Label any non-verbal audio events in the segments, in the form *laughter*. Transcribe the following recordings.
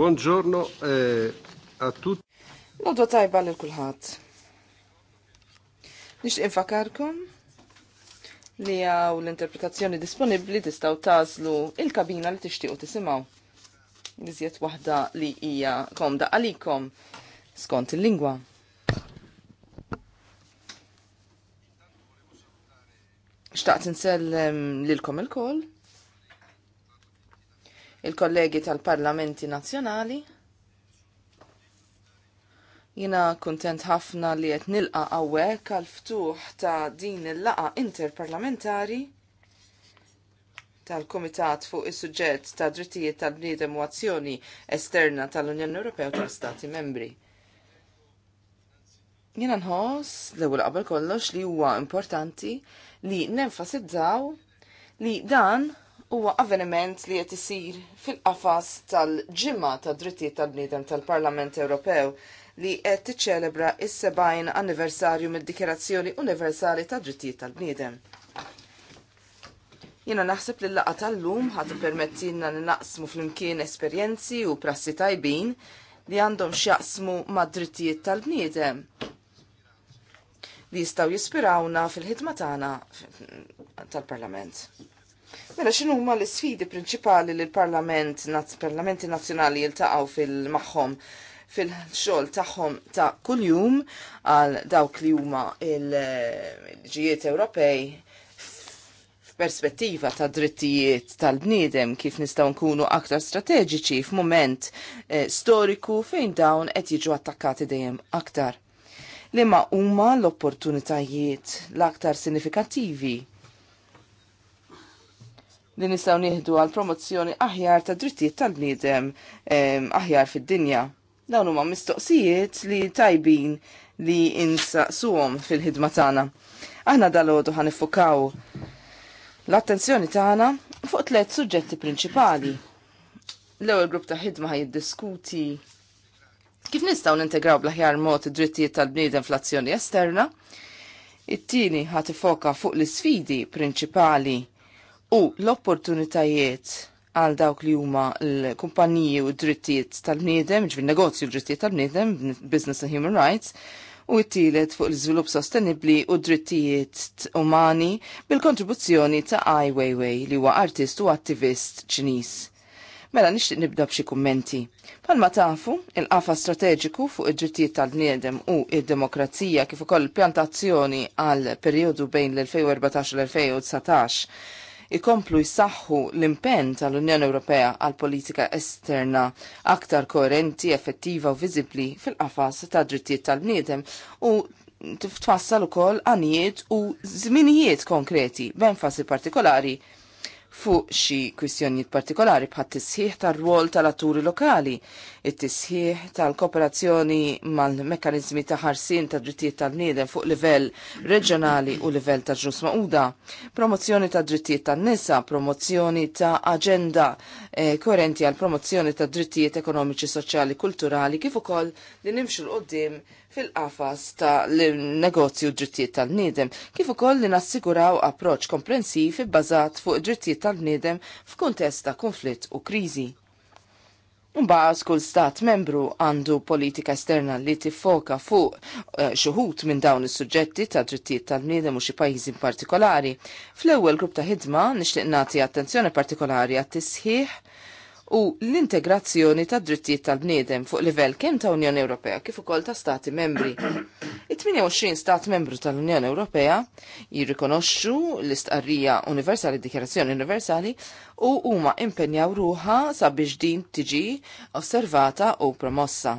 Buongiorno eh, a tutti. Lodwa tajba l kulħat Nix infakarkom li għaw l-interpretazzjoni disponibli tistaw tazlu il-kabina li tixtiequ tisimaw. Nizjet wahda li hija komda għalikom skont il-lingwa. Xtaqt nsellem lilkom il-koll il-kollegi tal-parlamenti nazzjonali. Jina kuntent ħafna li qed nilqa hawnhekk għal ftuħ ta' din il-laqa interparlamentari tal-Kumitat fuq is-suġġett ta' drittijiet tal-bniedem u azzjoni esterna tal-Unjoni Ewropea u tal-Stati Membri. Jina nħoss l-ewwel qabel kollox li huwa importanti li nenfasizzaw li dan huwa avveniment li qed isir fil-qafas tal-ġimgħa tad drittijiet tal-bniedem tal-Parlament Ewropew li qed tiċċelebra s sebajn anniversarju mid dikjarazzjoni Universali tad Drittijiet tal-Bniedem. Jiena naħseb li l laqgħa tal-lum ħat permettilna li naqsmu fl-imkien esperjenzi u prassi tajbin li għandhom xjaqsmu mad-drittijiet tal-bniedem li jistgħu jispirawna fil-ħidma tagħna tal-Parlament. Mela xinu huma l-sfidi prinċipali li l-Parlament, Parlamenti Nazzjonali jiltaqgħu fil-magħhom fil-xogħol tagħhom ta' kuljum għal dawk li huma l-ġijiet Ewropej f'perspettiva ta' drittijiet tal-bniedem kif nistgħu nkunu aktar strateġiċi f'mument eh, storiku fejn dawn qed jiġu attakkati dejjem aktar. Li ma huma l-opportunitajiet l-aktar sinifikattivi li nistgħu nieħdu għal promozzjoni aħjar ta' drittijiet tal-bniedem aħjar fid-dinja. Dawn huma mistoqsijiet li tajbin li insaqsuhom fil-ħidma tagħna. Aħna dalodu ħan ħanifukaw l-attenzjoni tagħna fuq tliet suġġetti prinċipali. L-ewwel grupp ta' ħidma jiddiskuti Kif nistgħu nintegraw aħjar mod id-drittijiet tal-bniedem fl-azzjoni esterna? It-tieni ħat ifoka fuq l-isfidi prinċipali u l-opportunitajiet għal dawk li huma l-kumpaniji u drittijiet tal-bniedem, ġvin negozju drittijiet tal-bniedem, business and human rights, u t-tielet fuq l-iżvilupp sostenibli u drittijiet umani bil-kontribuzzjoni ta' Ai Weiwei li huwa artist u attivist ċiniż. Mela nixtieq nibda b'xi kummenti. Palma tafu, il-qafa strateġiku fuq id-drittijiet tal-bniedem u id-demokrazija kif ukoll pjantazzjoni għal perjodu bejn l-2014 u l-2019 ikomplu jsaħħu l-impenn tal-Unjoni Ewropea għal politika esterna aktar koerenti, effettiva u vizibli fil-qafas ta' drittijiet tal-bniedem u tfassal ukoll għanijiet u żminijiet konkreti b'enfasi partikolari fuq xi kwistjonijiet partikolari bħat tisħiħ tar-rwol tal-atturi lokali, it-tisħiħ tal-kooperazzjoni mal-mekkanizmi ta' ħarsin ta' drittijiet tal-niedem fuq livell reġjonali u livell ta' ġus maquda, promozzjoni ta' drittijiet tan-nisa, promozzjoni ta' aġenda eh, koerenti għal promozzjoni ta' drittijiet ekonomiċi, soċjali, kulturali, kif ukoll li nimxu l-qoddim fil-qafas ta' l-negozju drittijiet tal-nidem, kif ukoll li nassiguraw approċ komprensiv bbażat fuq drittijiet tal-nidem f'kuntest ta' konflitt u kriżi. Mbagħad kull stat membru għandu politika esterna li tiffoka fuq uh, eh, xuħut minn dawn is-suġġetti ta' drittijiet tal-bniedem u xi pajjiżi partikolari. Fl-ewwel grupp ta' ħidma nixtieq nagħti attenzjoni partikolari għat-tisħiħ u l-integrazzjoni ta' drittijiet tal-bniedem fuq livell kemm ta' Unjoni Ewropea kif ukoll ta' Stati membri. *coughs* It-28 Stat membru tal-Unjoni Ewropea jirrikonoxxu l-istqarrija universali, dikjarazzjoni universali u huma impenjaw ruha sabiex din tiġi osservata u promossa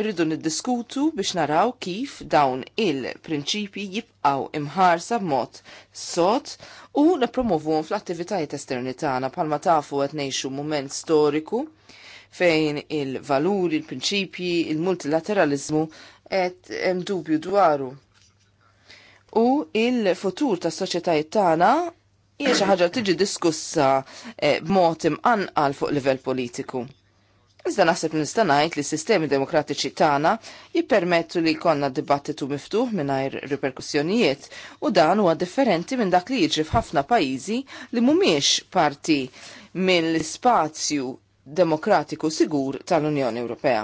irridu niddiskutu biex naraw kif dawn il-prinċipi jibqaw imħarsa b'mod sot u nipromovuhom fl-attivitajiet esterni tagħna bħalma tafu qed ngħixu mument storiku fejn il-valuri, il-prinċipji, il-multilateralizmu qed hemm dubju dwaru. U il-futur tas soċjetajiet tagħna hija xi ħaġa tiġi diskussa eh, b'mod imqanqal fuq livell politiku Iżda naħseb nistanajt li s-sistemi demokratiċi tagħna jippermettu li jkollna dibattitu miftuħ mingħajr riperkussjonijiet u dan huwa differenti minn dak li jiġri f'ħafna pajjiżi li mhumiex parti mill-spazju demokratiku sigur tal-Unjoni Ewropea.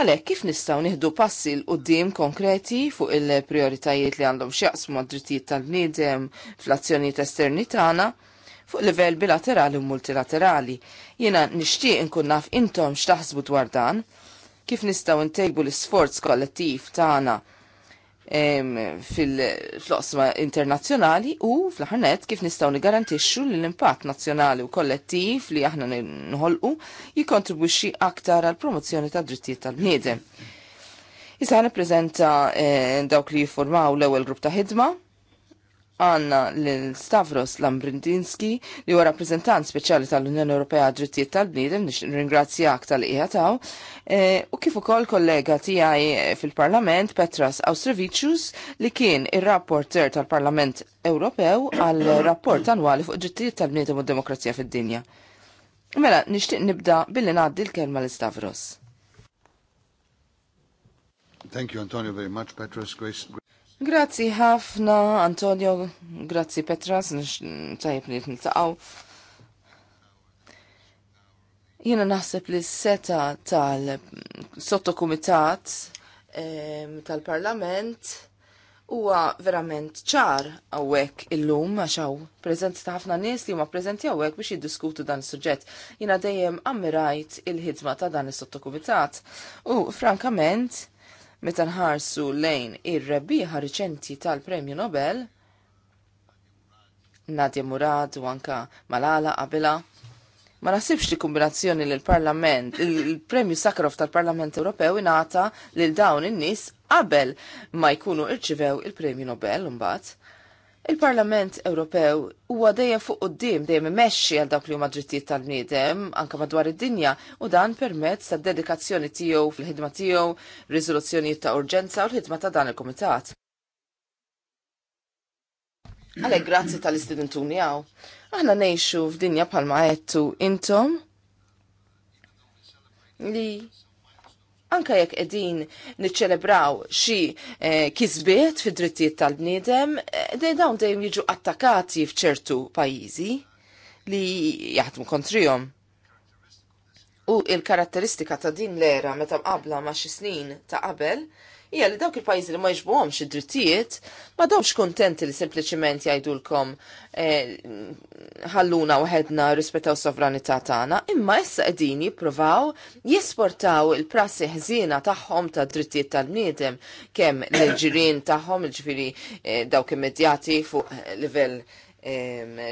Għalhekk kif nistgħu nieħdu passi l qudiem konkreti fuq il-prioritajiet li għandhom x'jaqsmu għad-drittijiet tal-bniedem fl-azzjonijiet esterni tagħna, fuq livell bilaterali u multilaterali. Jiena nixtieq inkun naf intom x'taħsbu dwar dan, kif nistgħu ntejbu l-isforz kollettiv tagħna fil-floqsma internazzjonali u fl-ħarnet kif nistgħu nigarantixxu li l-impatt nazzjonali u kollettiv li aħna nħolqu jikontribwixxi aktar għal promozzjoni tad drittijiet tal-bniedem. Issa ħana prezenta eh, dawk li jiformaw l ewwel grupp ta' ħidma għanna l-Stavros Lambrindinski li huwa rappresentant speċjali tal-Unjoni Ewropea għad-Drittijiet tal-Bniedem nix aktar tal-qiegħataw e, u kif ukoll kollega tiegħi fil-Parlament Petras Austrovicius li kien ir-rapporter tal-Parlament Ewropew għal rapport annwali fuq drittijiet tal-bniedem u d-demokrazija fid-dinja. Mela, nixtieq nibda billi ngħaddi l-kelma l-Stavros. Thank you, Antonio, very much, Petrus. Grace, Grazzi ħafna, Antonio, grazzi Petras, tajib li taqaw Jena naħseb li s-seta tal-sottokumitat tal-parlament huwa verament ċar għawek illum għaxaw prezent ta' ħafna nies li huma prezenti għawek biex jiddiskutu dan is-suġġett. Jena dejjem ammirajt il-ħidma ta' dan is-sottokumitat. U frankament, Meta nħarsu lejn ir-rebbieħa riċenti tal-Premju Nobel, Nadja Murad u anka Malala Abila, ma nasibx li kombinazzjoni li l-Parlament, il-Premju Sakharov tal-Parlament Ewropew ingħata lil dawn in-nies qabel ma jkunu irċivew il-Premju Nobel mbagħad. Il-Parlament Ewropew huwa dejjem fuq quddiem dejjem imexxi għal dawk li huma drittijiet tal-bniedem anke madwar id-dinja u dan permezz tad-dedikazzjoni tiegħu fil-ħidma tiegħu, riżoluzzjonijiet ta' urġenza u l-ħidma ta' dan il-Kumitat. Għalhekk grazzi tal-istudentuni għaw. Aħna ngħixu f'dinja bħalma qedtu intom li anka jekk qegħdin niċċelebraw xi eh, kisbiet fid-drittijiet tal-bniedem, eh, dej dawn dejjem jiġu attakati f'ċertu pajjiżi li jaħdmu kontrihom. U il-karatteristika ta' din l-era meta mqabla ma' xi snin ta' qabel hija li dawk il-pajjiżi li ma jiġbuhomx id-drittijiet ma dawx kontenti li sempliċiment jgħidulkom eh, ħalluna eh, waħedna rispettaw sovranità tagħna, imma issa qegħdin jippruvaw jisportaw il-prassi ħżiena tagħhom ta' drittijiet tal-bniedem kemm l-ġirien tagħhom, ġifieri eh, dawk immedjati fuq livell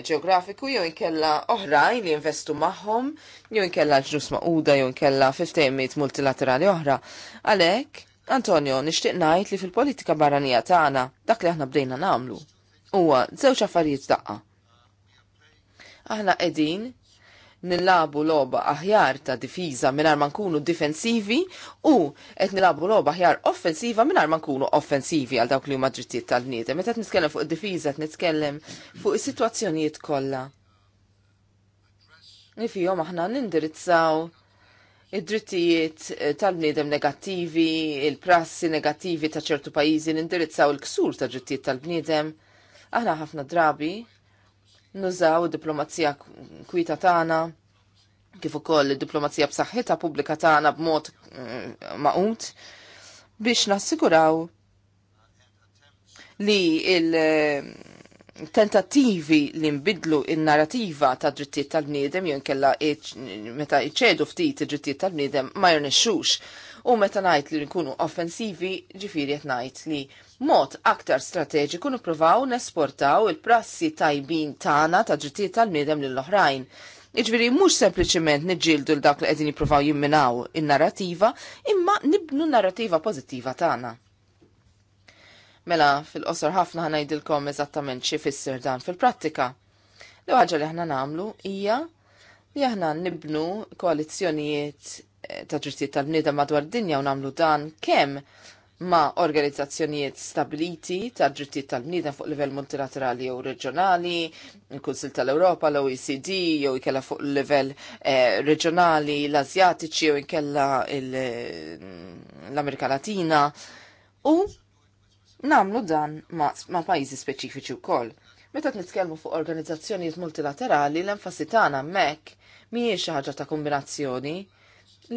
ġeografiku jew inkella oħrajn li investu magħhom, jew inkella ġnus maquda jew inkella 15 multilaterali oħra. Għalhekk Antonio, nixtieq ngħid li fil-politika barranija tagħna dak li aħna bdejna nagħmlu huwa żewġ affarijiet daqqa. Aħna qegħdin nillabu loba aħjar ta' difiza mingħajr ma nkunu difensivi u qed nilabu loba aħjar offensiva mingħajr ma nkunu offensivi għal dawk li huma drittijiet tal-bniedem. Meta qed nitkellem fuq id-difiża qed nitkellem fuq is-sitwazzjonijiet kollha. Li fihom aħna nindirizzaw id-drittijiet eh, tal-bniedem negattivi, il-prassi negattivi ta' ċertu pajjiżi nindirizzaw il-ksur ta' drittijiet tal-bniedem. Aħna ħafna drabi nużaw id-diplomazija kwita tagħna kif ukoll id-diplomazija b'saħħitha pubblika tagħna b'mod mm, maqut biex nassiguraw li il- tentattivi li nbidlu il narrativa ta' drittijiet tal-bniedem jew kella meta iċedu ftit id-drittijiet tal-bniedem ma jirnexxux. U meta ngħid li nkunu offensivi, ġifieri qed ngħid li mod aktar strateġiku nippruvaw nesportaw il-prassi tajbin tagħna ta' drittijiet tal-bniedem lill-oħrajn. Iġviri, mux sempliciment nġildu l-dak li għedin jiprofaw jimminaw il-narrativa, imma nibnu narrativa pozittiva tagħna. Mela, fil-qosor ħafna ħanajdilkom eżattament xi fisser dan fil-prattika. l ħaġa li ħna namlu hija li aħna nibnu koalizzjonijiet eh, ta' ġrittijiet tal bnida madwar dinja u namlu dan kemm ma' organizzazzjonijiet stabiliti ta' ġrittijiet tal bnida fuq livell multilaterali jew reġjonali, il-Kunsil tal-Ewropa, l-OECD, jew ikella fuq livell eh, reġjonali, l-Azjatiċi jew ikella l-Amerika Latina. U namlu dan ma', pajizi speċifiċi speċifiċi wkoll. Meta nitkellmu fuq organizzazzjonijiet multilaterali l-enfasi tagħna hemmhekk mhijiex ħaġa ta' kombinazzjoni.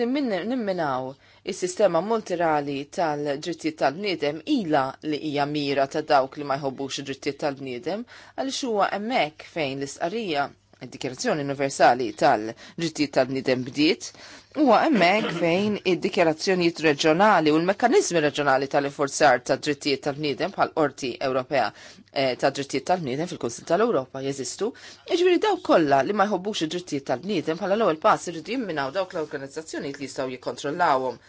Nimminaw is-sistema multirali tal-drittijiet tal-bniedem ila li hija mira ta' dawk li ma jħobbux id-drittijiet tal-bniedem għaliex huwa hemmhekk fejn l-istqarrija id-Dikjerazzjoni Universali tal-Ġittijiet tal-Bniedem bdiet, huwa hemmhekk fejn id dikjerazzjoni reġjonali u l-mekkaniżmi reġjonali tal-infurzar tad-drittijiet tal-bniedem bħal Qorti Ewropea eh, tad-drittijiet tal-bniedem fil-Kunsil tal-Ewropa jeżistu. Jiġifieri daw kollha li ma jħobbux id-drittijiet tal-bniedem bħala l-ewwel pass irid jimminaw dawk l-organizzazzjonijiet li jistgħu jikkontrollawhom.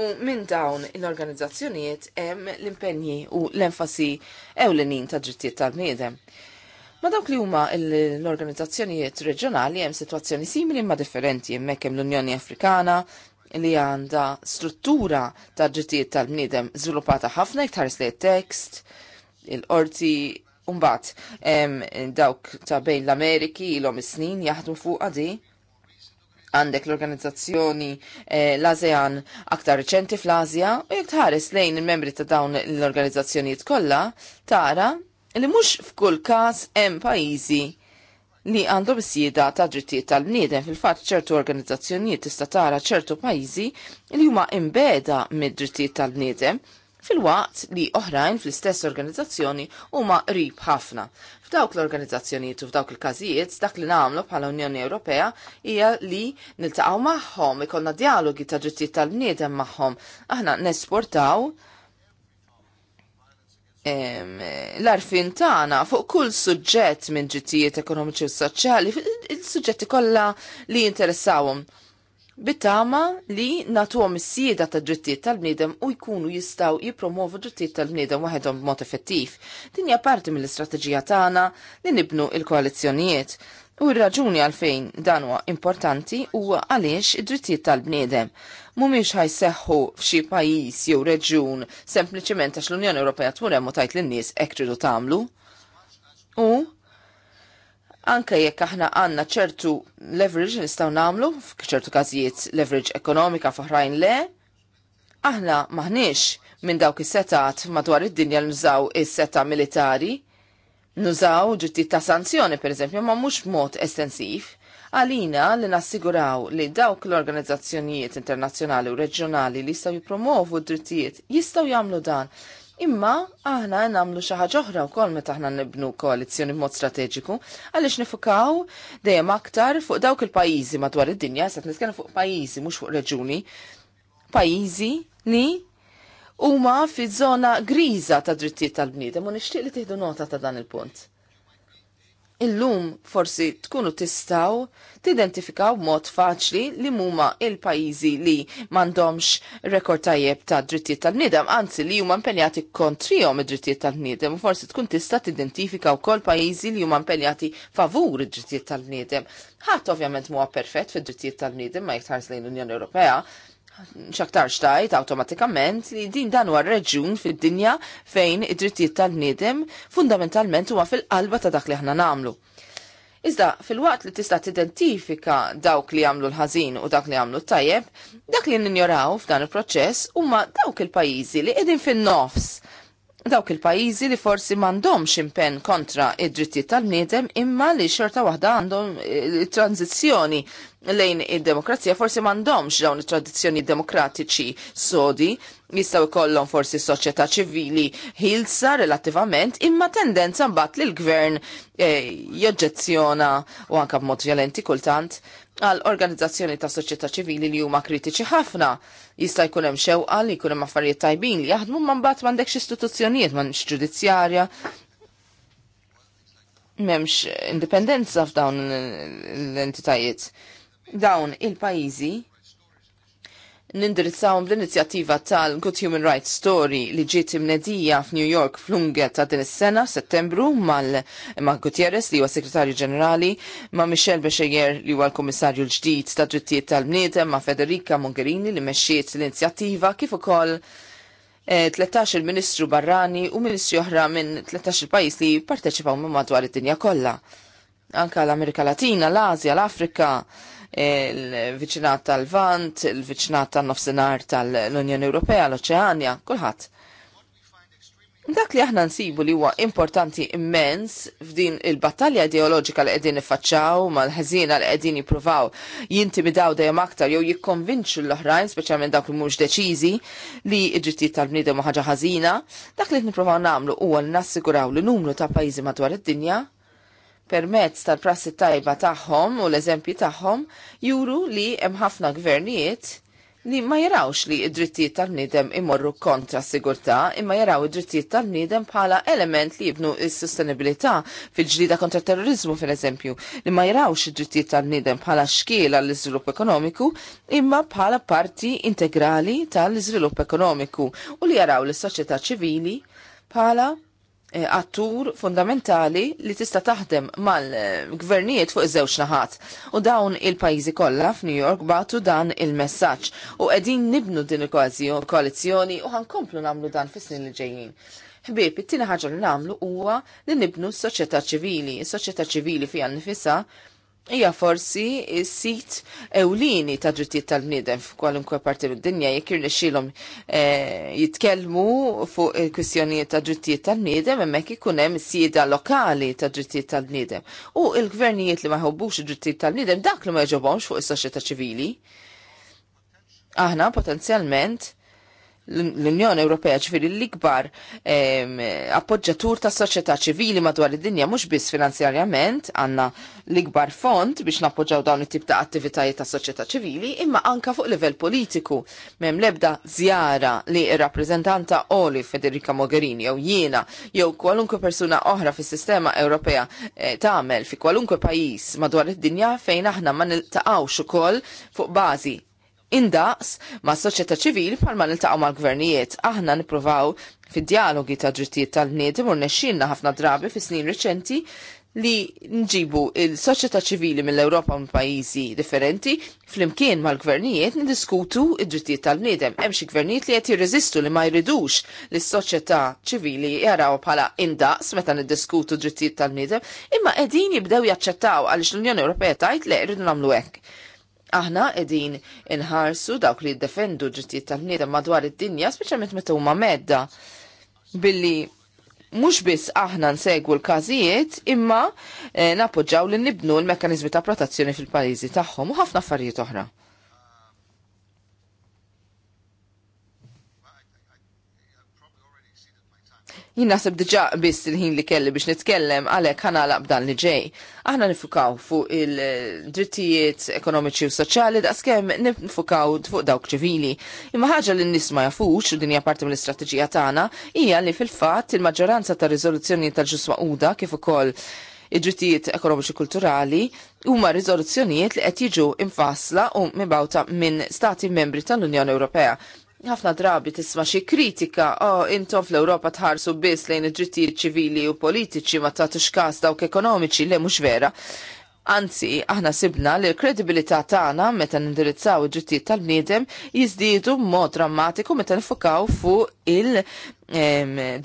U minn dawn l-organizzazzjonijiet hemm l-impenji u l-enfasi ewlenin ta' drittijiet tal-bniedem. Ma dawk li huma l-organizzazzjonijiet reġjonali hemm sitwazzjoni simili ma differenti hemmhekk hemm l-Unjoni Afrikana li għandha struttura ta' ġittijiet tal-bniedem żviluppata ħafna iktar li tekst, il-qorti Umbat, dawk ta' bejn l-Ameriki ilhom is-snin jaħdmu fuq għadi għandek l-organizzazzjoni eh, l-ASEAN aktar reċenti fl-Azja u jek tħares lejn il-membri ta' dawn l-organizzazzjonijiet kollha tara li mhux f'kull każ hemm pajjiżi li għandhom bisjida ta' drittijiet tal-bniedem fil-fatt ċertu organizzazzjonijiet tista' tara ċertu pajjiżi li huma imbeda mid-drittijiet tal-bniedem fil-waqt li oħrajn fl-istess organizzazzjoni huma rib ħafna. F'dawk l-organizzazzjonijiet u f'dawk il-każijiet dak li nagħmlu bħala Unjoni Ewropea hija li niltaqgħu magħhom, ikollna dialogi ta' drittijiet tal-bniedem magħhom. Aħna nesportaw l-arfin tagħna fuq kull suġġett minn ġittijiet ekonomiċi u soċjali, il-suġġetti kollha li jinteressawhom. Bittama li għom is-sieda ta' drittijiet tal-bniedem u jkunu jistgħu jippromovu drittijiet tal-bniedem waħedhom b'mod effettiv. Dinja parti mill-istrateġija tagħna li nibnu il koalizjonijiet U r-raġuni għalfejn dan huwa importanti huwa għaliex id-drittijiet tal-bniedem mhumiex ħajseħħu f'xi pajjiż jew reġjun sempliċement għax l-Unjoni Ewropea tkun hemm u tajt lin-nies hekk tridu tagħmlu. U anke jekk aħna għandna ċertu leverage nistgħu nagħmlu f'ċertu każijiet leverage ekonomika f'oħrajn le, aħna maħniex minn dawk is-setat madwar id-dinja l-nżaw is-seta militari nużaw ġitti ta' sanzjoni per eżempju, ma mhux mod estensiv, għalina li nassiguraw li dawk l-organizzazzjonijiet internazzjonali u reġjonali li jistgħu jippromovu d-drittijiet jistgħu jagħmlu dan Imma aħna namlu xi ħaġa oħra wkoll meta aħna nibnu koalizzjoni b'mod strateġiku għaliex nifukaw dejjem aktar fuq dawk il-pajjiżi madwar id-dinja, se nitkellem fuq pajjiżi mhux fuq reġuni, pajjiżi li huma fi żona griża ta' drittijiet tal-bniedem u nixtieq li tieħdu nota ta' dan il-punt. Illum forsi tkunu tistaw tidentifikaw mod faċli li huma il-pajjiżi li m'għandhomx rekord tajjeb ta' drittijiet tal-bniedem, anzi li huma impenjati kontrihom id-drittijiet tal-bniedem, forsi tkun tista' tidentifika wkoll pajjiżi li huma impenjati favur id-drittijiet tal-bniedem. Ħadd ovvjament huwa perfett fid-drittijiet tal-bniedem ma jitħares lejn l-Unjoni Ewropea, xaktar xtajt automatikament li din dan huwa reġjun fid-dinja fejn id-drittijiet tal-bniedem fundamentalment huwa fil-qalba ta' dak li aħna nagħmlu. Iżda fil-waqt li tista' tidentifika dawk li għamlu l-ħażin u dawk li għamlu t-tajjeb, dak li ninjoraw f'dan il-proċess huma dawk il-pajjiżi li qegħdin fin-nofs dawk il-pajizi li forsi mandom ximpen kontra id-drittijiet tal nidem imma li xorta waħda għandhom il-tranzizjoni eh, lejn id-demokrazija forsi mandom dawn it-tradizzjoni demokratiċi sodi jistaw kollon forsi soċjetà ċivili ħilsa relattivament imma tendenza mbagħad li l-gvern eh, joġġezzjona u anke b'mod violenti kultant għal organizzazzjoni ta' soċjetà ċivili li huma kritiċi ħafna. Jista' jkun hemm xewqa li jkun hemm affarijiet tajbin li jaħdmu ma mbagħad m'għandekx istituzzjonijiet m'għandx ġudizzjarja. M'hemmx indipendenza f'dawn l-entitajiet. Dawn il-pajjiżi nindirizzawhom l-inizjattiva tal-Good Human Rights Story li ġiet imnedija f'New York fl ta' din is-sena settembru mal ma' Gutierrez li huwa Segretarju Ġenerali, ma' Michel Becheyer li huwa l-Kummissarju l-ġdid ta' Drittijiet tal-Bniedem, ma' Federica Mongherini li mexxiet l-inizjattiva kif ukoll 13 eh, il-Ministru Barrani u Ministri oħra minn 13 il-pajis li parteċipaw minn madwar id-dinja kollha. Anka l-Amerika Latina, l-Asja, l-Afrika, il-viċinat tal-Vant, il-viċinat tal-Nofsenar tal-Unjoni Ewropea, l-Oċeania, kulħadd. Dak li aħna nsibu li huwa importanti immens f'din il-battalja ideoloġika li qegħdin niffaċċaw mal-ħażina li qegħdin jippruvaw jintimidaw dejjem aktar jew jikkonvinċu l-oħrajn, speċjalment dawk li mhux deċiżi li ġittijiet tal-bniedem ma ħaġa ħażina, dak li qed nippruvaw nagħmlu huwa nassiguraw li numru ta' pajjiżi madwar id-dinja permezz tal-prassi tajba tagħhom u l-eżempji tagħhom juru li hemm ħafna gvernijiet li ma jarawx li id-drittijiet tal-bniedem imorru kontra s-sigurtà, imma jaraw id-drittijiet tal-bniedem bħala element li jibnu s-sostenibilità fil-ġlida kontra terrorizmu, fil eżempju, li ma jarawx id-drittijiet tal-bniedem bħala xkiel għall iżvilupp ekonomiku, imma bħala parti integrali tal-iżvilupp ekonomiku u li jaraw l-soċjetà ċivili bħala Eh, attur fundamentali li tista' taħdem mal-gvernijiet fuq iż-żewġ naħat. U dawn il-pajjiżi kollha f'New York batu dan il-messaġġ u qegħdin nibnu din il-koalizzjoni u ħankomplu nagħmlu dan fis-snin li ġejjin. Ħbieb, it-tieni ħaġa li nagħmlu huwa li nibnu s-soċjetà ċivili. s soċjetà ċivili fiha nifisha hija forsi sit ewlini ta' drittijiet tal-bniedem f'kwalunkwe parti mid-dinja jekk irnexxielhom eh, jitkellmu fuq kwistjonijiet ta' drittijiet tal-bniedem hemmhekk ikun hemm sieda lokali ta' drittijiet tal-bniedem. U l-gvernijiet li ma jħobbux id-drittijiet tal-bniedem dak li ma jġobhomx fuq is-soċjetà ċivili. Aħna potenzjalment l-Unjoni Ewropea ċifiri l-ikbar appoġġatur ta' soċjetà ċivili madwar id-dinja mhux biss finanzjarjament għandna l-ikbar fond biex nappoġġaw dawn it-tip ta' attivitajiet ta' soċjetà ċivili imma anka fuq livell politiku mem l-ebda żjara li r-rappreżentanta Oli Federica Mogherini jew jiena jew kwalunkwe persuna oħra fis-sistema Ewropea eh, tagħmel fi kwalunkwe pajjiż madwar id-dinja fejn aħna ma niltaqgħux ukoll fuq bażi indaqs ma' soċjetà ċivili bħalma niltaqgħu mal-gvernijiet. Aħna nippruvaw fid-dialogi ta' drittijiet tal-bniedem u nexxinna ħafna drabi fi snin reċenti li nġibu il-soċjetà ċivili mill-Ewropa u pajjiżi differenti flimkien mal-gvernijiet nidiskutu id-drittijiet tal-bniedem. Hemm xi gvernijiet li qed jirreżistu li ma jridux li s-soċjetà ċivili jaraw bħala indaqs meta niddiskutu drittijiet tal-bniedem, imma qegħdin jibdew jaċċettaw għaliex l-Unjoni Ewropea tajt li rridu nagħmlu hekk aħna edin inħarsu dawk li jiddefendu ġittijiet tal-bniedem madwar id-dinja, speċjalment meta huma medda billi mhux biss aħna nsegwu l-każijiet imma eh, napoġġaw li nibnu l-mekkaniżmi ta' protezzjoni fil-pajjiżi tagħhom u ħafna affarijiet oħra. Jien naħseb diġà biss il-ħin li kelli biex nitkellem għalhekk kanala b'dan li ġej. Aħna nifukaw fuq il-drittijiet ekonomiċi u soċjali daqskemm nifukaw fuq dawk ċivili. Imma ħaġa li n-nies ma jafux u din hija parti mill-istrateġija tagħna hija li fil-fatt il-maġġoranza ta' riżoluzzjoni tal-ġus maquda kif ukoll id-drittijiet ekonomiċi kulturali huma riżoluzzjonijiet li qed jiġu infassla u mibawta minn stati membri tal-Unjoni Ewropea ħafna drabi tisma' xi kritika, oh intom fl-Ewropa tħarsu biss lejn id-drittijiet ċivili u politiċi ma tagħtux każ dawk ekonomiċi le mhux vera. Anzi, aħna sibna li l-kredibilità tagħna meta nindirizzaw id-drittijiet tal-bniedem jiżdiedu b'mod drammatiku meta nifukaw fuq il-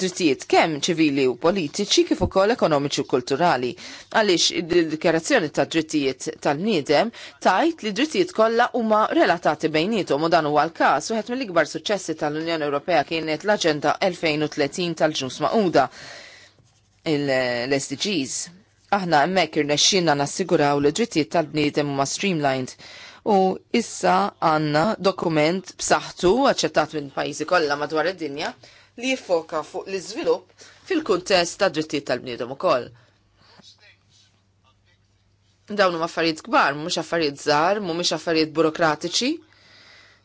drittijiet kemm ċivili u politiċi kif ukoll ekonomiċi u kulturali. Għaliex id-dikjarazzjoni ta' drittijiet tal-niedem tajt li drittijiet kollha huma relatati bejnietom u dan huwa l-każ wieħed mill-ikbar suċċessi tal-Unjoni Ewropea kienet l-Aġenda 2030 tal ġus Maquda l-SDGs Aħna hemmhekk irnexxinna nassiguraw li drittijiet tal-bniedem huma streamlined u issa għandna dokument b'saħħtu aċċettat minn pajjiżi kollha madwar id-dinja li jiffoka fuq l-iżvilupp fil-kuntest ta' drittijiet tal-bniedem ukoll dawn huma affarijiet kbar, mhux affarijiet żgħar, mhumiex affarijiet burokratiċi.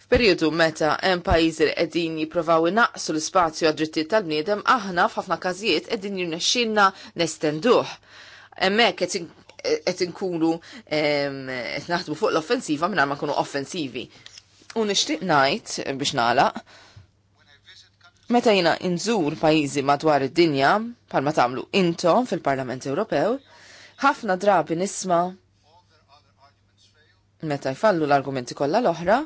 F'perjodu meta hemm pajjiżi li qegħdin jippruvaw inaqsu l-ispazju għad-drittijiet tal-bniedem, aħna f'ħafna każijiet qegħdin jirnexxinna nestenduh. Emmek qed inkunu qed naħdmu fuq l-offensiva minn ma nkunu offensivi. U nixtieq ngħid eh, biex nagħlaq meta jiena inżur pajjiżi madwar id-dinja bħalma tagħmlu intom fil-Parlament Ewropew, ħafna drabi nisma' meta jfallu l-argumenti kollha l-oħra,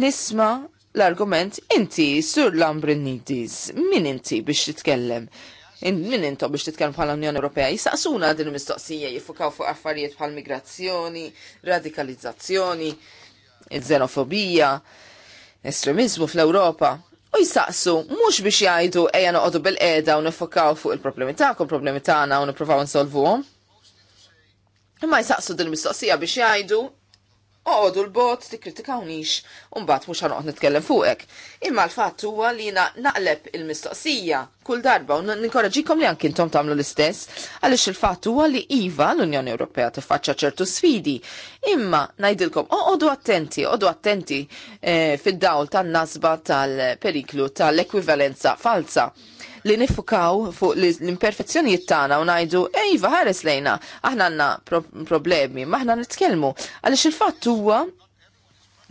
nisma' l-argument inti sur Lambrinidis, min inti biex titkellem? in min intom biex titkellem bħala Unjoni Ewropea jisaqsuna din il-mistoqsija jiffukaw fuq affarijiet bħal migrazzjoni, radikalizzazzjoni, xenofobija, estremizmu fl-Ewropa. U jisaqsu mhux biex jgħidu ejja noqogħdu bil-qeda u nifukaw fuq il-problemi tagħkom, problemi tagħna u nippruvaw nsolvuhom. Imma jisaqsu din mistoqsija biex jgħidu oqodu l-bot tikkritikawniex u mbagħad mhux ħanoqgħod nitkellem fuqek. Imma l-fatt huwa li na naqleb il-mistoqsija kull darba u ninkoraġikom li anke intom tagħmlu l-istess għaliex il-fatt huwa li iva l-Unjoni Ewropea tiffaċċa ċertu sfidi. Imma ngħidilkom oqodu attenti, oqodu attenti eh, fid-dawl tan-nasba tal-periklu tal-ekwivalenza falsa li nifukaw fuq l-imperfezzjonijiet tagħna u ngħidu ejva ħares lejna, aħna għandna problemi, ma aħna nitkellmu. Għaliex il-fatt huwa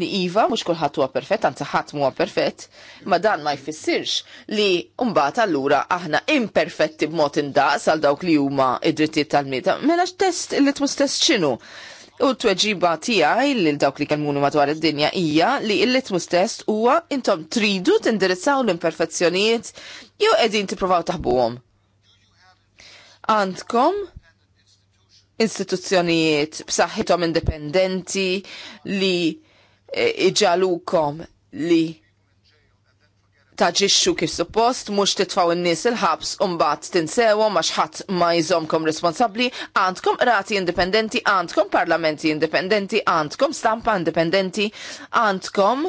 li Iva mhux kulħadd huwa perfett, anzi ħadd huwa perfett, ma dan ma jfissirx li mbagħad allura aħna imperfetti b'mod indaqs għal dawk li huma id-drittijiet tal mieta Mela test li tmustess x'inhu? U t-tweġiba tiegħi lil dawk li kalmunu madwar id-dinja hija li l-litmu stess huwa intom tridu tindirizzaw l-imperfezzjonijiet jew qegħdin tippruvaw taħbuhom. Għandkom istituzzjonijiet b'saħħithom indipendenti li iġalukom li taġixxu kif suppost, mhux titfaw in-nies il-ħabs u mbagħad tinsewhom għax ħadd ma jżomkom responsabbli, għandkom rati indipendenti, għandkom parlamenti indipendenti, għandkom stampa indipendenti, għandkom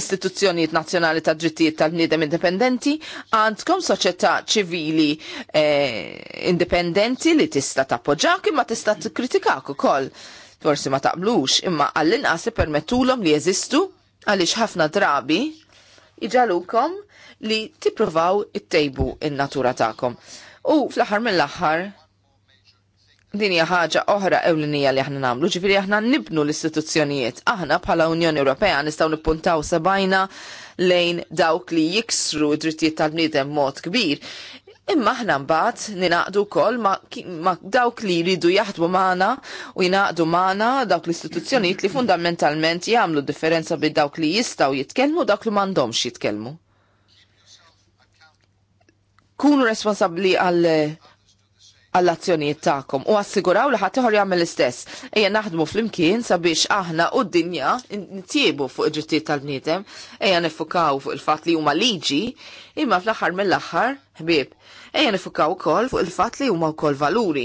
istituzzjonijiet nazzjonali ta' drittijiet tal-bniedem indipendenti, għandkom soċjetà ċivili eh, indipendenti li tista' tappoġġak imma tista' tikkritikak ukoll. Forsi ma taqblux, imma għall-inqas permettulom li jeżistu għaliex ħafna drabi iġalukom li tippruvaw ittejbu in-natura tagħkom. U fl-aħħar mill-aħħar din hija ħaġa oħra ewlenija li aħna nagħmlu, ġifieri aħna nibnu l-istituzzjonijiet. Aħna bħala Unjoni Ewropea nistgħu nippuntaw sabajna lejn dawk li jiksru d-drittijiet tal-bniedem mod kbir. Imma aħna mbagħad ninaqdu wkoll ma, ma dawk li jridu jaħdmu magħna u jnaqdu magħna dawk l-istituzzjonijiet li fundamentalment jagħmlu differenza bi dawk li jistgħu jitkellmu dawk li m'għandhomx jitkellmu. Kunu responsabbli għal għall-azzjonijiet tagħkom u assiguraw li ħadd ieħor jagħmel l-istess. Ejja naħdmu flimkien sabiex aħna u d-dinja ntiebu fuq id-drittijiet tal-bniedem, ejja nifukaw fuq il-fatt li huma liġi, imma fl-aħħar mill-aħħar ħbieb Ejja nifukaw ukoll fuq il-fatt li huma wkoll valuri.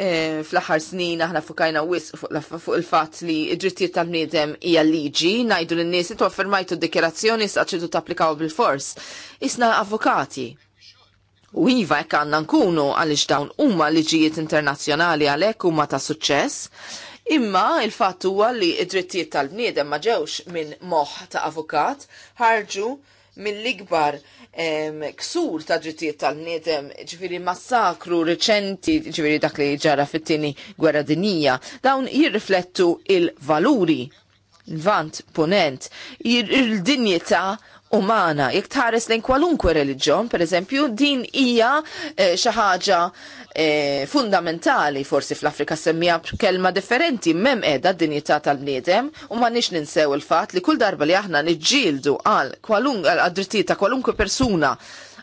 E, fl-aħħar snin aħna fukajna wis fuq il-fatt li id-drittijiet tal-bniedem hija liġi, ngħidu lin-nies intu affermajtu d-dikjerazzjoni saċidu tapplikaw bil-fors. Isna avukati. U iva jekk għandna nkunu għaliex dawn huma liġijiet internazzjonali għalhekk huma ta' suċċess, Imma il-fatt huwa li id-drittijiet tal-bniedem ma ġewx minn moħħ ta' avukat ħarġu mill-ikbar ksur ta' drittijiet tal-niedem, ġifiri massakru reċenti, ġifiri dak li ġara fit-tieni gwerra dinija, dawn jirriflettu il-valuri, il-vant ponent, il-dinjeta umana. Jek tħares lejn kwalunkwe reliġjon, per eżempju, din hija eh, xi ħaġa eh, fundamentali forsi fl-Afrika semmija kelma differenti mem edha d-dinjità tal-bniedem u ma nix ninsew il-fat li kull darba li aħna niġġieldu għal għal drittijiet ta' kwalunkwe persuna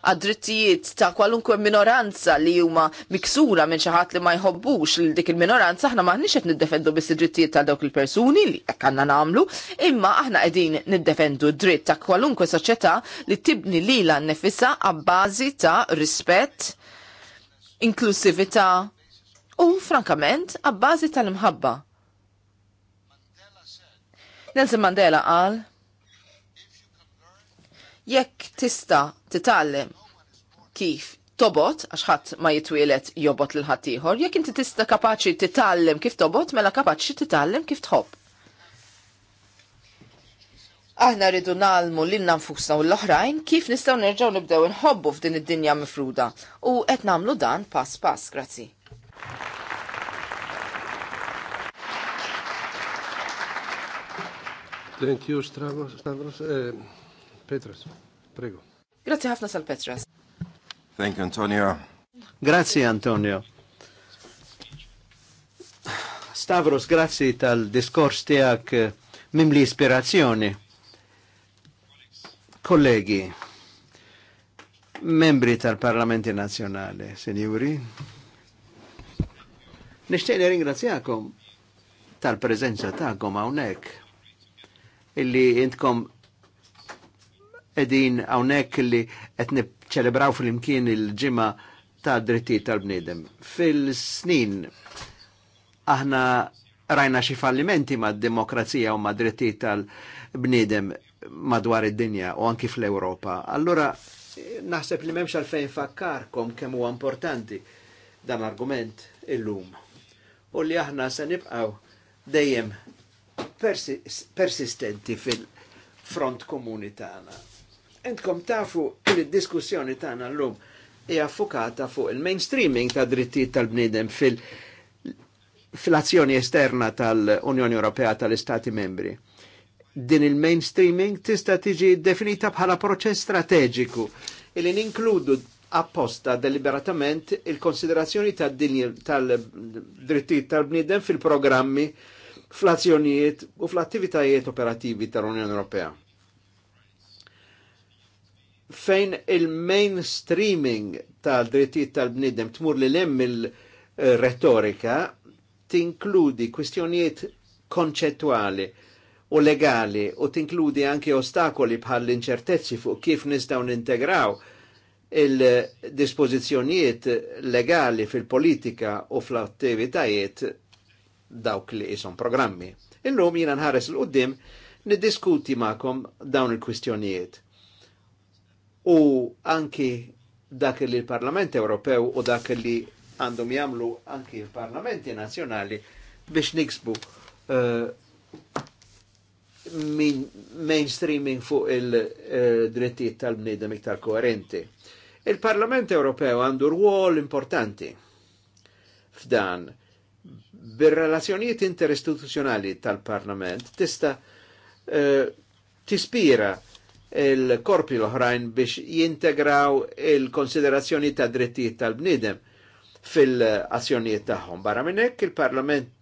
għadrittijiet drittijiet ta' kwalunkwe minoranza li huma miksura minn xi ħadd li ma jħobbux lil dik il-minoranza aħna maħniex qed niddefendu biss id-drittijiet ta' dawk il-persuni li jekk għandna nagħmlu, imma aħna qegħdin niddefendu d-dritt ta' kwalunkwe soċjetà li tibni lilha nnifisha għabbażi ta' rispett, inklusività u frankament għabbażi tal-imħabba. Nelson Mandela qal jekk tista' titgħallem kif tobot, għax ħadd ma jitwielet jobot lil ħadd ieħor, jekk inti tista' kapaċi titgħallem kif tobot, mela kapaċi titgħallem kif tħobb. Aħna rridu nalmu lil nfusna u l-oħrajn kif nistgħu nerġgħu nibdew inħobbu f'din id-dinja mifruda u qed nagħmlu dan pass pass, grazzi. Thank you, Stavros. Eh, Petras, prego. Grazie ħafna sal Petras. Thank you, Antonio. Grazie, Antonio. Stavros, grazie tal-diskors tijak eh, mimli ispirazzjoni. Kollegi, membri tal-Parlamenti Nazjonali, signori. nishtiq ringrazzjakom tal-prezenza ta'kom hawnhekk illi intkom edin għawnek li qed ċelebraw fil imkien il-ġimma ta' drittijiet tal-bniedem. Fil-snin aħna rajna xi fallimenti mad demokrazija u mad drittijiet tal-bniedem madwar id-dinja u anki fl-Ewropa. Allura naħseb li memx għalfejn fakkarkom kemm huwa importanti dan argument illum. U li aħna se nibqgħu dejjem persistenti fil-front komuni tagħna. Entkom tafu il-diskussjoni tagħna llum hija fukata fuq il-mainstreaming ta' drittijiet tal-bniedem fil- fil-azzjoni esterna tal-Unjoni Ewropea tal-Istati membri. Din il-mainstreaming tista' tiġi definita bħala proċess strateġiku illi ninkludu apposta deliberatament il-konsiderazzjoni tal-drittijiet tal-bniedem fil-programmi, fl-azzjonijiet u fl-attivitajiet operativi tal-Unjoni Ewropea fejn il-mainstreaming tal-drittijiet tal-bnidem tmur li lem il-retorika tinkludi kwistjonijiet konċettuali u legali u tinkludi anke ostakoli bħal l-inċertezzi fuq kif nistaw nintegraw il-dispozizjonijiet legali fil-politika u fl-attivitajiet dawk li jisom programmi. Illum jina nħares l-qoddim niddiskuti ma'kom dawn il-kwistjonijiet u anki dak li l-Parlament Ewropew u dak li għandhom jamlu anki l-Parlamenti Nazjonali biex niksbu uh, min mainstreaming fuq il-drittijiet uh, tal-bnidem iktar koerenti. Il-Parlament Ewropew għandu rwol importanti f'dan bir-relazzjonijiet interistituzzjonali tal-Parlament tista' uh, tispira il-korpi l-oħrajn biex jintegraw il-konsiderazzjoni ta' drittijiet tal-bnidem fil-azzjonijiet tagħhom. Barra minn hekk il-Parlament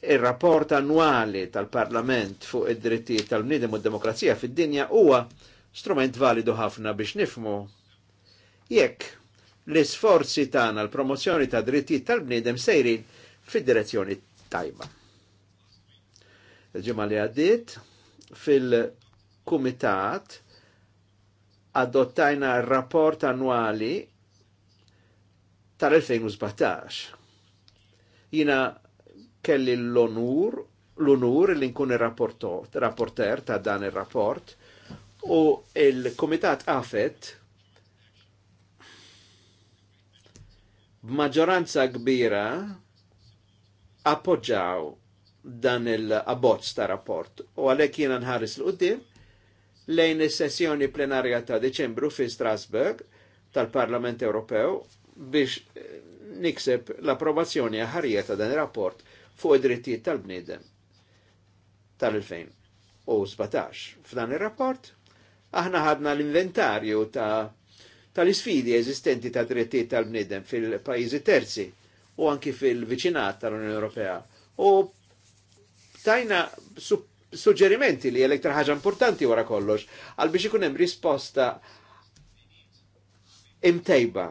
ir-rapport il annwali tal-Parlament fuq id-drittijiet tal-bnidem u d-demokrazija fid-dinja huwa strument validu ħafna biex nifmu jekk l-isforzi tagħna l-promozzjoni ta' drittijiet tal-bniedem sejrin fid-direzzjoni tajba. Il-ġimgħa li għaddiet fil- kumitat adottajna rapport annwali tal-2017. Jina kelli l-onur, l-onur li nkun il-rapporter ta' dan il-rapport u il-Komitat Afet b'maġġoranza kbira appoġġaw dan il-abbozz ta' rapport u għalhekk jiena nħares l qoddim lejn is-sessjoni plenarja ta' Deċembru fi Strasburg tal-Parlament Ewropew biex eh, nikseb l-approvazzjoni ħarija ta' dan ir-rapport fuq id-drittijiet tal-bniedem tal-2017. F'dan ir-rapport aħna ħadna l-inventarju ta' tal-isfidi eżistenti ta' drittijiet tal-bniedem fil-pajjiżi terzi u anki fil-viċinat tal-Unjoni Ewropea. U tajna supp suġġerimenti li elektra ħaġa importanti wara kollox, għal biex ikun hemm risposta imtejba.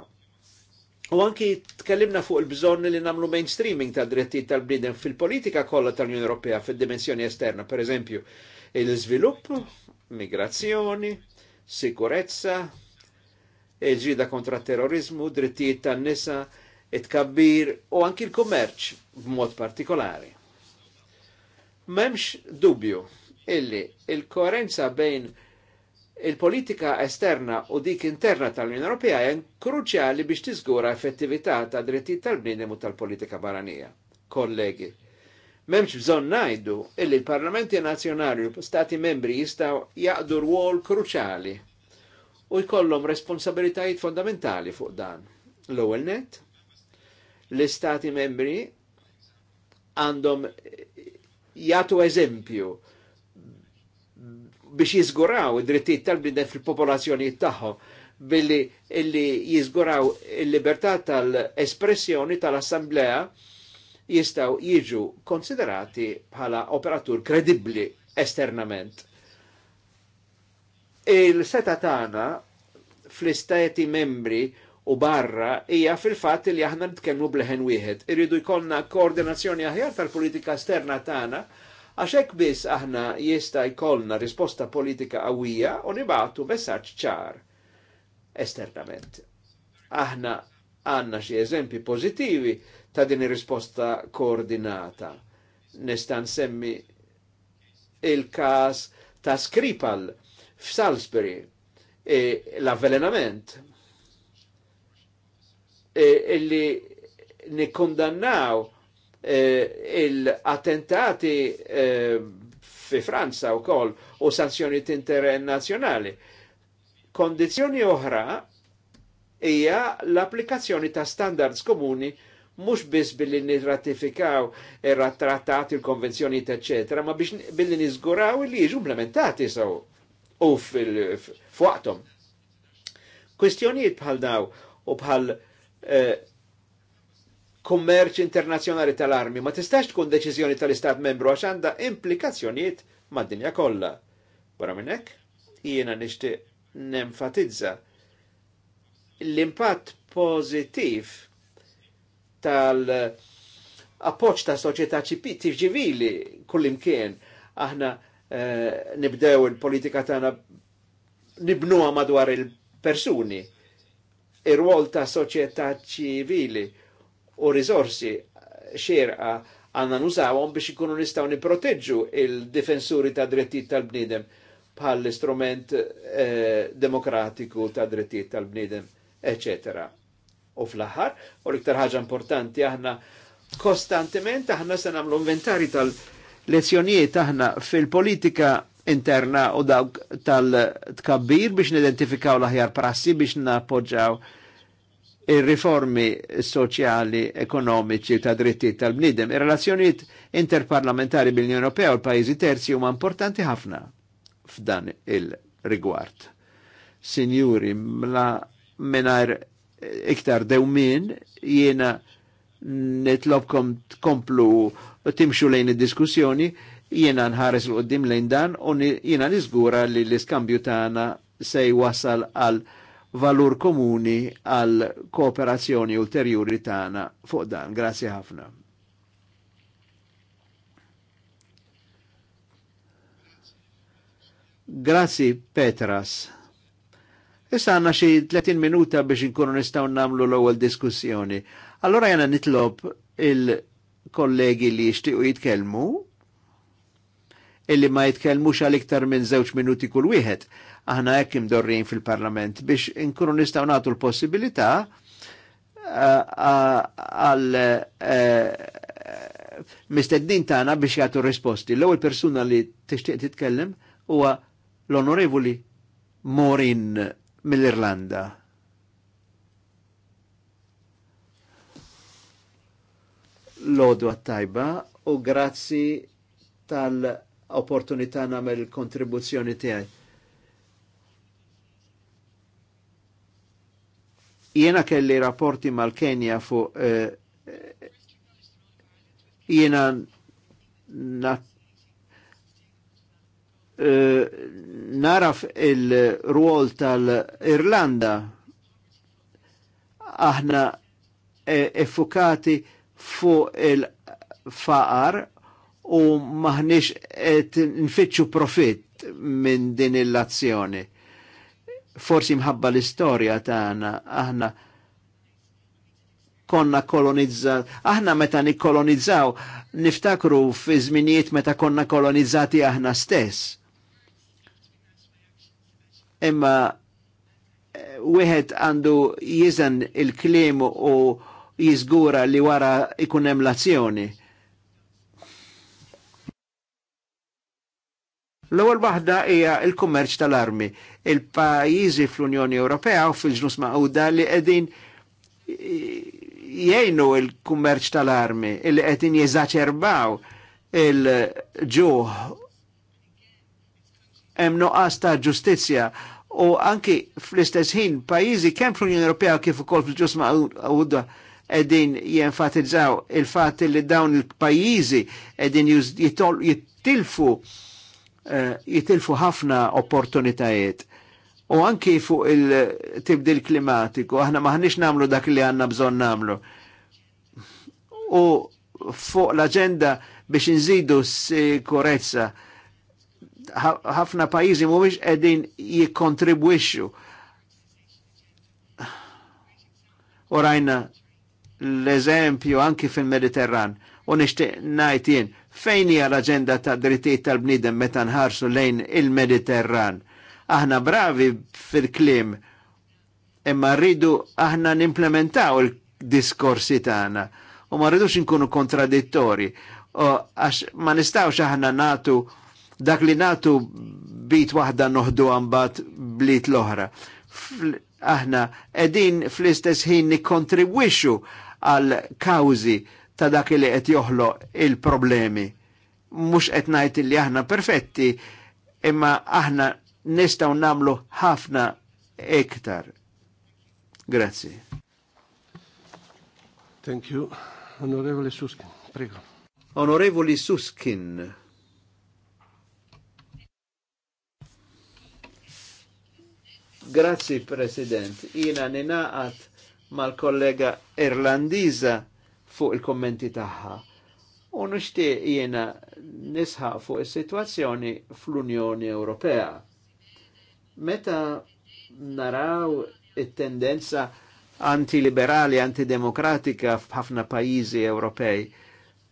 U anki tkellimna fuq il-bżonn li namlu mainstreaming ta' drittijiet tal-bniedem fil-politika kollha tal-Unjoni Ewropea fid-dimensjoni esterna, per eżempju, il-żvilupp, migrazzjoni, sikurezza, il-ġida kontra terrorizmu, drittijiet tan-nisa, it-kabbir u anki l-kummerċ b'mod partikolari. Memx dubju illi il-koerenza bejn il-politika esterna u dik interna tal-Unjoni Ewropea hija kruċjali biex tiżgura effettività ta' drittijiet tal-bniedem u tal-politika barranija. Kollegi, memx bżonn ngħidu illi l-Parlamenti Nazzjonali u Stati membri jistgħu jaqdu rwol kruċjali u jkollhom responsabilitajiet fondamentali fuq dan. L-ewwel net, l-Istati membri għandhom jgħatu eżempju biex jizguraw id-drittijiet tal-bniedem fil popolazzjoni tagħhom billi illi jizguraw il-libertà tal-espressjoni tal-assemblea jistaw jiġu konsiderati bħala operatur kredibbli esternament. Il-seta tagħna fl-istati membri u barra hija fil-fatt li aħna nitkellmu bleħen wieħed. Irridu jkollna koordinazzjoni aħjar tal-politika esterna tagħna għax hekk biss aħna jista' jkollna risposta politika qawwija u nibatu messaġġ ċar esternament. Aħna għandna xi eżempji pożittivi ta' din ir-risposta koordinata. Nista' nsemmi il-każ ta' Skripal f'Salisbury e, l-avvelenament E, illi nikkondannaw e, il-attentati e, fi Franza u kol u sanzjoniet internazjonali. Kondizjoni oħra hija l-applikazzjoni ta' standards komuni mhux biss billi nirratifikaw il trattati il-konvenzjoni, eccetera, ma biex billi nizguraw li jiġu implementati saw u fuqtom. Kwestjonijiet bħal daw u bħal Eh, kummerċ internazzjonali tal-armi ma tistax tkun deċiżjoni tal-Istat membru għax għandha implikazzjonijiet mad-dinja kollha. Wara minn hekk jiena nixtieq nenfatizza l-impatt pożittiv tal-appoċ ta' soċjetà ċivili kullimkien aħna eh, nibdew il-politika tagħna nibnuha madwar il-persuni ir-rwol ta' soċjetà ċivili u risorsi xerqa għanna nużawhom biex ikunu nistgħu niproteġġu il-difensuri ta' drittijiet tal-bniedem bħal istrument eh, demokratiku ta' drittijiet tal-bniedem, etc. U fl-aħħar, u l-iktar ħaġa importanti aħna kostantement aħna se nagħmlu inventari tal-lezzjonijiet aħna fil-politika interna u dawk tal-tkabbir biex nidentifikaw l-aħjar prassi biex napoġġaw il-riformi soċjali, ekonomiċi ta' drittijiet tal-bnidem. Ir-relazzjonijiet interparlamentari bil-Unjoni Ewropea u l-pajjiżi terzi huma importanti ħafna f'dan il-rigward. Sinjuri, mla minar iktar dewmin jiena nitlobkom tkomplu timxu lejn id-diskussjoni jiena nħares l qoddim lejn dan u jiena niżgura li l-iskambju tagħna se jwassal għal valur komuni għal kooperazzjoni ulterjuri tagħna fuq dan. Grazzi ħafna. Grazzi Petras. Issa għanna xi 30 minuta biex inkunu nistgħu nagħmlu l-ewwel diskussjoni. Allora jana nitlob il-kollegi li jixtiequ jitkellmu illi ma jitkellmux għal iktar minn żewġ minuti kull wieħed. Aħna hekk imdorrin fil-Parlament biex inkunu nistgħu nagħtu l-possibilità għal e, e, mistednin tagħna biex jagħtu risposti. L-ewwel persuna li tixtieq titkellem huwa l-Onorevoli Morin mill-Irlanda. Lodu għat-tajba u grazzi tal- opportunità nagħmel kontribuzzjoni tiegħi. Jiena kelli rapporti mal-Kenja fuq eh, jiena na, eh, naraf il-ruol tal-Irlanda aħna eh, effukati fuq il-faqar u maħniex qed nfittxu profitt minn din l-azzjoni. Forsi mħabba l-istorja tagħna aħna konna kolonizzat, aħna meta nikkolonizzaw niftakru fi żminijiet meta konna kolonizzati aħna stess. Imma eh, wieħed għandu jiżen il-klim u jiżgura li wara ikun hemm l-azzjoni L-ewwel waħda hija l-kummerċ tal-armi. Il-pajjiżi fl-Unjoni Ewropea u fil-ġnus Mauda li qegħdin jgħinu il-kummerċ tal-armi, li qegħdin jeżaċerbaw il-ġuħ hemm noqas ta' ġustizzja u anki fl-istess ħin pajjiżi kemm fl-Unjoni Ewropea kif ukoll fil-ġnus Mauda qegħdin jenfatizzaw il-fat li dawn il pajjiżi qegħdin jitilfu jit Eh, jitilfu ħafna opportunitajiet. U anki fuq il-tibdil klimatiku, aħna maħnix namlu dak li għanna bżon namlu. U fuq l-agenda biex nżidu sikurezza, ħafna pajizi biex edin jikontribwixu. U rajna l-eżempju anki fil-Mediterran. U nishtiq najtien. jien fejn hija l-aġenda ta' drittijiet tal-bniedem meta nħarsu lejn il-Mediterran. Aħna bravi fil-klim, imma rridu aħna nimplementaw il-diskorsi tagħna u ma rridux inkunu kontradittori għax ma nistawx aħna natu dak li natu bit waħda noħdu għambat blit l-oħra. Aħna edin fl-istess ħin nikontribwixu għal kawzi ta' dak li qed joħlo il-problemi. Mhux qed ngħid li aħna perfetti, imma aħna nistgħu nagħmlu ħafna iktar. Grazzi. Thank you. Onorevoli Suskin, prego. Onorevoli Suskin. Grazzi President, jina ninaqat mal-kollega Irlandiza fuq il-kommenti tagħha. U nixtieq jiena nisħaq fuq is-sitwazzjoni fl-Unjoni Ewropea. Meta naraw it-tendenza antiliberali, antidemokratika f'ħafna pajjiżi Ewropej,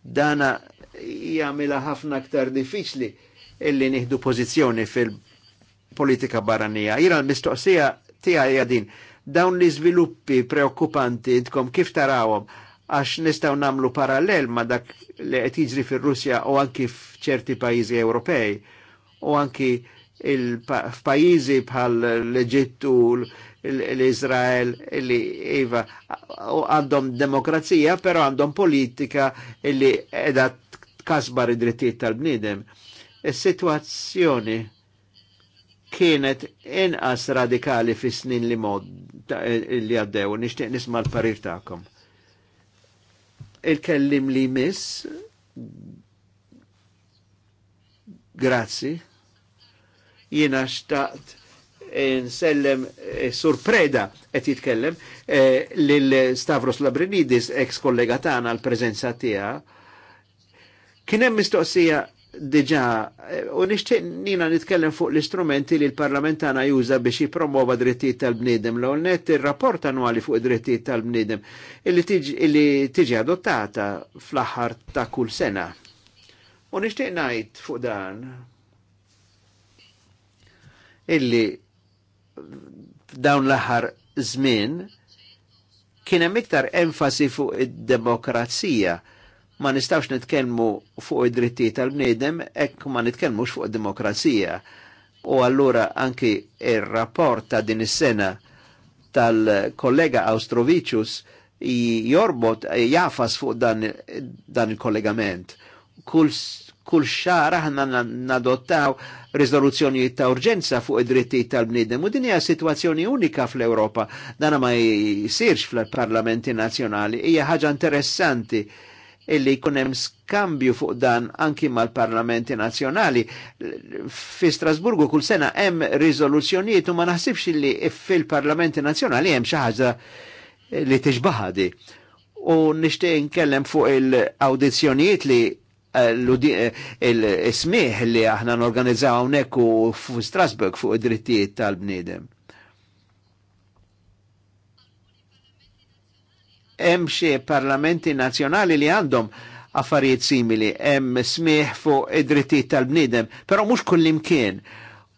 dana jagħmilha ħafna aktar diffiċli illi nieħdu pożizzjoni fil-politika barranija. Jiena l-mistoqsija tiegħi din dawn li sviluppi preokkupanti intkom kif tarawhom għax nistaw namlu parallel ma dak li qed jiġri fir-Russja u anki f'ċerti pajjiżi Ewropej u anki f'pajjiżi bħal l-Eġittu l-Izrael li iva għandhom demokrazija però għandhom politika li edha tkasbar id-drittijiet tal-bniedem. Is-sitwazzjoni kienet inqas radikali fis-snin li mod li għaddew, nixtieq nisma' l-parir ta'kom il-kellim li miss, grazzi, jina xtaqt nsellem eh, surpreda et jitkellem eh, l Stavros Labrinidis, ex kollega tana l-prezenza tija, kienem mistoqsija diġa, u nishtiq nina nitkellem fuq l-istrumenti li l-Parlament għana juża biex jipromuva drittijiet tal-bnidem. l net il-rapport annuali fuq drittijiet tal-bnidem illi tiġi adottata fl-aħħar ta' kull sena. U nishtiq najt fuq dan illi dawn l-aħħar żmien kien hemm iktar enfasi fuq id-demokrazija ma nistawx nitkellmu fuq id-drittijiet tal-bniedem hekk ma nitkellmux fuq id-demokrazija. U allura anki ir-rapport ta' din is-sena tal-kollega Austrovicius jorbot e, jafas fuq dan, dan il-kollegament. Kull, kull xar aħna nadottaw rizoluzzjoni ta' urġenza fuq id-drittijiet tal-bniedem u din hija sitwazzjoni unika fl-Ewropa. Dan ma jsirx fl-parlamenti nazzjonali, hija ħaġa interessanti illi kunem skambju fuq dan anki mal-parlamenti nazjonali. Fi Strasburgu kull sena hemm riżoluzzjonijiet u ma naħsibx li fil-parlamenti nazjonali hemm xi ħaġa li tiġbaħadi. U nixtieq nkellem fuq il-awdizzjonijiet li eh, l eh, ismiħ li aħna norganizzaw hawnhekk u Strasburg fuq id-drittijiet tal-bniedem. hemm xi parlamenti nazzjonali li għandhom affarijiet simili, hemm smieħ fuq id-drittijiet tal-bniedem, però mhux kullimkien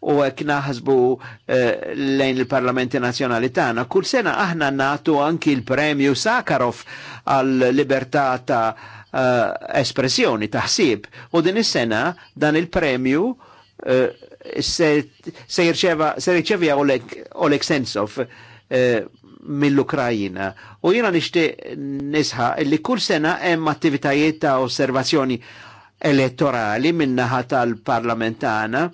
u hekk naħsbu eh, lejn il-Parlamenti Nazzjonali tagħna. Kull sena aħna natu anki l-Premju Sakarov għal libertà ta' eh, espressjoni espressjoni, taħsib. U din is-sena dan il-premju eh, se jirċeva Oleg, Oleg Sensov eh, mill-Ukrajina. U jina nishti nisħa li kull sena hemm attivitajiet ta' osservazzjoni elettorali minnaħa tal-parlamentana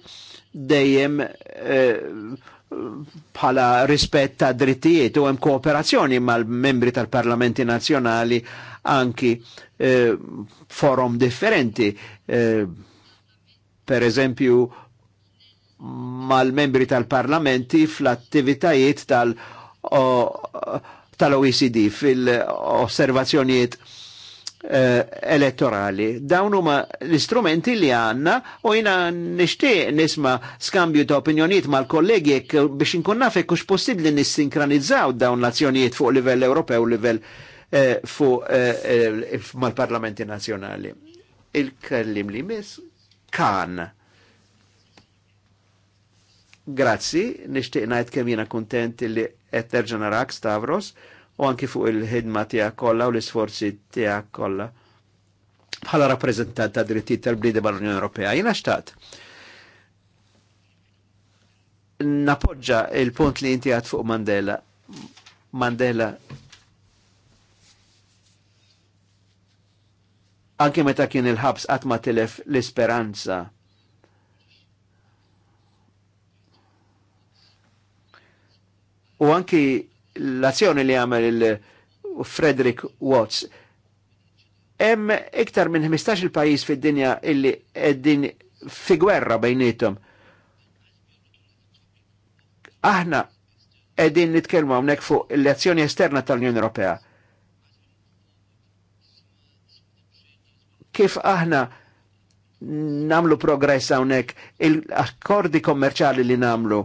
dejjem eh, bħala e, rispett ta' drittijiet u hemm kooperazzjoni mal-membri tal-parlamenti nazzjonali anki e, forum differenti. E, per eżempju mal-membri tal-parlamenti fl-attivitajiet tal-, -parlamenti, fl tal-OECD fil-osservazzjonijiet eh, elettorali. Dawn huma l-istrumenti li għanna u jina nishtiq nisma skambju ta' opinjoniet mal-kollegi biex inkun naf hekk possibbli nissinkranizzaw dawn l-azzjonijiet fuq livell Ewropew u livell eh, fuq eh, mal-parlamenti nazzjonali. Il-kellim li miss kan. Grazzi, nishtiq ngħid kemm jiena kontent li qed terġa' Stavros u anki fuq il-ħidma tiegħek kollha u l-isforzi tijak kolla bħala rappreżentant ta' dritti tal-bliedi mal-Unjoni Ewropea. Jiena xtaqt napoġġa il-punt li inti għad fuq Mandela. Mandela anki meta kien il-ħabs qatt ma tilef l-isperanza U anki l-azzjoni li għamel il-Frederick Watts. Hemm iktar minn 15 il-pajis fid-dinja illi qegħdin fi gwerra bejnietom. Aħna qegħdin nitkellmu hawnhekk fuq l-azzjoni esterna tal-Unjoni Ewropea. Kif aħna namlu progress hawnhekk il-akkordi kommerċali li namlu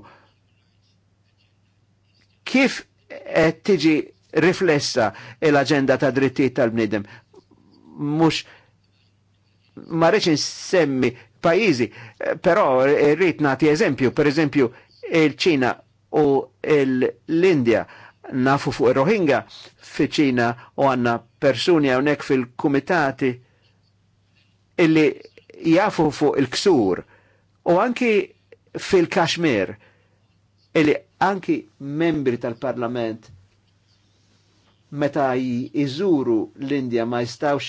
kif qed tiġi riflessa l agenda ta' drittijiet tal bnidem Mhux ma rridx insemmi pajjiżi, però rrid nagħti eżempju, pereżempju il-Ċina u l-Indja nafu fuq il rohingya fi ċina u għanna persuni hawnhekk fil-kumitati illi jafu fuq il-ksur u anki fil-Kashmir illi anki membri tal-Parlament meta jizuru l-Indja ma jistawx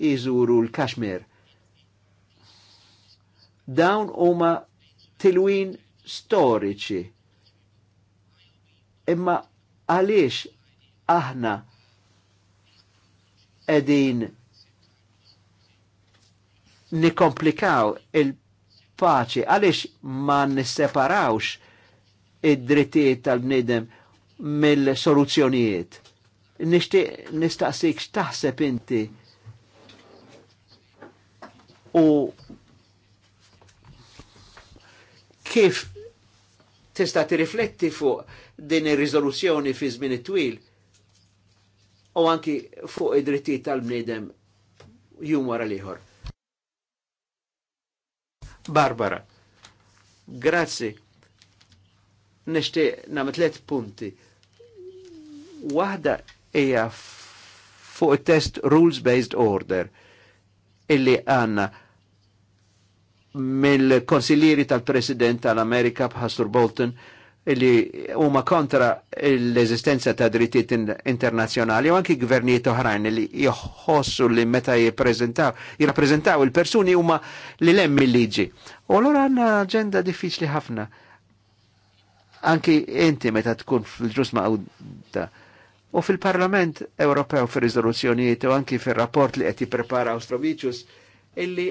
jizuru l-Kashmir. Dawn huma tilwin storiċi. Imma għaliex aħna edin nikomplikaw il-paċi, għaliex ma nisseparawx id-drittijiet tal-bnidem mill-soluzzjonijiet. Nishtiq nistaqsik x'taħseb inti u kif tista' tirifletti fuq din ir-riżoluzzjoni fi żmien twil u anki fuq id-drittijiet tal bnidem jum wara Barbara, grazie nishtiq namel tlet punti. Waħda hija fuq test rules-based order illi għanna mill-konsilieri tal-President tal-Amerika b'Hastur Bolton illi huma kontra l-eżistenza ta' drittijiet internazzjonali u anki gvernijiet oħrajn li jħossu li meta jippreżentaw jirrappreżentaw il-persuni huma li lemm il-liġi. U allura għandna aġenda diffiċli ħafna anki enti meta tkun fil-ġus maqda. U fil-Parlament Ewropew fil-rizoluzzjonijiet u anki fil-rapport li qed prepara Austrovicius illi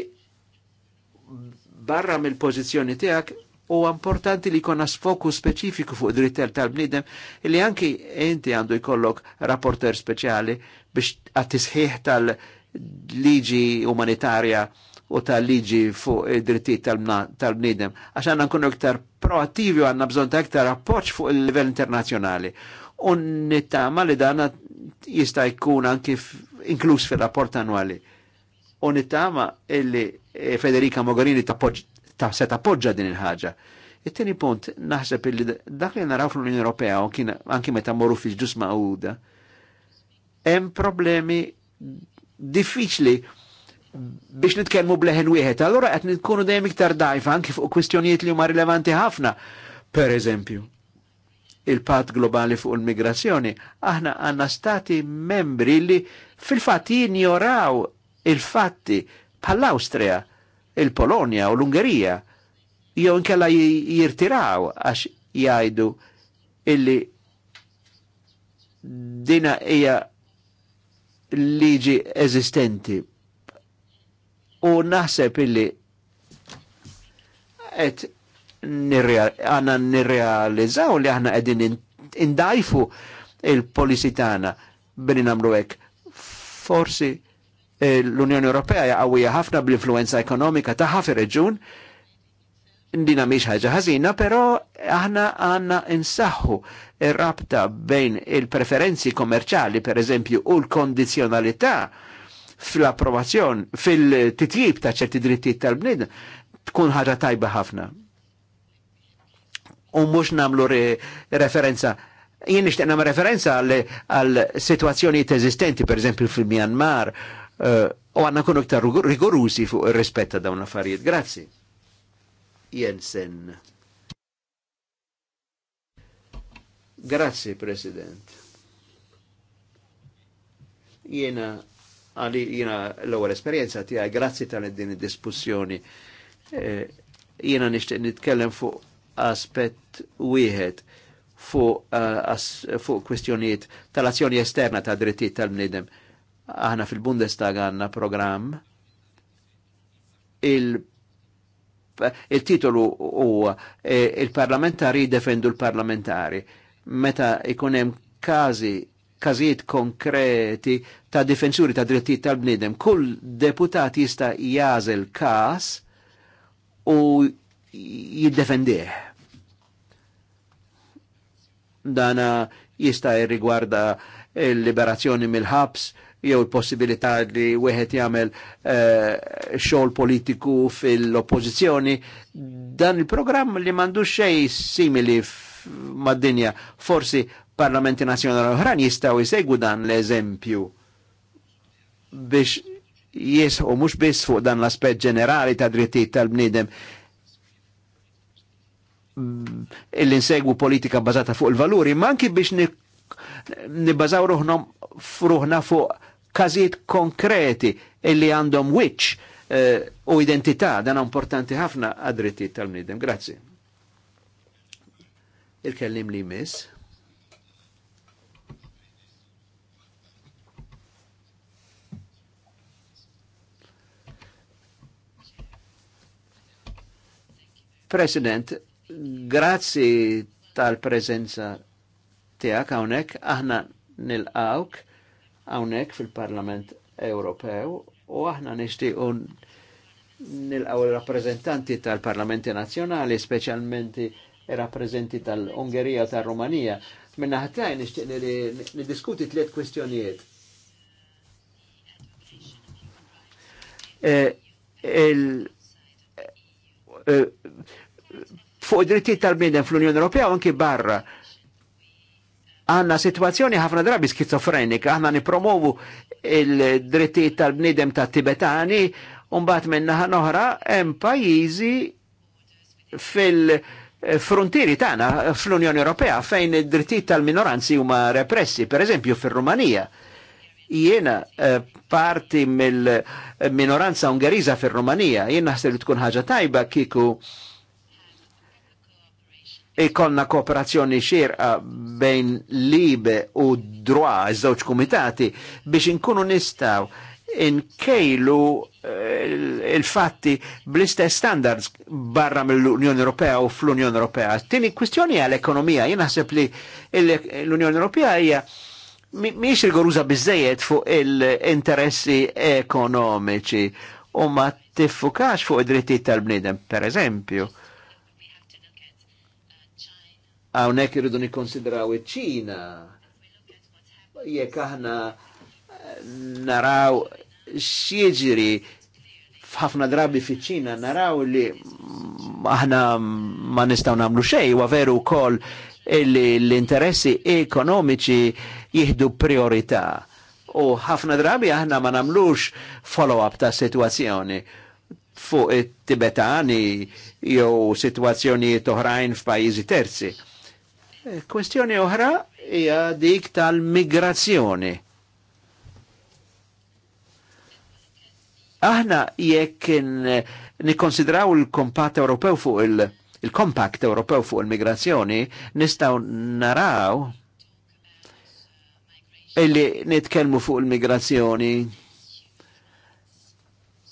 barra mill-pożizzjoni tiegħek u importanti li kona sfoku speċifiku fuq dritter tal bnidem illi anki enti għandu jkollok rapporter speċjali biex għattisħiħ tal-liġi umanitarja u tal-liġi fuq id-drittijiet tal-bniedem. Għax għanna nkunu iktar proattivi u għandna bżonn ta' iktar appoċ fuq il-livell internazjonali. U nittama li dan jista' jkun anki inkluż fil-rapport annwali. U nittama illi eh, Federica Mogherini ta' se tappoġġa din il-ħaġa. It-tieni punt, naħseb illi dak li naraw fl-Unjoni Ewropea u kien anki meta morru fil-ġus għuda, hemm problemi diffiċli biex nitkellmu bleħen wieħed, allora qed nitkunu dejjem iktar dajfa anki fuq kwistjonijiet li huma rilevanti ħafna. Per eżempju, il-pat globali fuq il-migrazzjoni, aħna għanna stati membri li fil-fatt jinjoraw il-fatti bħall-Awstrija, il-Polonja u l-Ungerija, jew inkella jirtiraw għax jgħidu illi dina hija liġi eżistenti u naħseb illi et għanna nirrealizzaw li għanna għedin indajfu il-polisi tagħna billi namlu hekk. Forsi eh, l-Unjoni Ewropea jaqawija ħafna bl-influenza ekonomika taħħa fir-reġun, dina miex ħaġa ħazina, pero aħna għanna insaħħu il rabta bejn il-preferenzi kommerċali, per eżempju, u l-kondizjonalità fil-approvazzjon, fil-titjib ta' ċerti drittijiet tal bnidna tkun ħaġa tajba ħafna. U mux namlu re referenza jien nixtieq nagħmel referenza għal sitwazzjonijiet eżistenti, per eżempju fil-Myanmar, eh, u għanna kunu iktar rigorużi fuq ir-rispett ta' dawn l-affarijiet. Grazzi. Jensen. Grazzi, President. Jiena għali jina l-ewwel esperjenza tiegħi grazzi tal din id-diskussjoni. Eh, jina nixtieq nitkellem fuq aspett wieħed fuq uh, fuq kwestjonijiet tal-azzjoni esterna ta' drittijiet tal-bniedem. Aħna fil-Bundestag għandna programm il il-titolu huwa eh, il-parlamentari jiddefendu l-parlamentari. Meta ikun hemm każi każijiet konkreti ta' difensuri ta' drittijiet tal-bniedem. Kull deputat jista' jażel każ u jiddefendih. Dana jista' jirrigwarda il-liberazzjoni mill-ħabs, jew il-possibilità li wieħed jagħmel uh, xogħol politiku fil-oppożizzjoni, dan il-programm li m'għandux xejn simili mad-dinja, forsi parlamenti nazzjonali oħrajn jistgħu jsegwu dan l-eżempju biex jisħu mux biss fuq dan l-aspet ġenerali ta' drittijiet tal-bnidem illi nsegwu politika bazata fuq il-valuri, ma anki biex nibbazaw ruħnom fruħna fuq kazijiet konkreti illi għandhom wiċ uh, eh, u identità, dan importanti ħafna għadrittijiet tal-bnidem. Grazzi. Il-kellim li miss. President, grazzi tal-prezenza tijak hawnhekk, aħna nil-għawk hawnhekk fil-Parlament Ewropew u aħna nil-għaw il-rappreżentanti tal-Parlamenti Nazjonali, specialmenti il rappreżenti tal-Ungerija u tal-Rumanija. Minna ħattaj nil-diskuti tliet kwestjonijiet. E, il Eh, fuq id-drittijiet tal-bniedem fl-Unjoni Ewropea u anki barra. Għanna situazzjoni ħafna drabi skizofrenika, għanna nipromovu il-drittijiet tal-bniedem ta' tibetani, un unbat minnaħa noħra hemm pajizi fil-frontieri tagħna fl-Unjoni Ewropea fejn id-drittijiet tal-minoranzi huma repressi, per eżempju fil rumanija Jiena eh, parti mill-minoranza eh, ungeriża fir-Rumanija, jiena naħseb li tkun ħaġa tajba kiku ikonna kooperazzjoni xirqa bejn Libe u Drwa, iż-żewġ kumitati, biex inkunu nistaw inkejlu eh, il-fatti bl-istess standards barra mill-Unjoni Ewropea u fl-Unjoni Ewropea. Tini kwistjoni għal ekonomija, jina li l-Unjoni Ewropea hija miex rigoruza bizzejiet fuq il-interessi ekonomiċi u ma tiffukax fuq id-drittijiet tal-bnidem, per eżempju. Għawnek irridu nikonsidraw il ċina Jek aħna eh, naraw xieġiri f'ħafna drabi fi ċina naraw li aħna ma nistaw namlu xej wa veru wkoll l-interessi ekonomiċi jihdu priorità. U ħafna drabi aħna ma namlux follow-up ta' situazzjoni fuq it-Tibetani jew sitwazzjoni oħrajn f'pajjiżi terzi. E, kwestjoni oħra hija dik tal-migrazzjoni. Aħna jekk nikkonsidraw il-kompat Ewropew fuq il-kompakt Ewropew fuq il-migrazzjoni, nistgħu naraw illi nitkellmu fuq il-migrazzjoni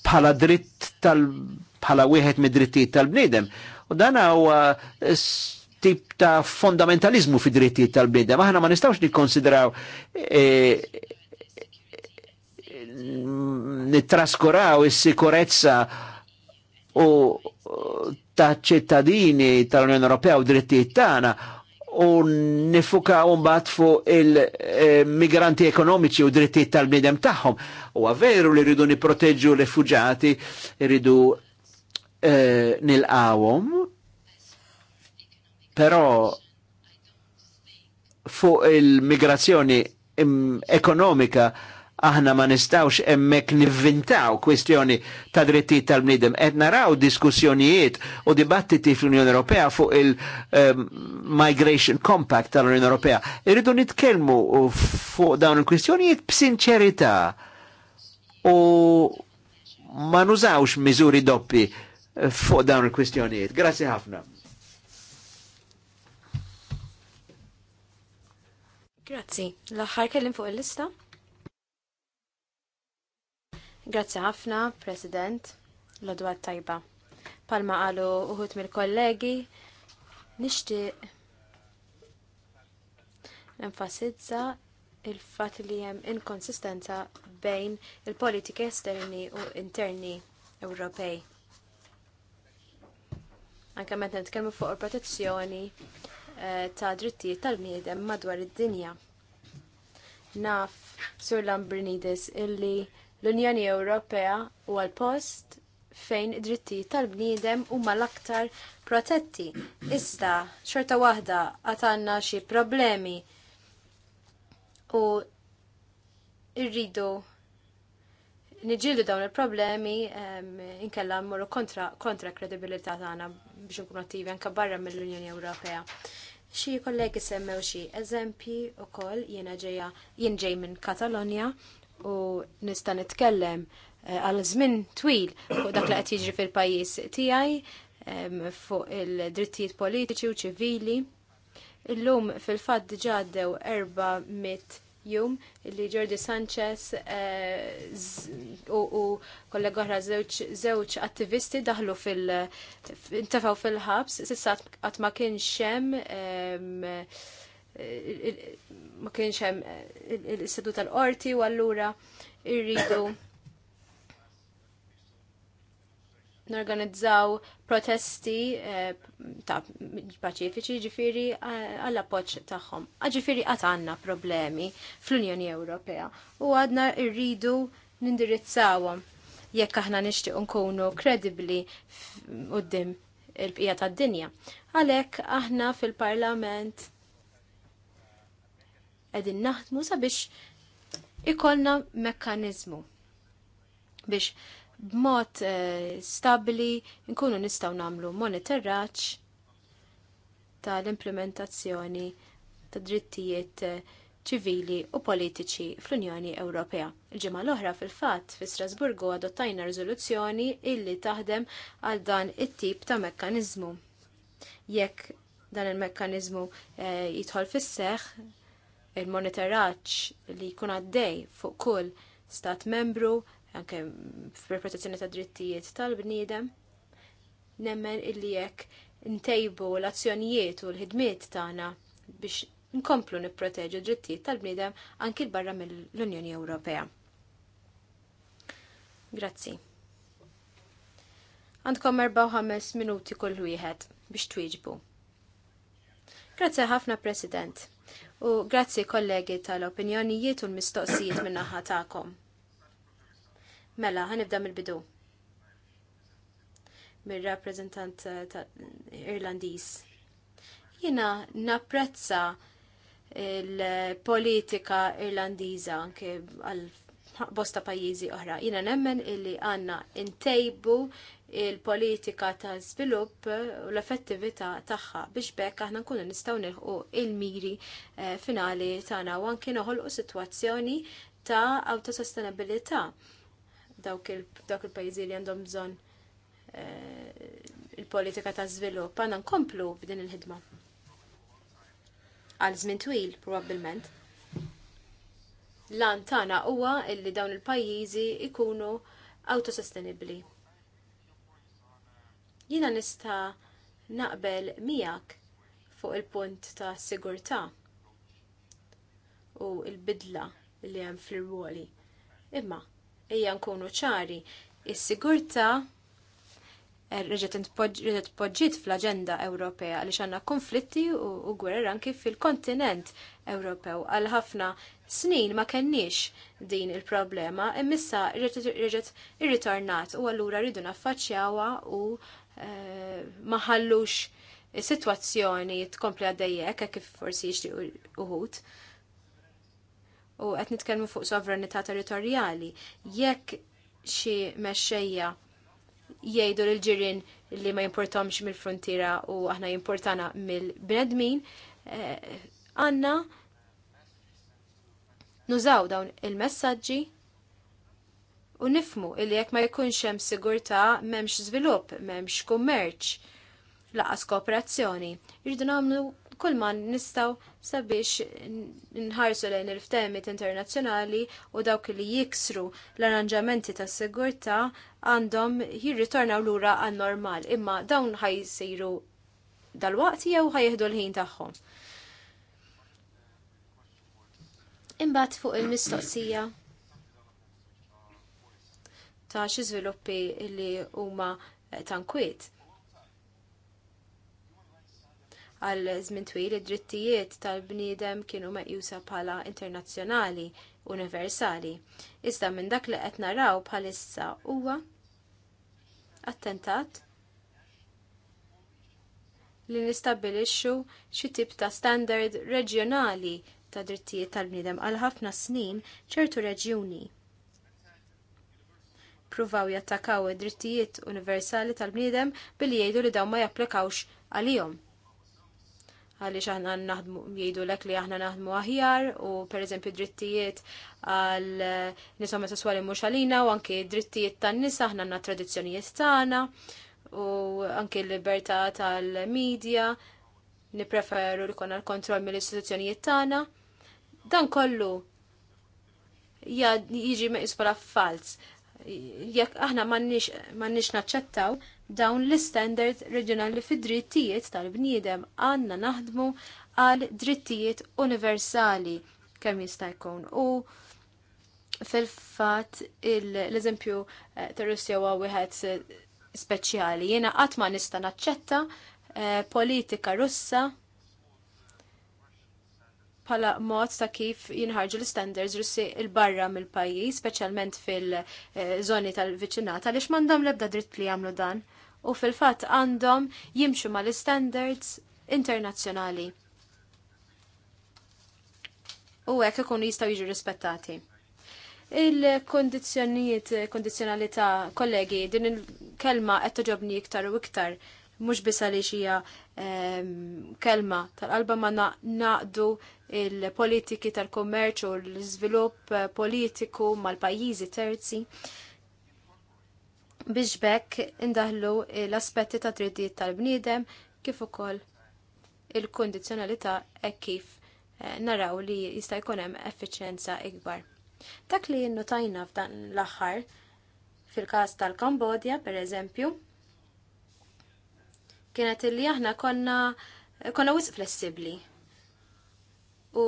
bħala dritt tal bħala wieħed mid-drittijiet tal-bniedem. U dan huwa tip ta' fondamentalizmu fi drittijiet tal-bniedem. Aħna ma nistgħux nikkonsidraw e, nittraskuraw is-sikurezza u ta' ċittadini tal-Unjoni Ewropea u drittijiet tagħna u nifuka mbagħad fu il-migranti ekonomiċi u drittijiet tal-bniedem tagħhom. U għaveru li rridu niproteġu l-rifuġati, rridu nil eh, nilqawhom, pero fuq il-migrazzjoni ekonomika aħna ma nistawx emmek nivvintaw kwestjoni ta' dritti tal-bnidem. Et naraw diskussjonijiet u dibattiti fl-Unjoni Ewropea fuq il-Migration ehm, um, Compact tal-Unjoni Ewropea. Irridu nitkellmu fuq dawn il-kwestjonijiet b'sinċerità u ma nużawx miżuri doppi fuq dawn il-kwestjonijiet. Grazie ħafna. Grazzi. L-aħħar kellim fuq il-lista? Grazzi ħafna, President, l-odwa tajba. Palma għalu uħut mill-kollegi, nishti enfasizza il-fat li jem inkonsistenza bejn il-politika esterni u interni Ewropej. Anke meta nitkellmu fuq il-protezzjoni eh, ta' drittijiet tal miedem madwar id-dinja. Naf Sur Lambrinidis illi L-Unjoni Ewropea u għal-post fejn id dritti tal-bniedem huma l-aktar protetti. Issa xorta waħda għatanna xi problemi u irridu niġildu dawn il-problemi inkella mmorru kontra, kontra kredibilità tagħna biex nkunu attivi anke barra mill-Unjoni Ewropea. Xi kollegi semmew xi eżempji wkoll jiena ġejja jien ġej minn Katalonja u nista' nitkellem eh, għal żmien twil fuq dak li qed jiġri fil-pajjiż tiegħi fuq il-drittijiet politiċi u ċivili. Illum fil-fatt diġà għaddew 400 jum li Jordi Sanchez eh, u kollega oħra żewġ attivisti daħlu fil- intefaw fil-ħabs, sissa qatt ma kienx hemm ma kienx hemm is istitut tal-qorti u allura irridu norganizzaw protesti eh, ta' paċifiċi ġifiri eh, għall appoġġ tagħhom. Ah, ġifiri qatt għandna problemi fl-Unjoni Ewropea u għadna rridu nindirizzawhom jekk aħna nixtieq nkunu kredibbli qudiem il-bqija tad-dinja. Għalhekk aħna fil-Parlament qegħdin naħdmu sabiex ikollna mekkaniżmu biex b'mod eh, stabbli nkunu nistgħu nagħmlu monitoraġġ tal-implementazzjoni ta' drittijiet eh, ċivili u politiċi fl-Unjoni Ewropea. Il-ġimgħa l-oħra fil-fatt fi Strasburgu adottajna riżoluzzjoni illi taħdem għal dan it-tip ta' mekkaniżmu. Jekk dan il-mekkaniżmu eh, jidħol fis seħħ il-monitoraċ li jkun għaddej fuq kull stat membru, anke fil-protezzjoni ta' drittijiet tal-bniedem, nemmen illi jekk ntejbu l-azzjonijiet u l-ħidmiet tagħna biex nkomplu nipproteġu drittijiet tal-bniedem anki barra mill-Unjoni Ewropea. Grazzi. Għandkom 4-5 minuti kull wieħed biex twieġbu. Grazzi ħafna President. U grazzi kollegi tal-opinjonijiet u l-mistoqsijiet minnaħa ta'kom. Mela, ħanibda mill-bidu. Mir-rappreżentant Irlandiż. Jiena napprezza il-politika Irlandiża anke għal bosta pajjiżi oħra. Jina nemmen illi għanna intejbu il-politika ta' svilupp u l-effettività tagħha biex bekk aħna nkunu nistgħu nilħu il-miri eh, finali tagħna u anke noħolqu sitwazzjoni ta' autosostenibilità dawk il-pajjiżi li għandhom bżonn eh, il-politika ta' svilupp għandna nkomplu b'din il-ħidma. Għal żmien twil, probabbilment lan tagħna huwa illi dawn il-pajjiżi ikunu autosostenibbli. Jiena nista' naqbel miegħek fuq il-punt ta' sigurtà u l-bidla li hemm fil ruoli Imma, ejja nkunu ċari, is-sigurtà Eh, reġet poġġiet fl-agenda Ewropea li xanna konflitti u gwerer anki fil-kontinent Ewropew. Għal ħafna snin ma kenniex din il-problema imissa reġet irritornat u għallura rridu naffaċjawa u eh, maħallux situazzjoni tkompli għaddejjek kif forsi jixtieq uħut. U qed nitkellmu fuq sovranità territorjali. Jekk xi mexxejja jgħidu l-ġirin li ma jimportomx mill-frontiera u aħna jimportana mill-bnedmin, eh, għanna nużaw dawn il-messagġi u nifmu illi jekk ma jkunx hemm sigurtà m'hemmx żvilupp, m'hemmx kummerċ, laqas kooperazzjoni. Irridu nagħmlu kull man nistaw sabiex nħarsu lejn il ftemit internazzjonali u dawk li jiksru l-arranġamenti ta' sigurtà għandhom jirritornaw lura għan normal imma dawn ħajsiru dal-waqt jew ħajjeħdu l-ħin tagħhom. Imbagħad fuq il-mistoqsija ta' xi żviluppi li huma tankwiet għal żmien twil id-drittijiet tal-bniedem kienu meqjusa bħala internazzjonali, universali. Iżda minn dak li qed naraw bħalissa huwa attentat li nistabilixxu xi tip ta' standard reġjonali ta' drittijiet tal-bniedem għal ħafna snin ċertu reġjuni pruvaw jattakaw id-drittijiet universali tal-bniedem billi jgħidu li dawn ma japplikawx għalihom għaliex aħna naħdmu jgħidu lek li aħna naħdmu aħjar u pereżempju drittijiet għal nies omosessuali mhux għalina u anke drittijiet tan-nisa aħna għandna tradizzjonijiet tagħna u anke l-libertà tal-medja nipreferu li konna l-kontroll mill-istituzzjonijiet tagħna. Dan kollu jiġi meqis bħala fals. Jekk aħna m'għandniex naċċettaw dawn l-standard reġjonali fid-drittijiet tal-bniedem għandna naħdmu għal drittijiet universali kemm jista' jkun. U fil-fatt l-eżempju eh, ta' Russja huwa wieħed eh, speċjali. Jiena qatt ma nista' naċċetta eh, politika Russa bħala mod ta' kif jinħarġu l-standards russi il-barra mill-pajjiż, speċjalment fil-żoni tal viċinata għaliex m'għandhom l-ebda dritt li jagħmlu dan u fil-fatt għandhom jimxu mal-standards internazzjonali. U hekk ikunu jistgħu jiġu rispettati. Il-kondizzjonijiet, kondizzjonalità, kollegi, din il-kelma qed toġobni iktar u iktar mux bisa li xija ehm, kelma tal-qalba ma naqdu il-politiki tal-kommerċ u l iżvilupp politiku mal-pajjiżi terzi biex bekk indaħlu l-aspetti ta' trittijiet tal-bniedem kif ukoll il-kondizjonalità e kif eh, naraw li jista' jkun hemm effiċjenza ikbar. Dak li notajna f'dan l-aħħar fil-każ tal-Kambodja, pereżempju, kienet li aħna konna konna wisq flessibbli. U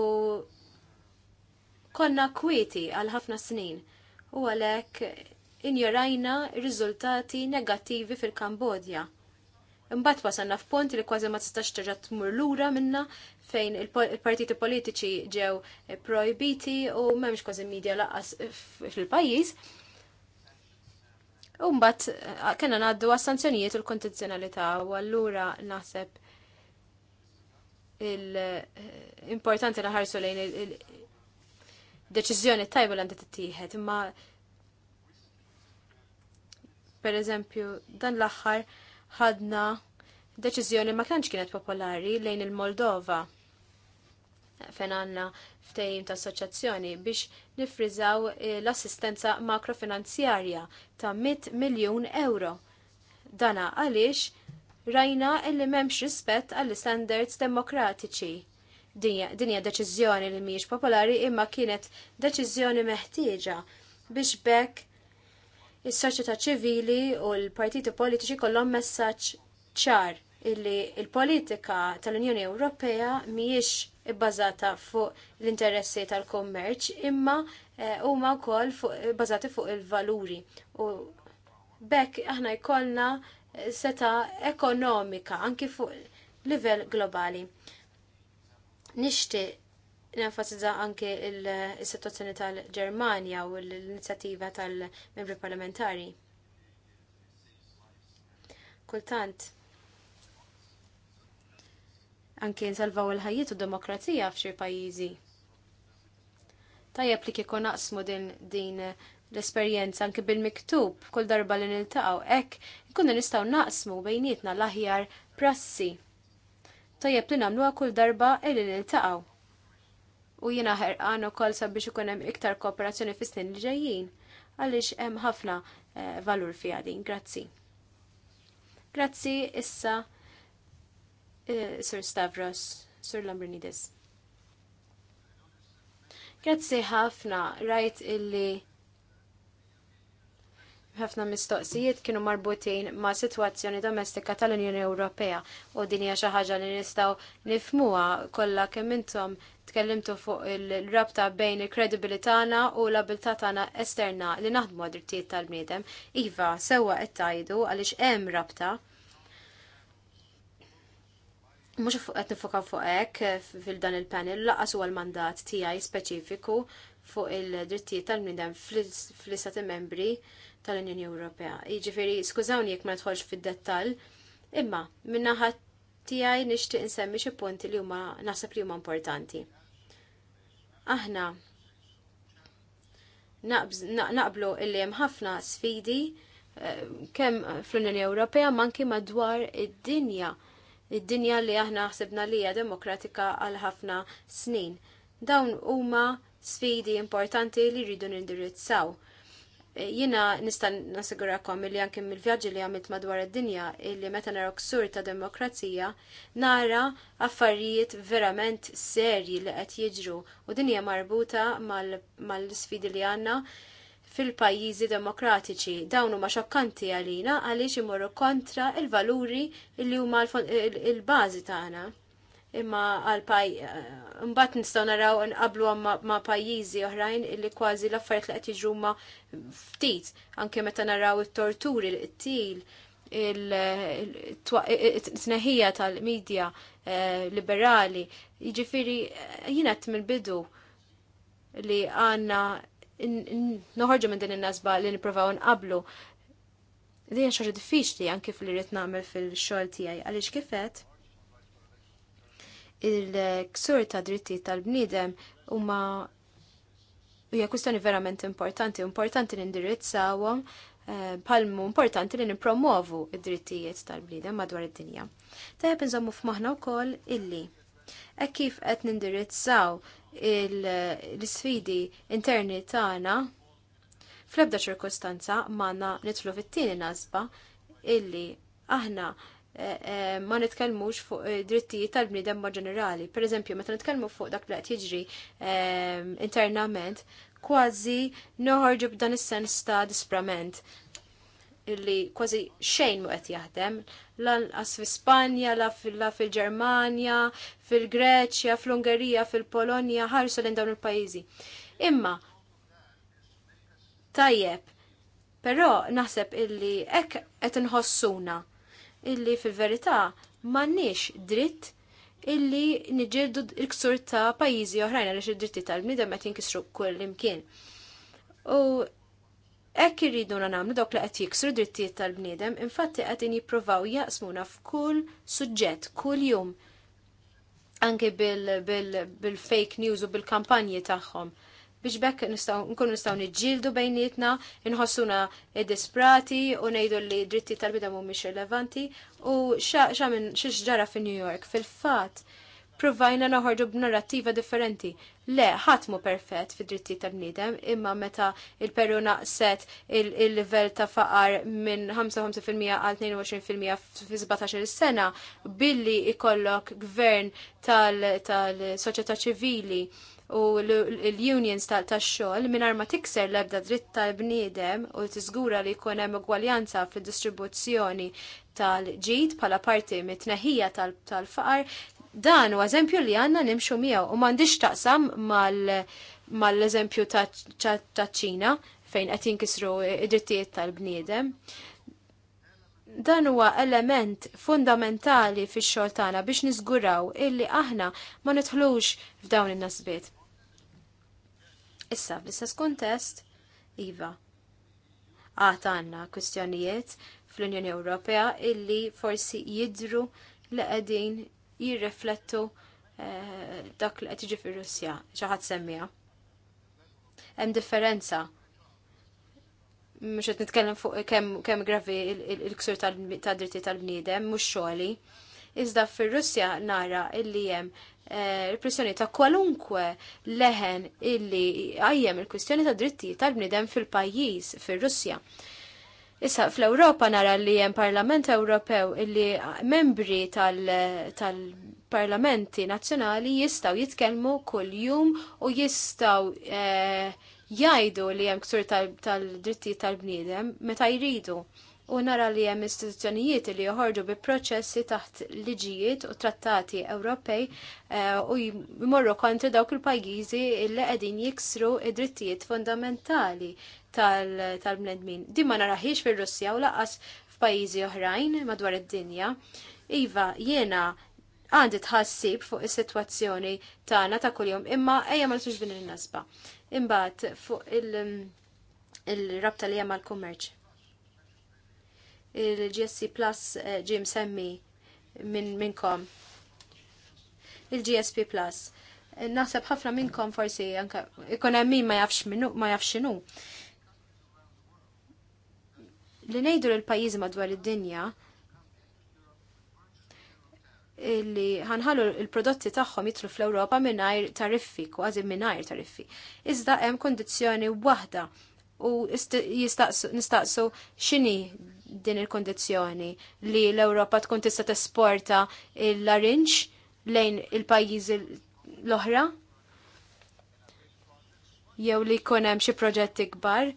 konna kwieti għal ħafna snin. U għalhekk injorajna riżultati negattivi fil-Kambodja. Imbagħad wasanna f'pont li kważi ma tistax terġa' tmur lura minna fejn il-partiti politiċi ġew projbiti u m'hemmx kważi media laqas fil-pajjiż. U mbagħad eh, kellna ngħaddu għas-sanzjonijiet u l-kondizzjonalità u allura naħseb il-importanti eh, naħarsu lejn il-deċiżjoni tajba l-għandha tittieħed imma Per eżempju, dan l-aħħar ħadna deċiżjoni ma kienx kienet popolari lejn il-Moldova fejn għandna ftejim ta' assoċjazzjoni biex nifrizaw eh, l-assistenza makrofinanzjarja ta' 100 miljun euro. Dana għaliex rajna illi m'hemmx rispett għall-standards demokratiċi dinja deċiżjoni li mhijiex popolari imma kienet deċiżjoni meħtieġa biex bekk is-soċjetà ċivili u l-partiti politiċi kollhom messaġġ ċar illi l politika tal-Unjoni Ewropea mhijiex ibbażata fuq l-interessi tal-kummerċ imma eh, huma wkoll bbażati fuq il-valuri. U bekk aħna jkollna eh, seta ekonomika anki fuq livell globali. Nixtieq nenfasizza anke il-situazzjoni tal-Germania u l-inizjattiva tal-membri parlamentari. Kultant, anke nsalvaw il-ħajiet u demokrazija f'xi pajjiżi. Tajjeb li kieku naqsmu din din l-esperjenza anke bil-miktub kull darba li niltaqgħu hekk ikunu nistgħu naqsmu bejnietna l-aħjar prassi. Tajjeb li nagħmluha kull darba li niltaqgħu u jiena ħerqan kol sabiex ikun hemm iktar kooperazzjoni fi snin li ġejjin għaliex hemm ħafna eh, valur fiha din. Grazzi. Grazzi issa eh, Sir Stavros, Sir Lambrinidis. Grazzi ħafna rajt illi ħafna mistoqsijiet kienu marbutin ma' situazzjoni domestika tal-Unjoni Ewropea u din hija xi ħaġa li nistgħu nifmuha kollha kemm intom Tkellimtu fuq il-rabta bejn il-kredibilitana u l-abilità tagħna esterna li naħdmu għad-drittijiet tal-bniedem. Iva, sewwa qed tajdu għaliex hemm rabta Mux qed nifoka fuq hekk fil-dan il-panel laqas huwa l-mandat tiegħi speċifiku fuq il-drittijiet tal-bniedem fl-istati membri tal-Unjoni Ewropea. Jiġifieri skużawni jekk ma nidħolx fid-dettall, imma minnaħat tijaj nixtieq insemmi xi punti li huma naħseb li huma importanti. Aħna naqblu illi hemm ħafna sfidi eh, kemm fl-Unjoni Ewropea manki madwar id-dinja id-dinja li aħna ħsibna li hija demokratika għal ħafna snin. Dawn huma sfidi importanti li rridu nindirizzaw Eh, jina nista' nasigurakom li anke mill-vjaġġi li għamilt madwar id-dinja illi meta nara ksur ta' demokrazija nara affarijiet verament serji li qed jiġru u din hija marbuta mal-sfidi li għandna fil-pajjiżi demokratiċi. Dawn huma xokkanti għalina għaliex imorru kontra il-valuri li huma l-bażi tagħna imma għal paj eh, mbagħad nistgħu naraw nqablu ma' pajjiżi oħrajn illi kważi l-affarijiet li qed jiġu ma ftit anke meta naraw it-torturi il til il-tneħija tal-medja eh, liberali. Jiġifieri eh, jiena mill-bidu li għandna noħorġu minn din in-nasba li nippruvaw nqablu. Dejja xogħol diffiċli anke fil-irid nagħmel fil-xogħol tiegħi għaliex kifet il-ksur ta' dritti tal-bniedem huma hija kwistjoni verament importanti, importanti li indirizzawhom palmu eh, importanti li nipromovu id-drittijiet tal-bniedem madwar id-dinja. Teħeb nżommu f'maħna wkoll illi e kif qed nindirizzaw l-sfidi interni tagħna fl-ebda ċirkostanza manna nitlu fit-tieni nazba illi aħna Eh, eh, ma nitkellmux fuq eh, drittijiet tal-bniedem ma ġenerali. Per eżempju, meta nitkellmu fuq dak li qed jiġri ehm, internament, kważi noħorġu b'dan is-sens ta' disprament illi kważi xejn mu qed jaħdem, lanqas fl Spanja, la fil-Ġermanja, fil-Greċja, fl-Ungerija, fil-Polonja, ħarsu lejn dawn il-pajjiżi. Imma tajjeb, però naħseb illi hekk qed inħossuna illi fil-verità m'għandniex dritt illi niġġieldu l-ksur ta' pajjiżi oħrajn għaliex id-dritti tal-bniedem qed jinkisru kull imkien. U hekk irridu nagħmlu dawk li qed jiksru drittijiet tal-bniedem, infatti qed jippruvaw jaqsmuna f'kull suġġett, kull jum anke bil-fake news u bil-kampanji tagħhom biex bekk nkunu nistgħu niġġieldu bejnietna, inħossuna disprati u ngħidu li dritti tal-bida mhumiex rilevanti u x'amen xiex ġara fi New York fil-fatt provajna noħorġu b'narrattiva differenti. Le, ħadd mu perfett fid dritti tal-bniedem, imma meta il-Peru naqset il-livell ta' faqar minn 55% għal 22% fi 17 sena billi ikollok gvern tal-soċjetà ċivili u l-unions tax-xogħol mingħajr ma tikser l-ebda dritt tal-bniedem u tiżgura li jkun hemm ugwaljanza fil distribuzzjoni tal-ġid bħala parti mit-tneħija tal-faqar, dan u eżempju li għandna nimxu miegħu u m'għandix taqsam mal-eżempju ta' ċina fejn qed jinkisru id-drittijiet tal-bniedem dan huwa element fundamentali fix xogħol tagħna biex niżguraw illi aħna ma nidħlux f'dawn in-nasbiet. Issa, fl-istess kontest, Iva, għata għanna kwistjonijiet fl-Unjoni Ewropea illi forsi jidru li qegħdin jirreflettu eh, dak li qed jiġi fir-Russja, xi ħadd semmija. Hemm differenza mux għet nitkellem fuq kem, kem gravi il-ksur tal-dritti tal-bnidem, mux xoħli. Iżda fil-Russja nara illi jem Eh, ripressjoni ta' kwalunkwe leħen illi għajjem il-kwistjoni ta' dritti tal-bnidem fil-pajjiż, fil-Russja. Issa fl-Ewropa nara li hemm Parlament Ewropew illi membri tal-parlamenti tal nazzjonali jistgħu jitkellmu kuljum u jistgħu eh, jgħidu li hemm ksur tal-dritti tal-bniedem meta jridu u nara li hemm istituzzjonijiet li joħorġu bi proċessi taħt liġijiet u trattati Ewropej eh, u jmorru kontra dawk il-pajjiżi li qegħdin jiksru id-drittijiet fundamentali tal-bnedmin. Din ma naraħiex fir-Russja u laqas f'pajjiżi oħrajn madwar id-dinja. Iva, jiena għandi tħassib fuq is-sitwazzjoni tagħna ta' kuljum, imma ejja ma din il-nasba. Imbagħad fuq il-rabta li hemm għall-kummerċ il-GSC Plus eh, ġim semmi minnkom. Il-GSP Plus. Naħseb ħafna minnkom forsi anka ikun hemm min ma jafx minnu ma jafx x'inhu. Li ngħidu lil pajjiżi madwar id-dinja li ħanħallu l-prodotti tagħhom jitlu fl-Ewropa mingħajr tariffi, kważi mingħajr tariffi. Iżda hemm kondizzjoni waħda u nistaqsu x'inhi din il-kondizjoni li l-Ewropa tkun tista' tesporta l-arinċ lejn il-pajjiżi l-oħra? Jew li jkun hemm xi proġetti kbar?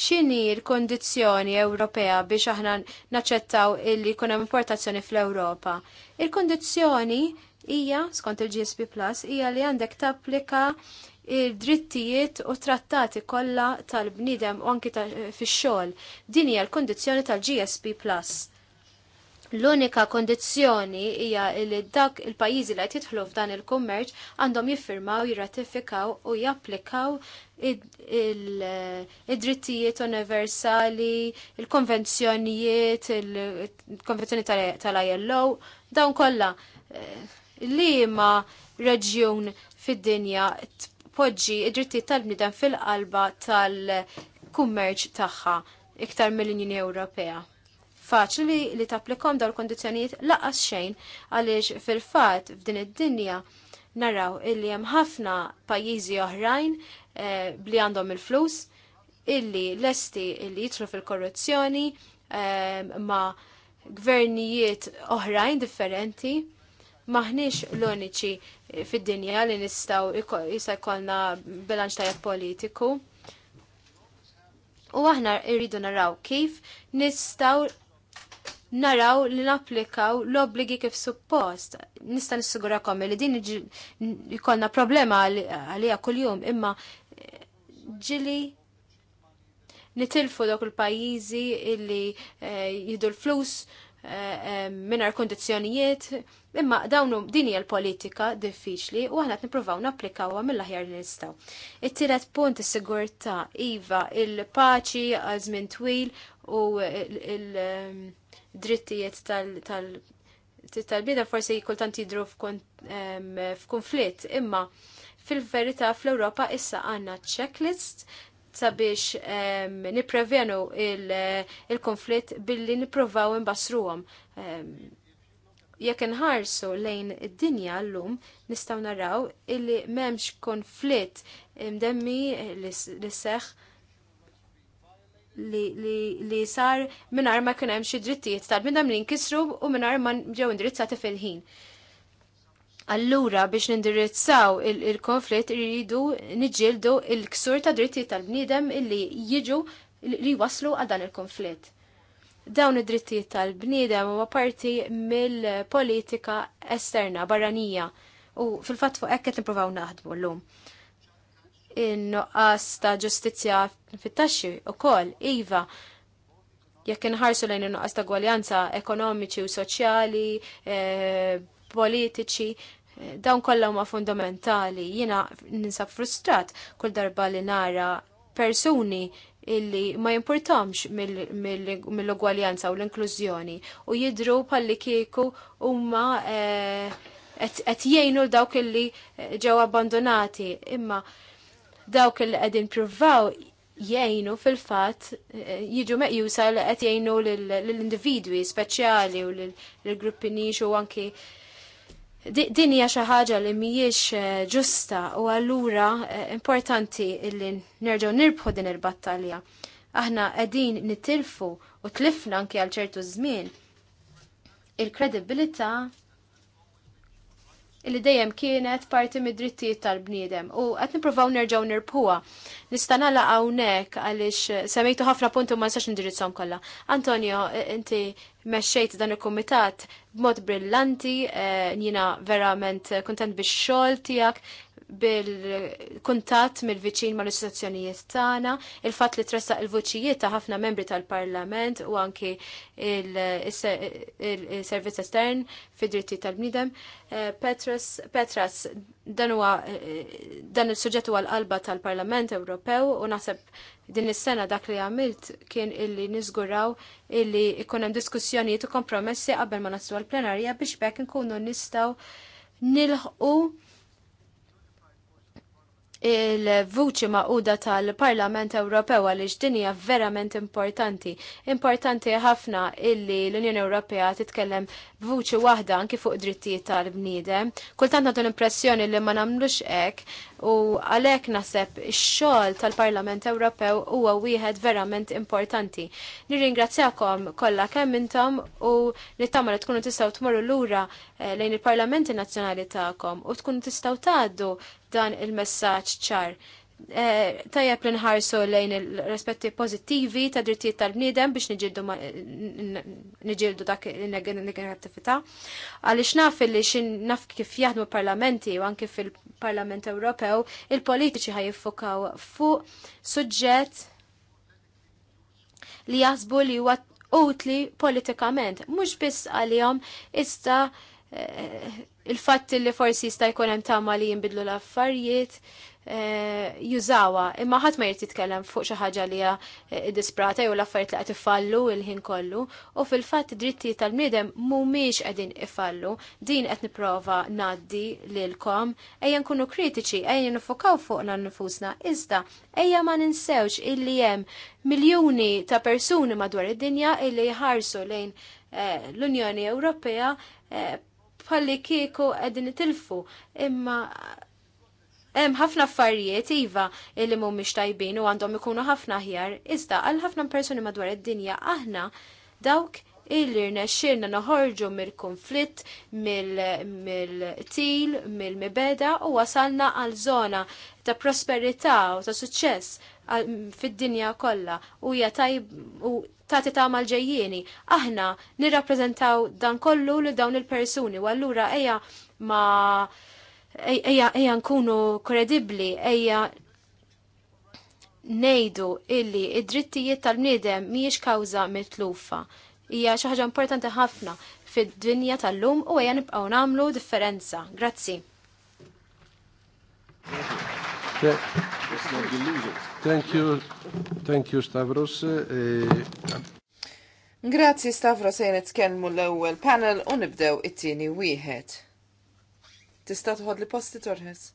X'inhi l-kondizzjoni Ewropea biex aħna naċċettaw illi jkun hemm importazzjoni fl-Ewropa? Il-kondizzjoni hija skont il-GSP Plus hija li għandek tapplika il-drittijiet u trattati kollha tal-bnidem u anki fix-xogħol. Din hija l-kondizzjoni tal-GSP Plus. L-unika kondizzjoni hija li dak il-pajjiżi li qed jidħlu f'dan il-kummerċ għandhom jiffirmaw, jirratifikaw u japplikaw id-drittijiet universali, il-konvenzjonijiet, il-konvenzjoni tal-ILO, dawn kollha. Eh, li ma reġjun fid-dinja poġġi id-drittijiet tal-bniedem fil-qalba tal-kummerċ tagħha iktar mill-Unjoni Ewropea. Faċli li tapplikom dawn kondizzjonijiet laqas xejn għaliex fil-fatt f'din id-dinja naraw illi hemm ħafna pajjiżi oħrajn bli eh, għandhom il-flus illi lesti illi jitlu fil-korruzzjoni eh, ma' gvernijiet oħrajn differenti maħniex l-uniċi fid-dinja li nistaw jisa jkollna bilanċ tajjeb politiku. U aħna rridu naraw kif nistaw naraw li napplikaw l-obligi kif suppost. Nista nissigurakom li din jkollna problema għalija kuljum imma ġili nitilfu dok il-pajjiżi illi eh, jidu l-flus Eh, eh, minar kondizjonijiet, imma dawnu din hija l-politika diffiċli u aħna niprofaw nippruvaw napplikawha mill-aħjar li nistgħu. It-tielet punt is-sigurtà iva il-paċi għal żmien twil u il-drittijiet ehm, tal-bida forsi kultant jidru f'konflitt, ehm, imma fil-verità fl europa issa għandna checklist sabiex um, niprevenu eh, il-konflitt il billi niprovaw imbassruhom. Um, Jekk nħarsu lejn id-dinja llum nistgħu naraw illi m'hemmx konflitt mdemmi li seħħ li, li, li sar mingħajr ma kien hemm xi drittijiet tal-bnedem li nkisru u mingħajr ma ġew indirizzati fil-ħin. Allura biex nindirizzaw il-konflitt irridu niġġieldu il-ksur ta' drittijiet tal-bniedem illi jiġu li waslu għal dan il-konflitt dawn id-drittijiet tal-bniedem huwa parti mill-politika esterna barranija u fil-fatt fuq hekk qed nippruvaw naħdmu llum. in nuqqas ta' ġustizzja fit-taxxi wkoll iva jekk inħarsu lejn in nuqqas ta' gwaljanza ekonomiċi u soċjali, eh, politiċi, dawn kollha huma fundamentali. Jiena ninsab frustrat kull darba li nara persuni illi ma jimportamx mill-ugwaljanza u l-inklużjoni u jidru palli kieku huma eh, qed jgħinu dawk illi eh, ġew abbandonati imma dawk illi qegħdin pruvaw jgħinu fil-fatt eh, jiġu meqjusa li qed jgħinu lill-individwi speċjali u lill-gruppi nix u anki din hija xi ħaġa li mhijiex eh, ġusta u allura eh, importanti illi nerġgħu nirbħu din il-battalja. Aħna qegħdin nitilfu u tlifna anke għal ċertu żmien il-kredibilità illi dejjem kienet parti mid-drittijiet tal-bniedem u qed nippruvaw nerġgħu nirpuha. Nista' nagħlaq hawnhekk għaliex semmejtu ħafna punti u ma nistax indirizzhom kollha. Antonio, inti meċċejt dan il-kumitat b'mod brillanti, njina eh, verament kuntent bix-xogħol tiegħek, bil-kuntat mill-viċin ma' l-istituzzjonijiet tagħna, il-fatt li tressa il-vuċijiet ta' ħafna membri tal-Parlament u anki il-servizz estern fid-dritti tal-bniedem. Eh, Petras, dan huwa eh, dan il-suġġett huwa l-qalba tal-Parlament Ewropew u naħseb din is-sena dak li għamilt kien illi niżguraw illi ikun hemm diskussjonijiet u kompromessi qabel ma naslu għall-plenarja biex bekk nkunu nistgħu nilħqu il-vuċi maquda tal-Parlament Ewropew għal din hija verament importanti. Importanti ħafna illi l-Unjoni Ewropea titkellem vuċi waħda anki fuq drittijiet tal-bniedem. Kultant għadu l-impressjoni li ma nagħmlux hekk u għalhekk naħseb ix-xogħol tal-Parlament Ewropew huwa wieħed verament importanti. Nirringrazzjakom kollha kemm intom u nittama li tkunu tistgħu tmorru lura eh, lejn il-Parlamenti Nazzjonali tagħkom u tkunu tistgħu tgħaddu dan il-messaġġ ċar. Eh, tajjeb li nħarsu lejn il-rispetti pozittivi ta' drittijiet tal-bniedem biex nġildu dak il-negattività. Għaliex naf li xin naf kif jaħdmu parlamenti u anki fil-Parlament Ewropew, il-politiċi ħaj ħajiffokaw fuq suġġett li jaħsbu li huwa utli politikament, mhux biss għalihom issa il-fatt li forsi jista' jkun hemm tama li jinbidlu l-affarijiet eh, jużawa, imma ħadd ma jrid jitkellem fuq xi ħaġa li hija eh, disprata jew l-affarijiet li qed ifallu il-ħin kollu, u fil-fatt id-drittijiet tal-bniedem mhumiex qegħdin ifallu, din qed nipprova ngħaddi lilkom, ejja nkunu kritiċi, ejja nifokaw fuqna nfusna, iżda ejja ma ninsewx illi hemm miljuni ta' persuni madwar id-dinja illi jħarsu lejn eh, l-Unjoni Ewropea bħalli kieku qegħdin itilfu imma Hemm ħafna affarijiet iva li mhumiex tajbin u għandhom ikunu ħafna aħjar, iżda għal ħafna persuni madwar id-dinja aħna dawk illi rnexxirna noħorġu mill-konflitt, mill-til, mill-mibeda u wasalna għal żona ta' prosperità u ta' suċċess fid-dinja kollha u hija tajb u ta' ta' mal-ġejjieni. Aħna nirrappreżentaw dan kollu li dawn il-persuni u allura ejja ma ejja ejja nkunu kredibbli, ejja nejdu illi id-drittijiet tal-bniedem mhijiex kawża mitlufa. Hija xi ħaġa importanti ħafna fid-dinja tal-lum u ejja nibqgħu nagħmlu differenza. Grazzi. Thank you. Thank you, Stavros. Eh, eh, Grazzi Stavros se nitkellmu l-ewwel panel u nibdew it-tieni wieħed. Tista' tħod li posti torħes?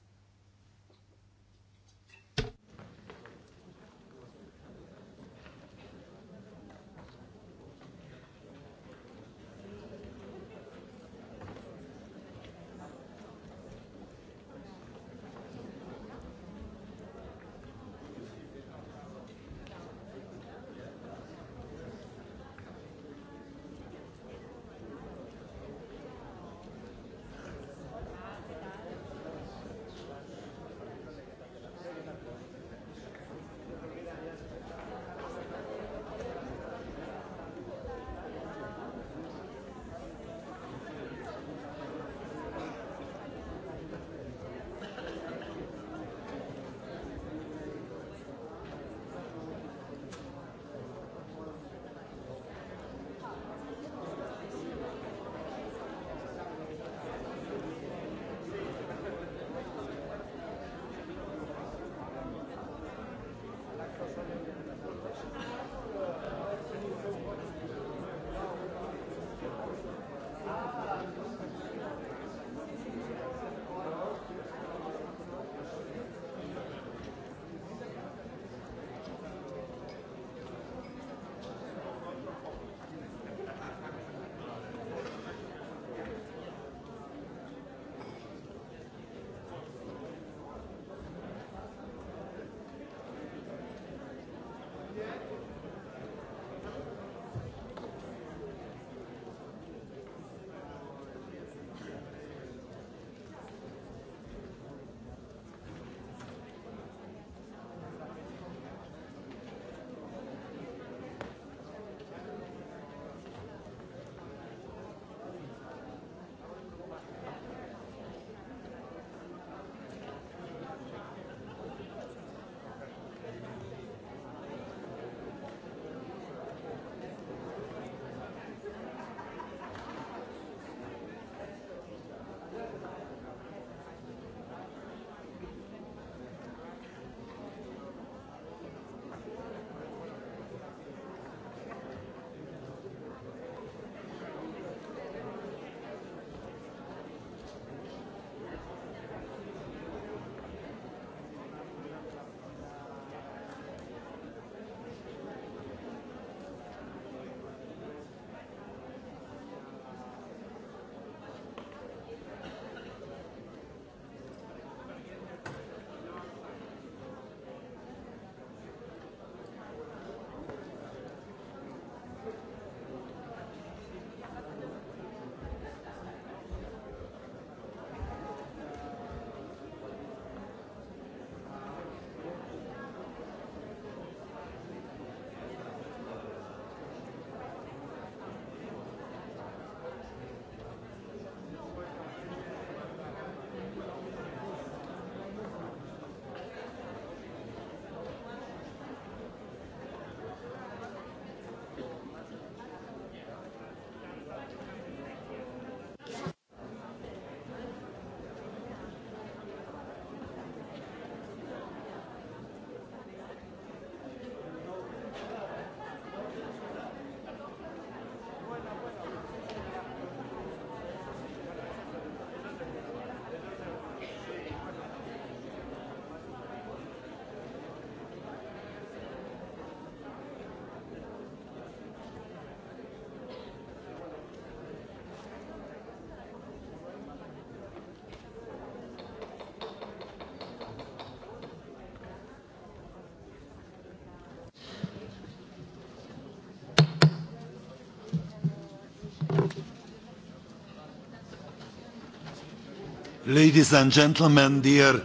Ladies and gentlemen, dear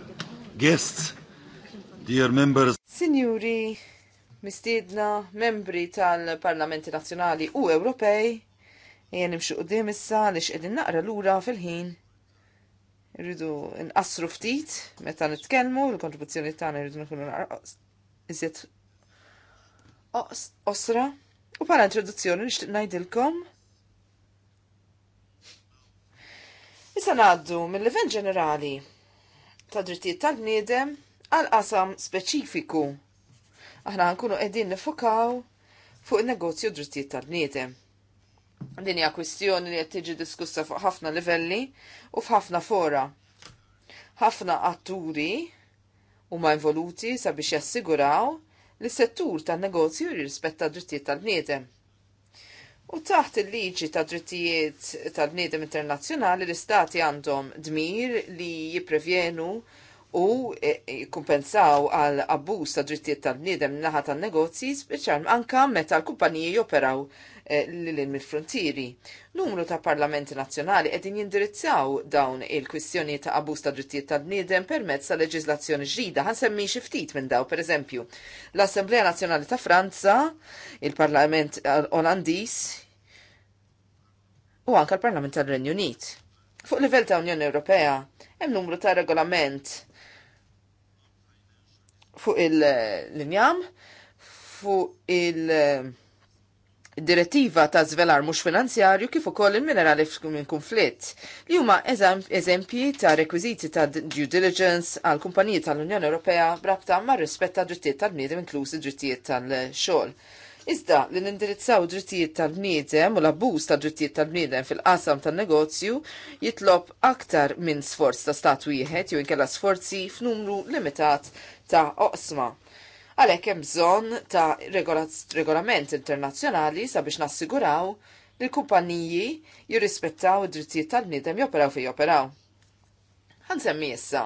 guests, dear members. Signori, mistiedna, membri tal-Parlamenti Nazzjonali u Ewropej, jen imxu u issa li xedin naqra lura fil-ħin. Irridu nqassru ftit meta nitkellmu l-kontribuzzjoni tagħna irridu nkunu naqra iżjed osra. U bħala introduzzjoni nixtieq ngħidilkom ngħaddu mill-livell ġenerali ta' drittijiet tal-bniedem għal qasam speċifiku. Aħna nkunu qegħdin nifokaw fuq in-negozju drittijiet tal-bniedem. Din hija kwistjoni li qed tiġi diskussa fuq ħafna livelli u f'ħafna fora. Ħafna atturi huma involuti sabiex jassiguraw li settur tan-negozju jirrispetta d-drittijiet tal-bniedem. U taħt il-liġi ta' drittijiet tal-bniedem internazzjonali l-istati għandhom dmir li jiprevjenu u e, e, jikkumpensaw għal abbuż ta' drittijiet tal-bniedem naħa tan-negozji speċjalment anka meta l-kumpaniji joperaw Eh, lil mill-frontieri. Numru ta' parlamenti nazzjonali qegħdin jindirizzaw dawn il-kwistjoni ta' abus ta' drittijiet tal-bniedem permezz ta' leġiżlazzjoni ġdida. Ħansemmi xi ftit minn daw, pereżempju, l-Assemblea Nazzjonali ta' Franza, il-Parlament Olandiż u anke l-Parlament tal-Renju Unit. Fuq livell ta' Unjoni Ewropea hemm numru ta' regolament fuq il-linjam, fuq il-, -linjam, fuq il direttiva ta' zvelar mhux finanzjarju kif ukoll il-minerali minn konflitt li huma eżempji ta' rekwiżiti ta' due diligence għal kumpaniji tal-Unjoni Ewropea brabta ma' rispett ta' drittijiet tal-bniedem inklużi drittijiet tal-xogħol. Iżda li nindirizzaw drittijiet tal-bniedem u l-abbuż ta' drittijiet tal-bniedem fil-qasam tan-negozju jitlob aktar minn sforz ta' stat wieħed jew inkella sforzi f'numru limitat ta' oqsma Għalhekk hemm bżonn ta' regolament internazzjonali sabiex nassiguraw li l kumpanniji jirrispettaw id-drittijiet tal nidem joperaw fi joperaw. Ħansemmi issa.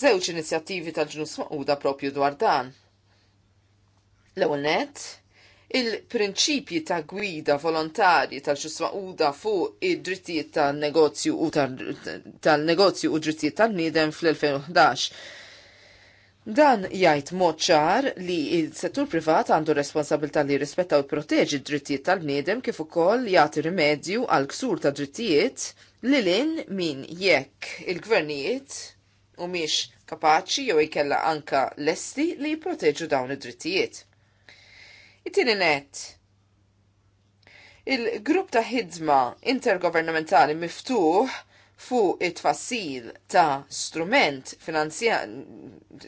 Żewġ inizjattivi tal-ġnus maquda propju dwar dan. L-ewwel nett, il-prinċipji ta' gwida volontarji tal ġnus uda fuq id-drittijiet tal-negozju u tal-negozju u drittijiet tal-nidem fl-2011 Dan jgħid mod ċar li il-settur privat għandu responsabilità li rispetta u proteġi drittijiet tal-bniedem kif ukoll jagħti rimedju għal ksur ta' drittijiet li lin min jekk il-gvernijiet u miex kapaċi jew ikella anka lesti li jipproteġu dawn id-drittijiet. It-tieni net, il-grupp ta' ħidma intergovernamentali miftuħ fuq it-tfassil ta' strument finanzjar,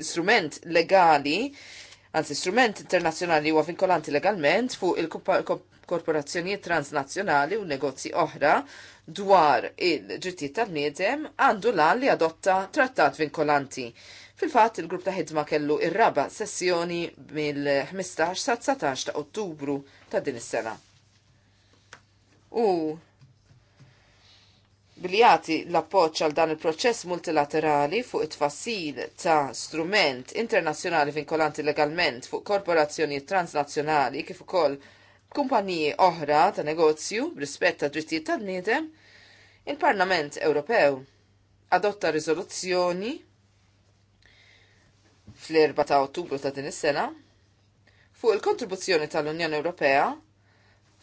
strument legali, anzi strument internazzjonali huwa vinkolanti legalment fuq il-korporazzjonijiet transnazzjonali u negozji oħra dwar il-ġittijiet tal-niedem għandu l li adotta trattat vinkolanti. Fil-fatt, il-grupp ta' ħidma kellu ir-raba sessjoni mill-15 sa' 19 ta' Ottubru ta' din is-sena. U billi jagħti l-appoġġ għal dan il-proċess multilaterali fuq it-tfassil ta' strument internazzjonali vinkolanti legalment fuq korporazzjonijiet transnazzjonali kif ukoll kumpaniji oħra ta' negozju rispett ta' drittijiet tan-niedem, il-Parlament Ewropew adotta riżoluzzjoni fl-4 ta' Ottubru ta' din is-sena fuq il-kontribuzzjoni tal-Unjoni Ewropea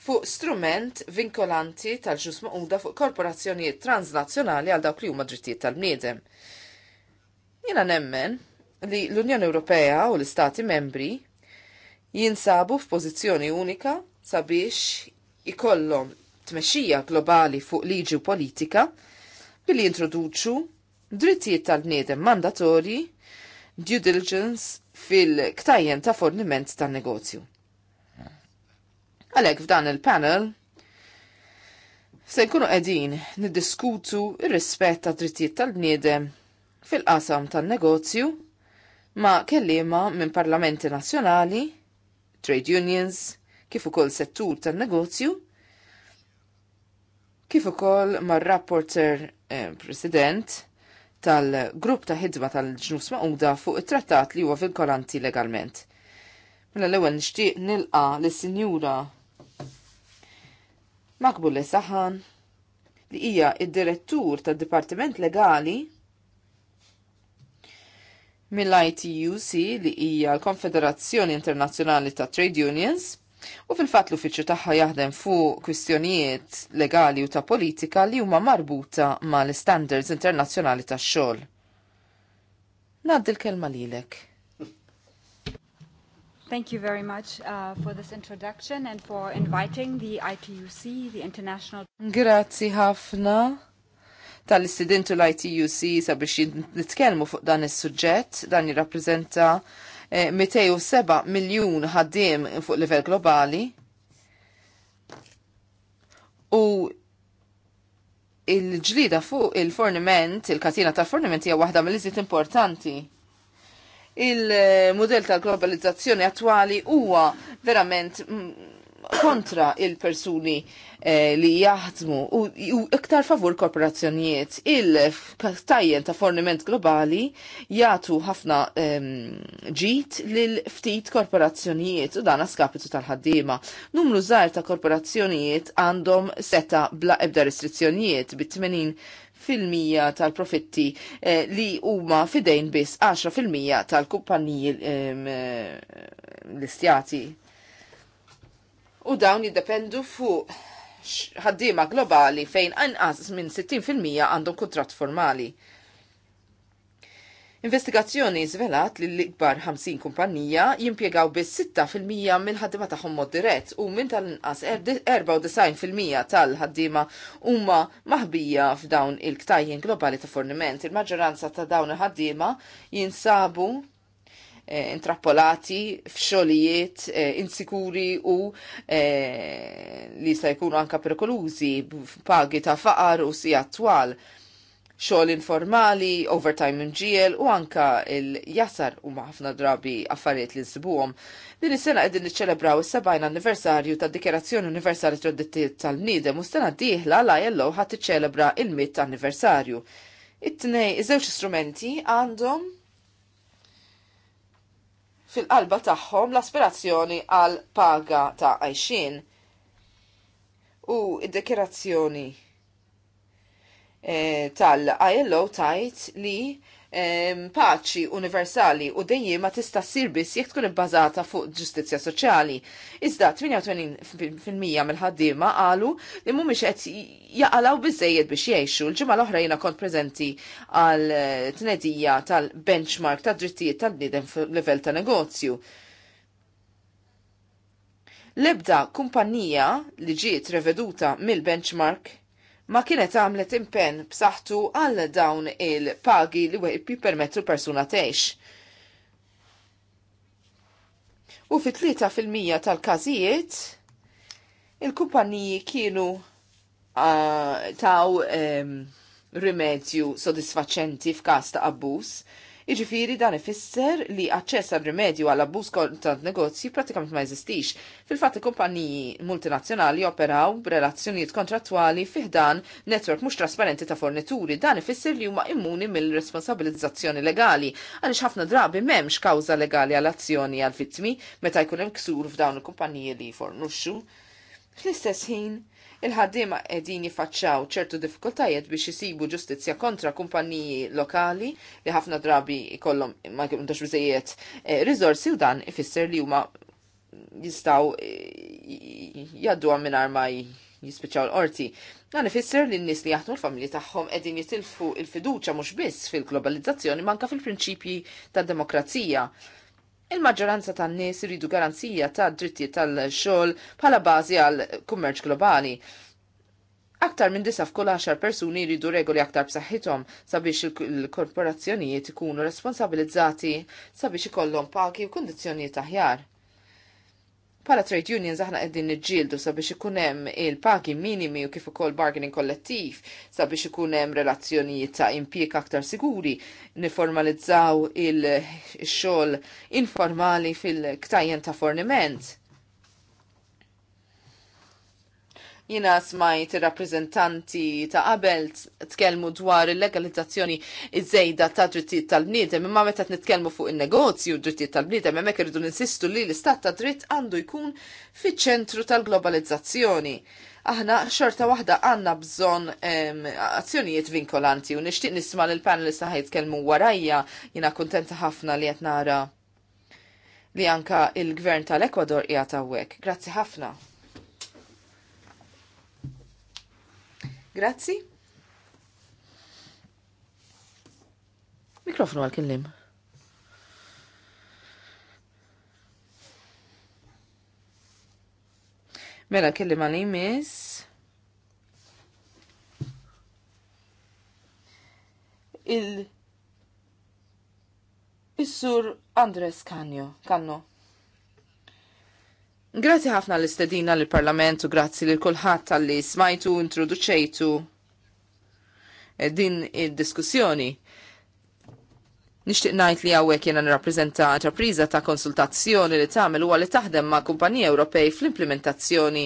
fuq strument vinkolanti tal-ġus maquda fuq korporazzjonijiet transnazzjonali għal dawk li huma drittijiet tal-bniedem. Jiena nemmen li l-Unjoni Ewropea u l-Istati membri jinsabu f'pożizzjoni unika sabiex ikollhom tmexxija globali fuq liġi u politika billi jintroduċu drittijiet tal-bniedem mandatorji due diligence fil-ktajjen ta' forniment tan negozju. Għalek f'dan il-panel se nkunu qegħdin niddiskutu r rispett ta' drittijiet tal-bniedem fil-qasam tan-negozju ma' kellima minn parlamenti nazzjonali, trade unions, kif ukoll settur tan-negozju, kif ukoll mar-rapporter eh, President tal-grupp ta' ħidma tal-ġnus maquda fuq it-trattat li huwa vinkolanti legalment. Mela l-ewwel nixtieq nilqa' lis-Sinjura Makbule Saħan li hija id-direttur tad-Dipartiment Legali mill-ITUC li hija l-Konfederazzjoni Internazzjonali ta' Trade Unions u fil-fatt l-uffiċċju tagħha jaħdem fuq kwistjonijiet legali u ta' politika li huma marbuta mal-standards internazzjonali tax-xogħol. Naddi l-kelma lilek. Thank you very much uh, for this introduction and for inviting the ITUC, the International... Grazzi ħafna tal-istidentu l-ITUC sabiex nitkelmu fuq dan is-suġġett, dan jirrappreżenta 207 eh, miljun ħaddiem fuq livell globali. U il-ġlida fuq il-forniment, il-katina tal-forniment hija waħda mill-iżjed importanti il-modell tal-globalizzazzjoni attwali huwa verament mm, kontra il-persuni eh, li jaħdmu u, u iktar favur korporazzjonijiet. Il-tajjen ta' forniment globali jagħtu ħafna ġit lil ftit korporazzjonijiet u dan skapitu tal-ħaddiema. Numru żgħar ta' korporazzjonijiet għandhom seta bla ebda restrizzjonijiet bit-80 fil-mija tal-profitti eh, li huma fidejn biss 10 fil-mija tal-kumpaniji eh, l-istjati. U dawn jiddependu fuq ħaddiema globali fejn anqas minn 60% għandhom kuntratt formali. Investigazzjoni zvelat li l-ikbar 50 kumpanija jimpiegaw biss 6% mill-ħaddima tagħhom mod dirett u minn tal-inqas 94% tal-ħaddima huma maħbija f'dawn il-ktajjen globali ta' forniment. Il-maġġoranza ta' dawn il-ħaddima jinsabu eh, intrappolati f'xogħlijiet eh, insikuri u eh, li se jkunu anka perikolużi f'pagi ta' faqar u si twal. twal xogħol informali, overtime inġiel u anka il-jasar u ħafna drabi affarijiet li nsibuhom. Din is-sena qegħdin niċċelebraw is-70 anniversarju tad Dikjerazzjoni Universali tad tal-Niedem u sena dieħla la jellow ħadd tiċċelebra il-100 anniversarju. It-tnej iż-żewġ strumenti għandhom fil-qalba tagħhom l-aspirazzjoni għal paga ta' għajxin. U id-dekirazzjoni Eh, tal-ILO tajt li paċi universali u dejjem ma tista' ssir biss jekk tkun ibbażata fuq ġustizzja soċjali. Iżda 88% mill-ħaddiema qalu li mhumiex qed jaqalaw biżejjed biex jgħixu. L-ġimgħa l-oħra jiena kont preżenti għal eh, tnedija tal-benchmark tad-drittijiet tal-bniedem f'livell ta' negozju. L-ebda kumpanija li ġiet reveduta mill-benchmark ma kienet għamlet impenn b'saħħtu għal dawn il-pagi li wieħed jippermettu persuna teħx. U fi 3% tal-każijiet il-kumpaniji kienu uh, taw um, rimedju sodisfaċenti f'każ ta' abbuż Iġifiri dan ifisser li aċċess għal rimedju għal abbuż kontant negozji pratikament ma jeżistix. Fil-fatt kumpaniji multinazzjonali operaw b'relazzjonijiet kontrattwali fiħdan netwerk mhux trasparenti ta' fornituri dan ifisser li huma immuni mill-responsabilizzazzjoni legali għaliex ħafna drabi m'hemmx kawża legali għal azzjoni għal vittmi meta jkun hemm ksur f'dawn il-kumpaniji li fornuxxu. Fl-istess ħin, il-ħaddiema qegħdin jifaċċaw ċertu diffikultajiet biex isibu ġustizzja kontra kumpaniji lokali li ħafna drabi kollom ma jkunux biżejjed eh, rizorsi u dan ifisser li huma jistgħu eh, jaddu mingħajr ma jispiċċaw l-qorti. Dan ifisser li n-nies li jaħdmu l-familji tagħhom qegħdin jitilfu il-fiduċja mhux biss fil-globalizzazzjoni manka fil-prinċipji tad-demokrazija il-maġġoranza tan-nies iridu garanzija ta' drittijiet tal-xogħol bħala bażi għal kummerċ globali. Aktar minn disa f'kull 10 persuni jridu regoli aktar b'saħħithom sabiex il-korporazzjonijiet ikunu responsabilizzati sabiex ikollhom pagi u kundizzjonijiet aħjar. Pala trade unions aħna qegħdin niġġieldu sabiex ikun hemm il-pagi minimi u kif ukoll bargaining kollettiv sabiex ikun hemm relazzjonijiet ta' impjieg aktar siguri, niformalizzaw il-xogħol informali fil-ktajjen ta' forniment Jina smajt rappresentanti ta' qabel tkellmu dwar il-legalizzazzjoni iż-żejda ta' drittijiet tal-bniedem, imma meta nitkellmu fuq in-negozju drittijiet tal-bniedem, hemmhekk irridu ninsistu li l-istat ta' dritt għandu jkun fiċ-ċentru tal-globalizzazzjoni aħna xorta waħda għanna bżon azzjonijiet vinkolanti u nishtiq nisma l-panelista ħajt kelmu warajja jina kontenta ħafna li jatnara li anka il-gvern tal-Ekwador jgħatawek. Grazzi ħafna. Grazzi. Mikrofonu għal-kellim. Mela kellim għal imis. Il sur Andres Canio, Canno. Grazzi ħafna l-istedina l parlamentu grazzi li kulħadd tal-li smajtu introduċejtu eh, din id-diskussjoni. Nixtieq ngħid li hawnhekk jiena nirrapprezenta intrapriża ta' konsultazzjoni li tagħmel huwa li taħdem ma' kumpanija Ewropej fl-implementazzjoni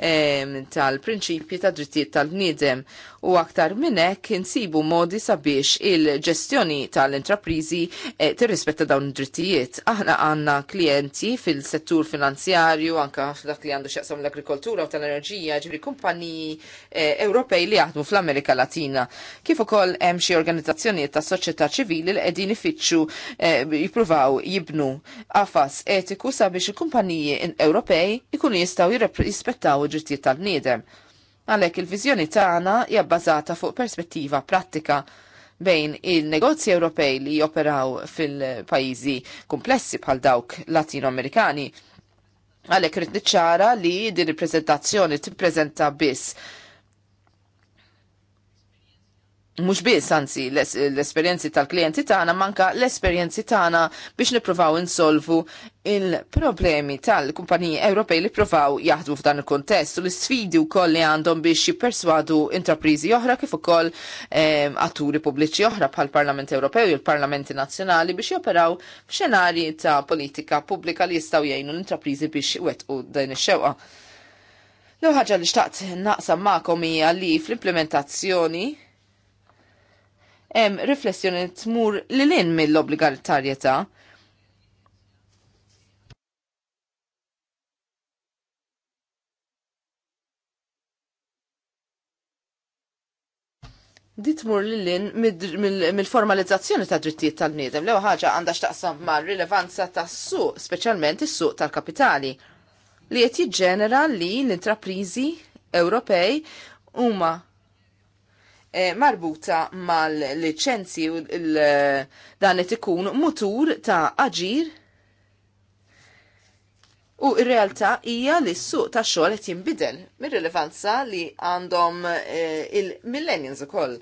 ehm, tal-prinċipji ta' drittijiet tal-bniedem u aktar minn hekk insibu modi sabiex il-ġestjoni tal-intrapriżi eh, tirrispetta dawn id-drittijiet. Aħna għandna klijenti fil-settur finanzjarju anke dak li għandu xaqsam l-agrikoltura u tal-enerġija, ġivri kumpaniji eh, Ewropej li jaħdmu fl-Amerika Latina. Kif ukoll hemm xi organizzazzjonijiet tas soċjetà ċivili li qegħdin qegħdin eh, jippruvaw jibnu qafas etiku sabiex il-kumpaniji Ewropej ikunu jistgħu jirrispettaw id-drittijiet tal-bniedem. Għalhekk il-viżjoni tagħna hija bbażata fuq perspettiva prattika bejn il-negozji Ewropej li joperaw fil-pajjiżi komplessi bħal dawk Latinoamerikani. Għalhekk rid niċċara li din il-preżentazzjoni tippreżenta biss mux biss anzi l-esperienzi tal-klienti tagħna manka l-esperienzi tagħna biex nippruvaw insolvu il-problemi tal-kumpaniji Ewropej li provaw jaħdmu f'dan il-kontest u l-sfidi wkoll li għandhom biex jipperswadu intrapriżi oħra kif ukoll eh, atturi pubbliċi oħra bħal Parlament Ewropew u l-Parlamenti Nazzjonali biex joperaw f'xenarji ta' politika pubblika li jistgħu jgħinu l-intrapriżi biex wetqu din ix-xewqa. L-ħaġa li xtaqt naqsam ma'kom hija li fl-implementazzjoni hemm riflessjoni tmur li lin mill-obbligatorjetà. Ditmur li lin mill-formalizzazzjoni ta' drittijiet tal-bniedem. Lew ħaġa għandha x'taqsam ma' rilevanza tas suq, speċjalment is-suq tal-kapitali, li qed jiġġenera li l-intraprizi Ewropej huma Eh, marbuta mal-licenzi u dan li tikun mutur ta' aġir u r-realtà hija li s-suq ta' xogħol qed jinbidel mir-rilevanza li għandhom eh, il-millennials ukoll.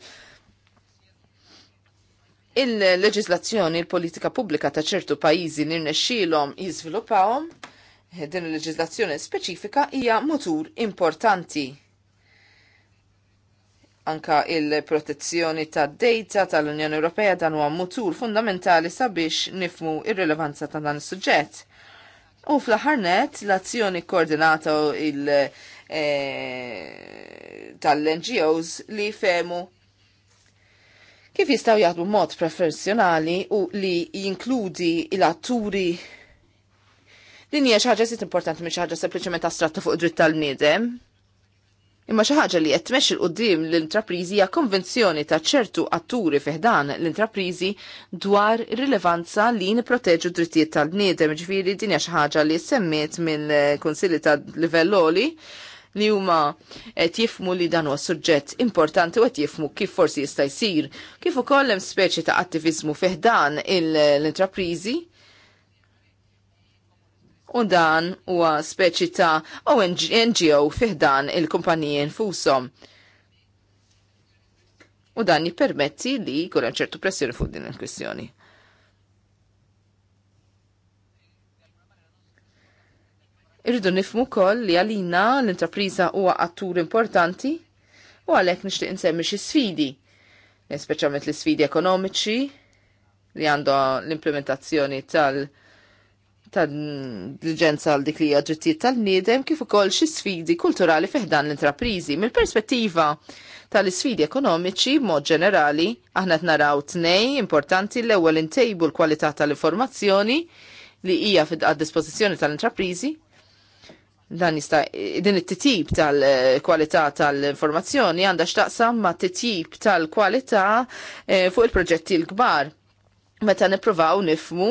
Il-leġislazzjoni, il-politika pubblika ta' ċertu pajjiżi nirnexxielhom jiżviluppawhom eh, din il-leġislazzjoni speċifika hija motur importanti anka il-protezzjoni ta' data tal-Unjoni Ewropea dan huwa mutur fundamentali sabiex nifmu ir-rilevanza ta' dan is-suġġett. U fl-aħħar net l-azzjoni koordinata il e, eh, tal-NGOs li femu kif jistgħu jaħdmu mod professjonali u li jinkludi il-atturi Din hija xi ħaġa sit importanti minn xi ħaġa sempliċement astratta fuq dritt tal-bniedem Imma xi ħaġa li qed tmexxi l-qudiem l-intrapriżi hija konvenzjoni ta' ċertu atturi fiħdan l-intrapriżi dwar rilevanza li nipproteġu drittijiet tal-bniedem, ġifieri din hija xi ħaġa li semmiet mill-Kunsilli ta' livell oli li huma qed jifmu li dan huwa suġġett importanti u qed jifmu kif forsi jista' jsir. Kif ukoll hemm speċi ta' attiviżmu fiħdan l-intrapriżi u dan huwa speċi ta' NGO fiħdan il-kumpaniji infushom. U dan jippermetti li jkun hemm ċertu pressjoni fuq din il-kwistjoni. Irridu nifmu koll li għalina l-intrapriża huwa attur importanti u għalhekk nixtieq insemmi xi sfidi, e speċjalment l-sfidi ekonomiċi li għandha l-implementazzjoni tal- tal diligenza għal dik li hija drittijiet tal nidem kif ukoll xi sfidi kulturali fiħdan l-intrapriżi. Mill-perspettiva tal-isfidi ekonomiċi b'mod ġenerali aħna qed naraw tnej importanti l-ewwel intejbu l-kwalità tal-informazzjoni li hija għad dispożizzjoni tal-intrapriżi dan jista' din it-titjib tal-kwalità tal-informazzjoni għandha x'taqsam ma' titjib tal-kwalità eh, fuq il-proġetti l-kbar meta niprovaw nifmu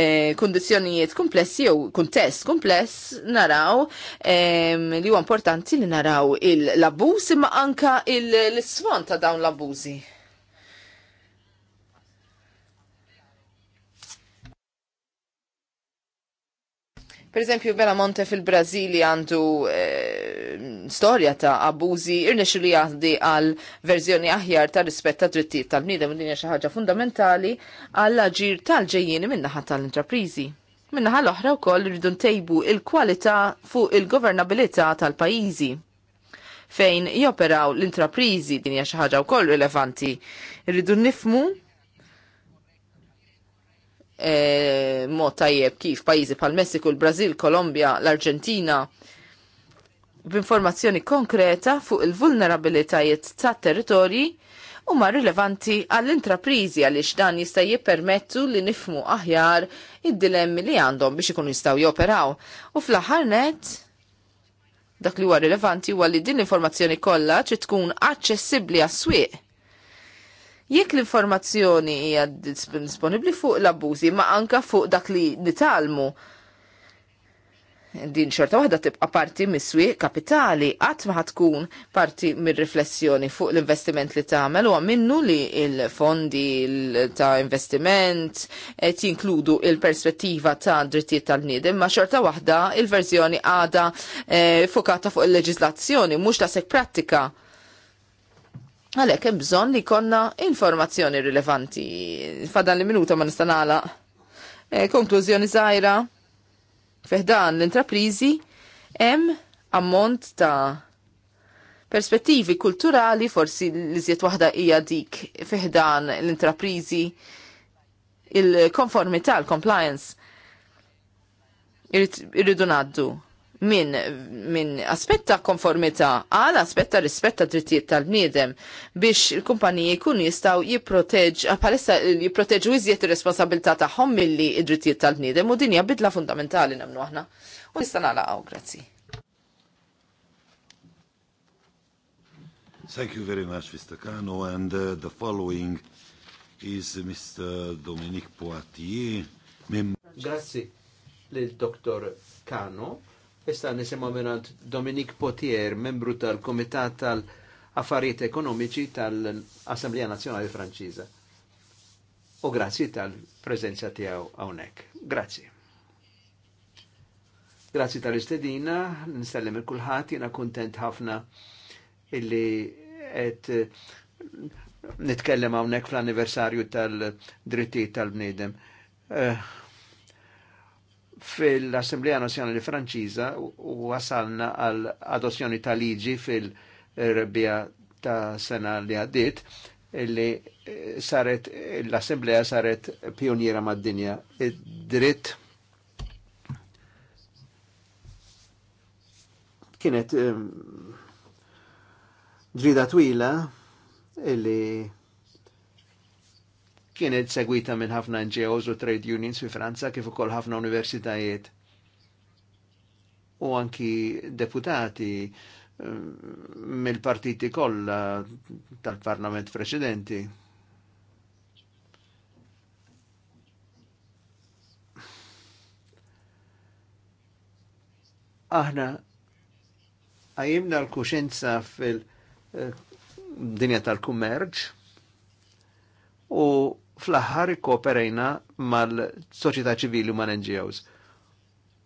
eh, kondizjonijiet komplessi jew kuntest kompless naraw eh, li huwa importanti li naraw il-abuż imma anka l-isfond ta' dawn l-abużi. Per eżempju, Monte fil-Brazili għandu e, storja ta' abużi irnexu li għaddi għal verżjoni aħjar ta' rispett ta' drittijiet tal bnidem u dinja xi ħaġa fundamentali għall aġir tal-ġejjieni minnaħa tal-intraprizi. Minnaħa l-oħra wkoll rridu ntejbu il-kwalità fuq il-governabilità tal-pajjiżi fejn joperaw l-intraprizi din hija xi ħaġa wkoll rilevanti. rridu nifmu Eh, mod tajjeb kif pajjiżi bħal Messiku, l-Brażil, Kolombja, l-Arġentina b'informazzjoni konkreta fuq il-vulnerabilitajiet ta' territorji huma rilevanti għall-intraprizi għaliex dan jista' jippermettu li nifmu aħjar id-dilemmi li għandhom biex ikunu jistgħu joperaw. U fl-aħħar net dak li huwa rilevanti huwa li din l-informazzjoni kollha trid tkun aċċessibbli għas-swieq Jekk l-informazzjoni hija disponibbli fuq l-abbużi, ma anka fuq dak li nitalmu. Din xorta waħda tibqa' parti miswi kapitali qatt ma tkun parti mir-riflessjoni fuq l-investiment li tagħmel u minnu li l-fondi ta' investiment qed jinkludu il-perspettiva ta' drittijiet tal niedem ma' xorta waħda il-verżjoni għada eh, fukata fuq il-leġislazzjoni mhux ta' sek prattika Għalek, bżon li konna informazzjoni rilevanti. Fadan li minuta ma nistanala. E, konklużjoni zaħira. Feħdan l-intraprizi, em ammont ta' perspettivi kulturali, forsi li ziet wahda hija dik fiħdan l-intraprizi il-konformità, l-compliance. Irridu naddu minn min aspetta konformità għal aspetta rispetta drittijiet tal-bniedem biex il-kumpaniji jkun jistaw jiproteġ, ah, palessa eh, jiproteġu iżjed ir-responsabilità tagħhom milli drittijiet tal-bniedem u dinja bidla fundamentali namnu aħna. U għala għaw, grazzi. Thank you very much, Mr. Cano, and uh, the following is Mr. Dominique Poitier. Grazie, il dottor Cano Issa nisimgħu minant Dominik Potier, membru tal-Komitat tal-Affarijiet Ekonomiċi tal-Assemblea Nazzjonali Franċiża. U grazzi tal prezenza tiegħu hawnhekk. Grazzi. Grazzi tal-istedina, nistellem il kulħadd jiena kuntent ħafna illi qed nitkellem hawnhekk fl-anniversarju tal-drittijiet tal-bniedem. Uh, fil-Assemblea Nazjonali Franċiża u wasalna għal adozzjoni ta' liġi fil-rebbija ta' sena li għaddit li eh, saret l-Assemblea saret pioniera mad-dinja. Id-dritt kienet drida ehm, twila illi kienet segwita minn ħafna NGOs u trade unions fi Franza kif ukoll ħafna universitajiet u anki deputati eh, mill-partiti kollha tal-parlament preċedenti. Aħna għajimna l-kuxenza fil-dinja eh, tal-kummerġ u fl-aħħar kooperajna mal-soċjetà ċivili u mal-NGOs.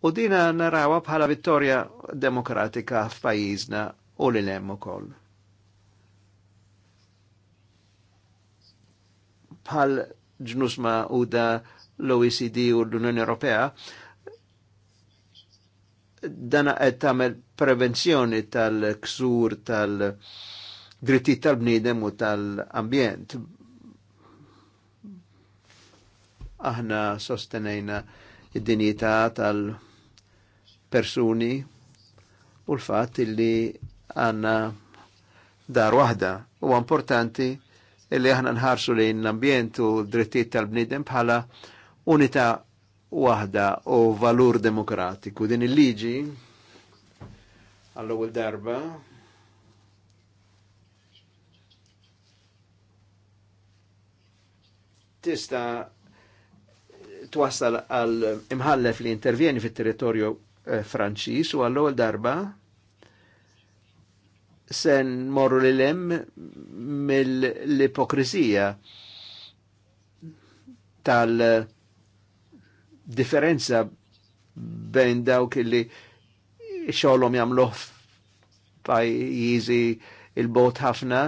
U dina narawa bħala vittorja demokratika f'pajjiżna u li hemm ukoll. Bħal ġnusma u uda l-OECD u l-Unjoni Ewropea, dana qed tagħmel prevenzjoni tal-ksur tal-drittijiet tal-bniedem u tal-ambjent Aħna sostenejna id-dinjità tal-persuni u l-fatt li għanna dar waħda. U importanti illi aħna nħarsu li l-ambjent u drittijiet tal-bnidem bħala unità waħda u valur demokratiku. Din il-liġi għall darba tista' twassal għal imħallef li intervjeni fit-territorju Franċis u għall-ewwel darba sen morru li lem mill-ipokrizija tal-differenza bejn dawk li xogħolhom jagħmluh pajjiżi il-bot ħafna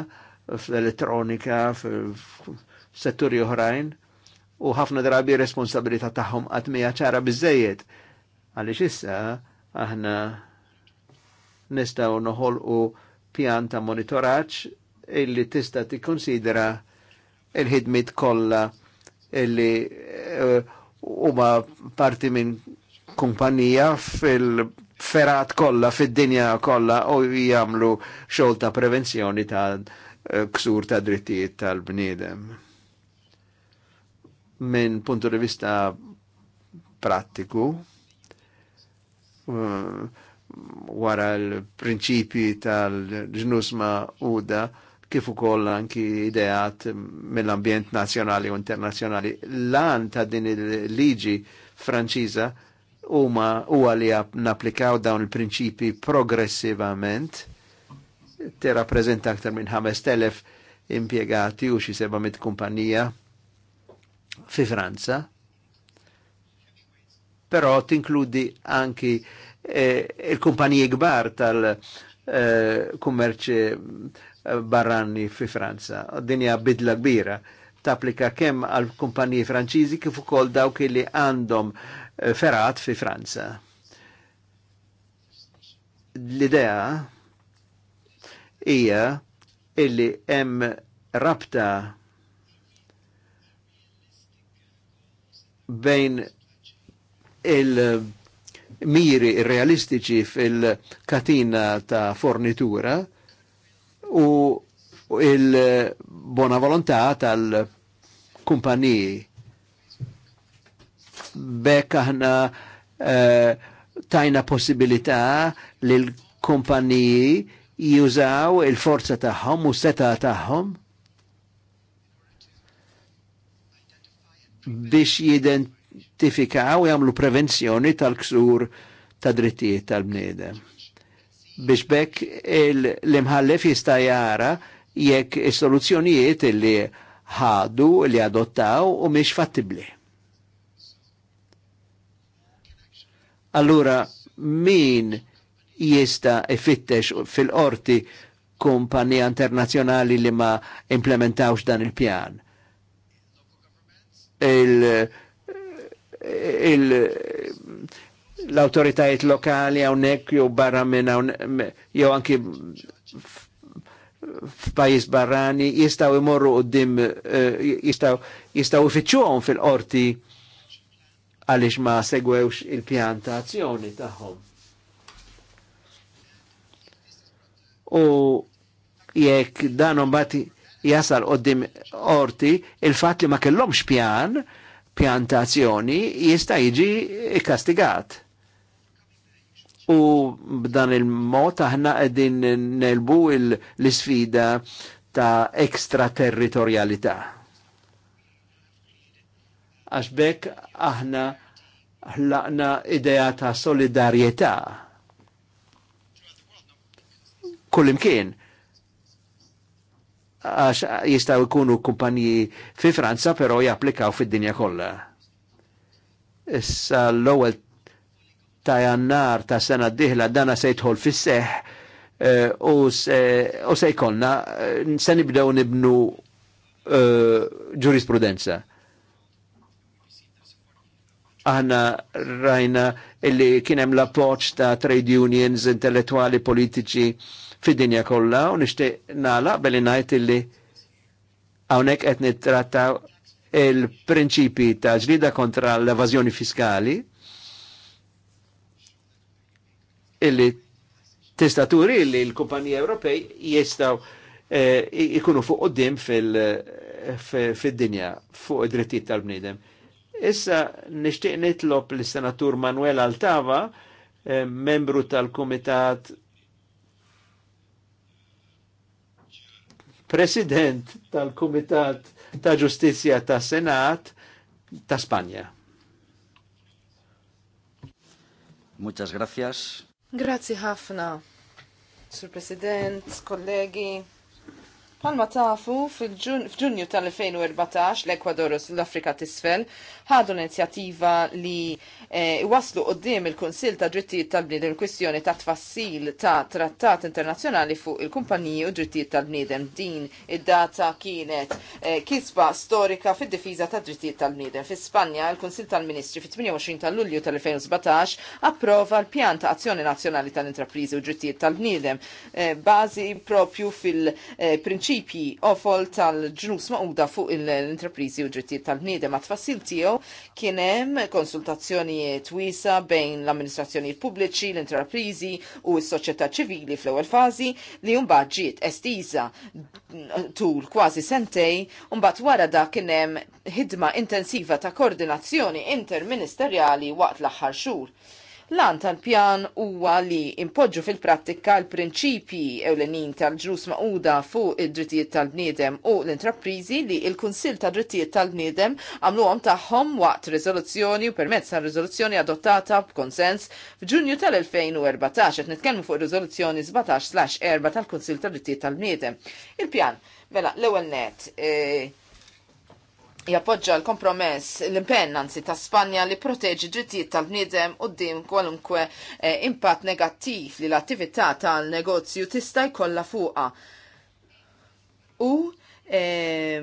fl-elettronika, f-setturi oħrajn u ħafna drabi responsabilità tagħhom qatt mija ċara biżejjed. Għaliex issa aħna nistgħu noħolqu pjan ta' monitoraġġ illi tista' tikkonsidra il-ħidmit kollha illi eh, u ma parti minn kumpanija fil-ferat kollha fid-dinja kollha u jgħamlu xogħol ta' prevenzjoni ta' eh, ksur ta' drittijiet tal-bniedem minn puntu di vista prattiku uh, wara l-prinċipi tal-ġnus ma'uda kif ukoll anki ideat mill-ambjent nazzjonali u internazzjonali. L-an ta' din il-liġi Franċiża huma huwa li naplikaw dawn il-prinċipi progressivament tirrappreżenta aktar minn 5000 impiegati u xi 700 kumpanija fi Franza, però tinkludi anki eh, il-kumpaniji gbar tal-kummerċ eh, eh barrani fi Franza. Dinja bidla kbira tapplika kemm għal kumpaniji franċiżi kif ukoll dawk li għandhom eh, ferat fi Franza. L-idea hija illi hemm rabta bejn il-miri realistiċi fil-katina ta' fornitura u il-bona volontà tal-kumpaniji. Bekk aħna eh, tajna possibilità li l-kumpaniji jużaw il-forza tagħhom u seta tagħhom biex jidentifikaw jagħmlu prevenzjoni tal-ksur ta' drittijiet tal-bniedem. Biex bekk l-imħallef jista' jara jekk is-soluzzjonijiet li ħadu li adottaw u mhix fattibli. Allura min jista ifittex fil-qorti kumpanija internazzjonali li ma implementawx dan il-pjan il- l-autoritajiet lokali hawnhekk jew barra minn jew anki f'pajjiż barrani jistgħu jmorru u eh, jistgħu jistaw ifittxuhom fil-qorti għaliex ma segwewx il azzjoni tagħhom. U jekk dan bati jasal qoddim orti il-fat li ma kellhomx pjan, pjantazzjoni jista' jiġi kastigat. U b'dan il-mod aħna qegħdin nelbu l-isfida ta' ekstraterritorialità. Għax bekk aħna ħlaqna idea ta' solidarjetà. Kullimkien, għax jistaw ikunu kumpanji fi Franza, pero japplikaw fid-dinja kolla. Issa l-ewwel ta' jannar ta' sena d-dihla dana se jidħol fis-seħ eh, u uh, se jkollna eh, se nibdew nibnu eh, ġurisprudenza. Aħna rajna illi kienem hemm l-appoġġ ta' trade unions, intellettuali, politiċi, fid-dinja kollha u nixtieq nagħlaq belli ngħid illi hawnhekk qed nittrattaw il-prinċipi ta' ġlida kontra l-evażjoni fiskali illi tista' turi li l-kumpaniji Ewropej jistgħu eh, ikunu fuq qoddim fil-dinja fuq id-drittijiet tal-bniedem. Issa nixtieq nitlob l-senatur Manuel Altava, eh, membru tal-Kumitat president tal-Kumitat ta' Ġustizzja ta' Senat ta' Spanja. Muchas gracias. Grazzi ħafna, Sur President, kollegi. Palma tafu fil-ġunju tal-2014 l-Ekwador u l-Afrika tisfel ħadu l-inizjattiva li eh, waslu qoddim il-Kunsil ta' Drittijiet tal-Bniedem il-kwistjoni ta' tfassil ta' trattat internazzjonali fuq il-kumpaniji u drittijiet tal-bniedem. Din id-data kienet eh, kisba storika fid-difiża ta' drittijiet tal-bniedem. Fi Spanja, il-Kunsil tal-Ministri fit-28 ta' Lulju tal-2017 approva l-pjan ta' azzjoni nazzjonali tal-intrapriżi u drittijiet tal-bniedem eh, bażi propju fil-prinċipji eh, ofol tal-ġnus maquda fuq l-intrapriżi u drittijiet tal-bniedem. Ma t'fassil tiegħu kien hemm konsultazzjonijiet wiesa bejn l-amministrazzjonijiet pubbliċi, l-intraprizi u s-soċjetà ċivili fl-ewwel fażi li mbagħad ġiet estiża tul kważi sentej u mbagħad wara dak kien hemm ħidma intensiva ta' koordinazzjoni interministerjali waqt l-aħħar xhur Lan tal-pjan huwa li impoġġu fil-prattika l-prinċipji ewlenin tal-ġus maquda fuq id-drittijiet tal-bniedem u l-intraprizi li il-Kunsill ta' drittijiet tal-bniedem għamluhom tagħhom waqt riżoluzzjoni u permezz ta' riżoluzzjoni adottata b'konsens f'Ġunju tal-2014 qed nitkellmu fuq riżoluzzjoni 17/4 tal-Kunsill ta' drittijiet tal-bniedem. Il-pjan, mela, l-ewwel net, eh, jappoġġa l-kompromess l impennanzi ta' Spanja li proteġi drittijiet tal-bniedem u d-dim kwalunkwe eh, impatt negattiv li l-attività tal-negozju tista' jkollha fuqha. U Eh,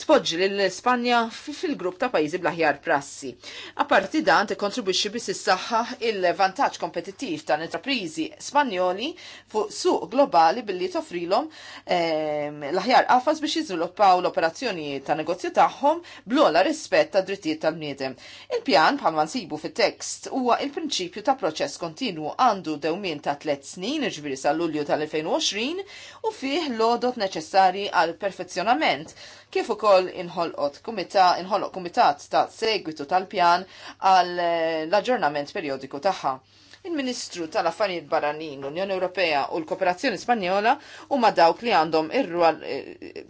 tpoġġi l-Spanja fil-grupp ta' pajjiżi bl-aħjar prassi. parti dan tikkontribwixxi biss is-saħħa il-vantaġġ kompetittiv ta' intrapriżi Spanjoli fuq suq globali billi toffrilhom l-aħjar qafas biex jiżviluppaw l operazzjoni ta' negozju tagħhom blola rispett ta' drittijiet tal-bniedem. Il-pjan bħalma nsibu fit-tekst huwa il-prinċipju ta' proċess kontinwu għandu dewmien ta' tliet snin, iġbiri sa' Lulju tal-2020, u fih lodot neċessarji necessari għal perfezzjonament, kif ukoll inħolqot kumitat inħolqot kumitat ta' segwitu tal-pjan għal eh, l-aġġornament periodiku tagħha. Il-Ministru tal-Affarijiet Barranin, l-Unjoni Ewropea u l-Kooperazzjoni Spanjola huma dawk li għandhom ir-rwal eh,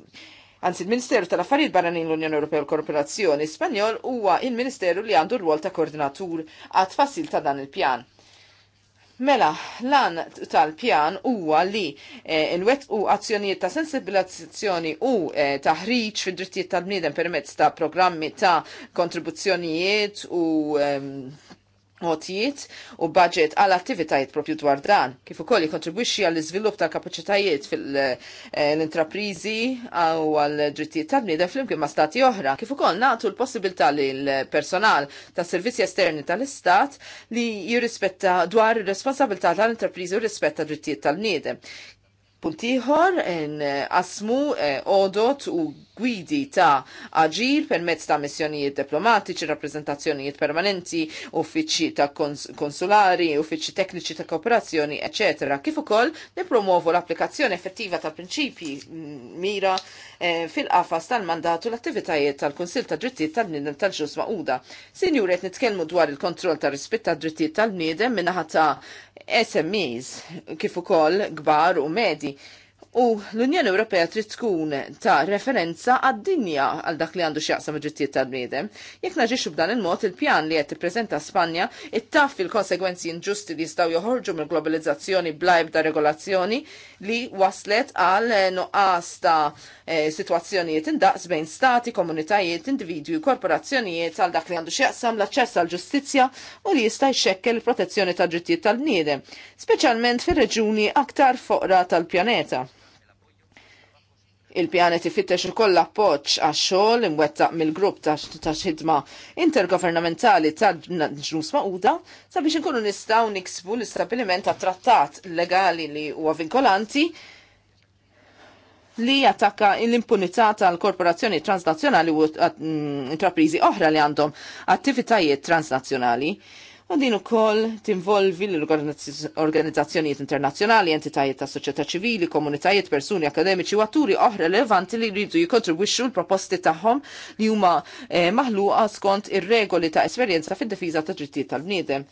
Anzi, il-Ministeru tal-Affarijiet Barranin l-Unjoni Ewropea u l-Korporazzjoni Spanjol huwa il-Ministeru li għandu r-rwol ta' koordinatur għat fasil ta' dan il-pjan. Mela, lan tal-pjan huwa li eh, nwet u azzjonijiet ta' sensibilizzazzjoni u eh, taħriġ fid-drittijiet tal-bniedem permezz ta' programmi ta' kontribuzzjonijiet u eh, għotijiet u budget għal attivitajiet propju dwar dan, kif ukoll jikontribwixxi għall iżvilupp ta' kapaċitajiet fil-intraprizi u għal drittijiet ta' bniedem flimkien ma' stati oħra, kif ukoll nagħtu l-possibilità l personal ta' servizzi esterni tal-istat li jirrispetta dwar ir-responsabilità tal-intraprizi u rispetta drittijiet tal-bniedem. Puntiħor, eh, asmu eh, odot u gwidi ta' aġir permezz ta' missjonijiet diplomatiċi, rappresentazzjonijiet permanenti, uffiċċji ta' konsulari, uffiċċji tekniċi ta' kooperazzjoni, ecc. Kif ukoll nipromuovu l-applikazzjoni effettiva ta' prinċipji mm, mira eh, fil-qafas tal-mandatu l-attivitajiet tal-Kunsil ta' Drittijiet tal nidem tal-Ġus Uda. Sinjuret nitkellmu dwar il-kontroll ta' rispett drittijiet tal nidem minnaħata ta' SMEs kif ukoll kbar u medi U l-Unjoni Ewropea trid tkun ta' referenza għad-dinja għal dak li għandu x'jaqsam id-drittijiet tal-bniedem. Jekk naġixxu b'dan il-mod il-pjan li qed tippreżenta Spanja ittaf il-konsegwenzi inġusti li jistgħu joħorġu mill-globalizzazzjoni blajb ta' regolazzjoni li waslet għal nuqqas ta' eh, sitwazzjonijiet indaqs bejn stati, komunitajiet, individwi, korporazzjonijiet għal dak li għandu x'jaqsam l-aċċess għal ġustizzja u li jista' jxekkel il-protezzjoni tad-drittijiet tal-bniedem, speċjalment fir-reġuni aktar foqra tal-pjaneta. Il-pjanet ifittex ukoll appoġġ għax-xogħol imwettaq mill-grupp ta' xidma Intergovernamentali ta' ġnus Mauda sabiex inkunu nistgħu niksbu l-istabiliment ta' trattat legali li huwa vinkolanti li jattakka l-impunità tal-korporazzjoni transnazzjonali u mm, intraprizi oħra li għandhom attivitajiet transnazzjonali u din ukoll tinvolvi l-organizzazzjonijiet internazzjonali, entitajiet ta' soċjetà ċivili, komunitajiet, persuni akademiċi u atturi oħra relevanti li jridu jikontribwixxu l-proposti tagħhom li huma eh, maħluqa skont ir-regoli ta' esperjenza fid-difiża ta' drittijiet tal-bniedem.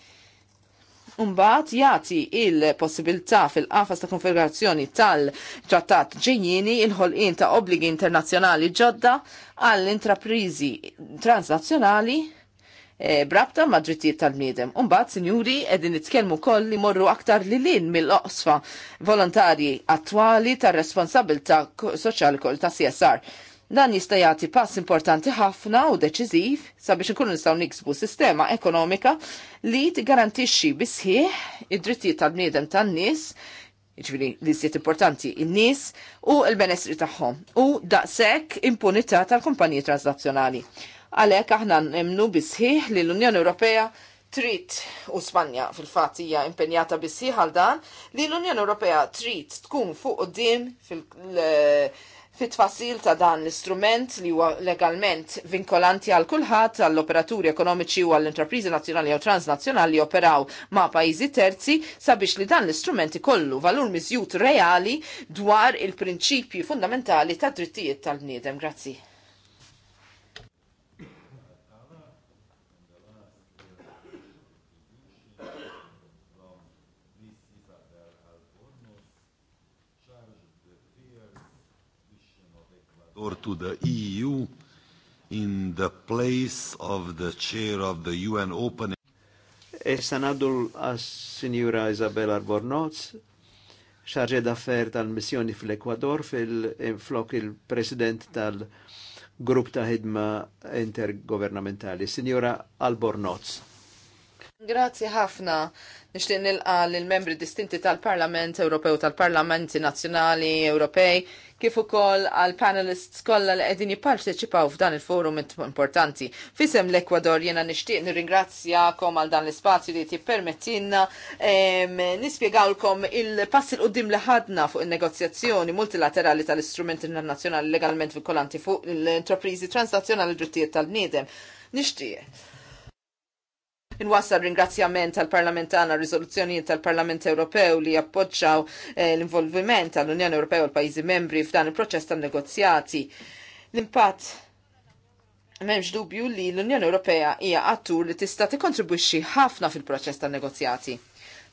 Umbat jati il-possibilità fil-qafas ta' konfigurazzjoni tal-ċattat ġejjini il-ħolqien ta' obbligi internazzjonali ġodda għall-intraprizi transnazzjonali E, brabta ma' drittijiet tal-bniedem. Umbagħad, sinjuri, qegħdin nitkellmu koll li morru aktar li lin mill-oqsfa volontarji attwali tar-responsabilità soċjali koll ta' CSR. Dan jista' jagħti pass importanti ħafna u deċiżiv sabiex inkunu nistgħu niksbu sistema ekonomika li tigarantixxi bisħieħ id-drittijiet tal-bniedem tan-nies ġviri jiġifieri li siet importanti, il-nis u l-benessri tagħhom u daqshekk impunità tal kumpanji transnazzjonali. Għalhekk aħna nemnu bisħiħ li l-Unjoni Ewropea trid u Spanja fil-fatt hija impenjata bisħiħ għal dan li l-Unjoni Ewropea trid tkun fuq qudiem fit-tfasil ta' dan l-istrument li huwa legalment vinkolanti għal kulħadd għall operaturi ekonomiċi u għall intrapriżi nazzjonali jew transnazzjonali li operaw ma' pajjiżi terzi sabiex li dan l-istrument ikollu valur miżjut reali dwar il-prinċipji fundamentali tad drittijiet tal-bniedem. Grazzi. or to the EU in the place of the chair of the UN opening. Issa naddu għas-Sinjura Isabella Arbornoz, xarġe d-affer tal-missjoni fil-Ekwador fil-flok il-president tal-grupp ta' hidma intergovernamentali, Sinjura Albornoz. Grazzi ħafna. Nixtieq nilqa lill membri distinti tal-Parlament Ewropew tal-Parlamenti Nazzjonali Ewropej kif ukoll għal panelists kollha li qegħdin jipparteċipaw f'dan il-forum importanti. Fisem l-Ekwador jiena nixtieq nirringrazzjakom għal dan l-ispazju li tippermettilna nispjegawlkom il-pass il qudiem li ħadna fuq in-negozjazzjoni multilaterali tal istrument internazzjonali legalment vinkolanti fuq l-intrapriżi transnazzjonali drittijiet tal-bniedem. Nixtieq Inwassal ringrazzjament tal-Parlament għana rizoluzzjonijiet tal-Parlament Ewropew li appoġġaw eh, l-involviment tal-Unjoni Ewropew u l-pajjiżi membri f'dan il-proċess tan-negozjati. L-impatt Memx dubju li l-Unjoni Ewropea hija għattur li tista' tikkontribwixxi ħafna fil-proċess tan-negozjati.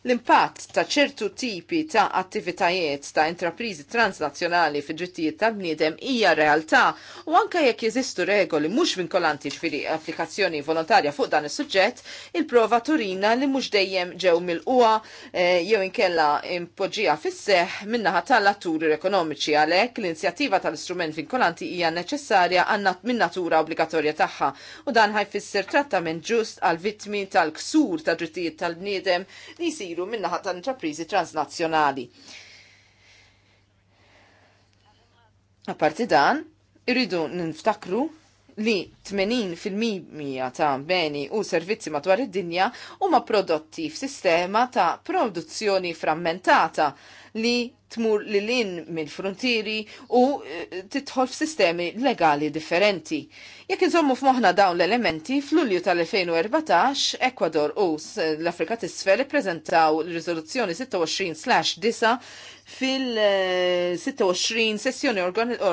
L-impatt ta' ċertu tipi ta' attivitajiet ta' intraprizi transnazzjonali fi ġittijiet ta' bniedem hija realtà u anke jekk jeżistu regoli mhux vinkolanti ġifieri applikazzjoni volontarja fuq dan is-suġġett, il-prova turina li mhux dejjem ġew mill-qwa eh, jew inkella impoġġija fis-seħ minnaħa tal-atturi ekonomiċi għalhekk l-inzjattiva tal-istrument vinkolanti hija neċessarja għandna min natura obbligatorja tagħha u dan ħajfisser trattament ġust għal vittmi tal-ksur ta' drittijiet tal-bniedem li isiru minnaħa ta' intraprizi transnazzjonali. parti dan, irridu ninftakru li 80% ta' beni u servizzi madwar id-dinja huma prodotti f'sistema ta' produzzjoni frammentata li tmur li lin minn frontieri u eh, titħol f'sistemi legali differenti. Jekk inżommu moħna dawn l-elementi, fl-Ulju tal-2014, Ekwador u l-Afrika t-isfel prezentaw l-rizoluzzjoni 26-9 fil-26 sessjoni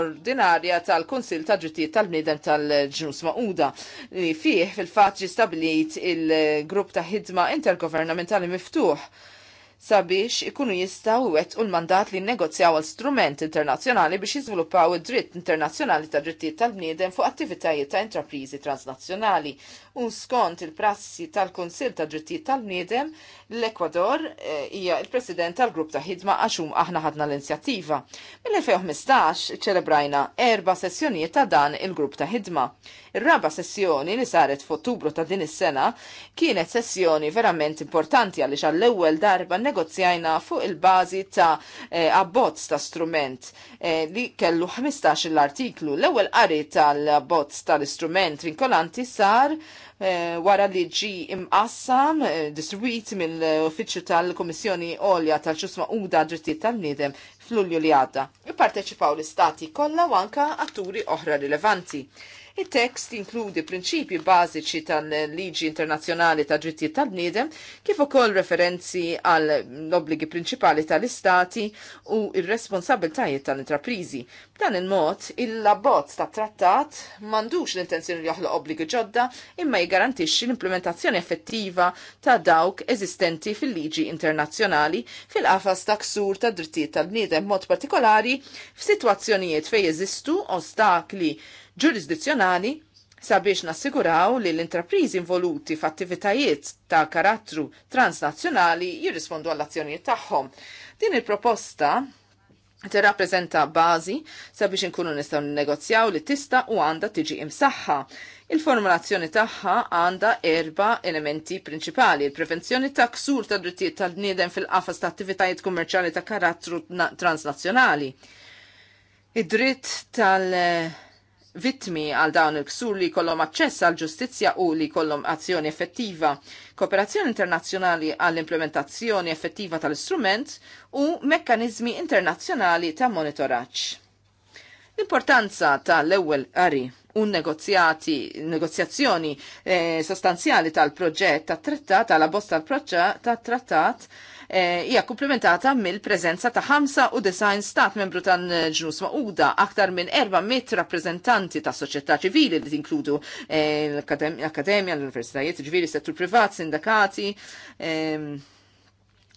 ordinarja tal-Konsil ta' drittijiet tal-Bnidem tal-Ġnus Mauda li fih fil-fatt ġi stabilit il-grupp ta' ħidma intergovernamentali miftuħ sabiex ikunu jistaw wet u l-mandat li negozjaw għal strument internazzjonali biex jizvilupaw id-dritt internazzjonali ta' drittijiet tal-bniedem fuq attivitajiet ta' intraprizi transnazzjonali un skont il-prassi tal-Konsil ta' Drittijiet tal-Bniedem, l-Ekwador eh, hija il-President tal-Grupp ta' Hidma għaxum aħna ħadna l-inzjattiva. Mill-2015 ċelebrajna erba sessjonijiet ta' dan il-Grupp ta' Hidma. Ir-raba sessjoni li saret f'Ottubru ta' din is-sena kienet sessjoni verament importanti għaliex għall-ewwel darba negozjajna fuq il-bażi ta' eh, abbozz ta' strument eh, li kellu 15 l-artiklu. L-ewwel qari tal-abbozz tal-istrument vinkolanti sar Eh, wara li ġi imqassam eh, distribuit mill-Uffiċċju tal-Kummissjoni Olja tal-ċusma da Drittijiet tal-Bniedem fl-Ulju li għadda. Ipparteċipaw l-istati kollha u anka atturi oħra rilevanti. Il-tekst inkludi prinċipji bażiċi tal-liġi internazzjonali ta' drittijiet tal-bniedem, kif ukoll referenzi għal l-obbligi prinċipali tal-istati u ir-responsabiltajiet tal-intraprizi. B'dan il-mod, il-labbozz ta' trattat mandux l-intenzjoni li joħloq obbligi ġodda imma jgarantixxi l-implementazzjoni effettiva ta' dawk eżistenti fil-liġi internazzjonali fil-qafas ta' ksur ta' drittijiet tal-bniedem mod partikolari f'sitwazzjonijiet fej jeżistu ostakli ġurisdizzjonali sabiex nassiguraw li l-intrapriżi involuti f'attivitajiet ta' karattru transnazzjonali jirrispondu għall-azzjonijiet tagħhom. Din il-proposta tirrappreżenta bażi sabiex inkunu nistgħu negozjaw li tista' u għandha tiġi imsaħħa. Il-formulazzjoni tagħha għandha erba elementi prinċipali: il-prevenzjoni ta' ksur ta' drittijiet tal-bniedem fil-qafas ta' attivitajiet kummerċjali ta' karattru transnazzjonali. Id-dritt tal- vittmi għal dawn il-ksur li kollom aċċess għal ġustizzja u li kollom azzjoni effettiva, kooperazzjoni internazzjonali għall implementazzjoni effettiva tal-istrument u mekkanizmi internazzjonali ta' monitoraġġ. L-importanza tal-ewwel qari u negozjati, negozjazzjoni eh, sostanzjali tal-proġett tat-trattat, tal-abbozz tal-proġett tat-trattat, tal proġett tat trattat tal abost tal proġett tat trattat tal tat trattat Eh, hija komplementata mill-preżenza ta' design stat membru tan eh, ġnus maquda aktar minn 400 rappreżentanti ta' soċjetà ċivili li tinkludu eh, l-akademja, l-universitajiet, ċivili, settur privat, sindakati, ehm,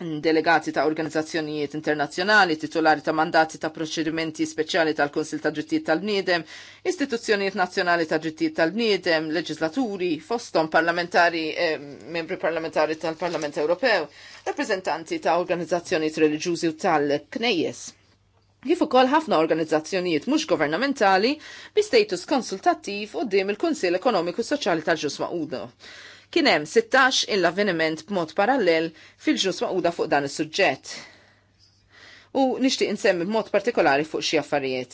delegati ta' organizzazzjonijiet internazzjonali, titolari ta' mandati ta' proċedimenti speċjali tal-Konsil ta' Ġittijiet tal-Bniedem, istituzzjonijiet nazzjonali ta' Ġittijiet tal-Bniedem, leġislaturi, fostom parlamentari, eh, membri parlamentari tal-Parlament Ewropew, rappresentanti ta' organizzazzjonijiet reliġjużi u tal-Knejjes. Kif ukoll ħafna organizzazzjonijiet mhux governamentali bi status konsultattiv u il-Kunsill Ekonomiku Soċjali tal ġusma Udo kien hemm 16 il-avveniment b'mod parallel fil-ġus maquda fuq dan is-suġġett. U nixtieq insemmi b'mod partikolari fuq xi affarijiet.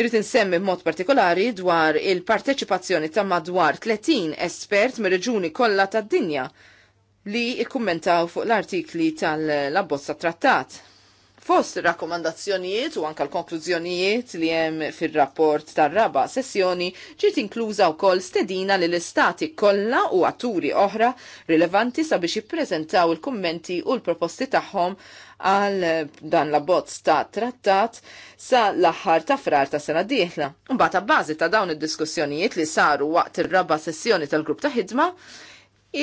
Irrid insemmi b'mod partikolari dwar il-parteċipazzjoni ta' madwar 30 espert mir reġuni kollha tad-dinja li ikkummentaw fuq l-artikli tal-abbozza trattat Fost rakkomandazzjonijiet u anka l-konklużjonijiet li hemm fir-rapport tar-raba sessjoni ġiet inkluża wkoll stedina li l-istati kollha u atturi oħra rilevanti sabiex jippreżentaw il-kummenti u l-proposti tagħhom għal dan la bozz ta' trattat sa l-aħħar ta' frar ta' sena dieħla. Mbagħad ta' bażi ta' dawn id-diskussjonijiet li saru waqt ir-raba sessjoni tal-grupp ta' ħidma,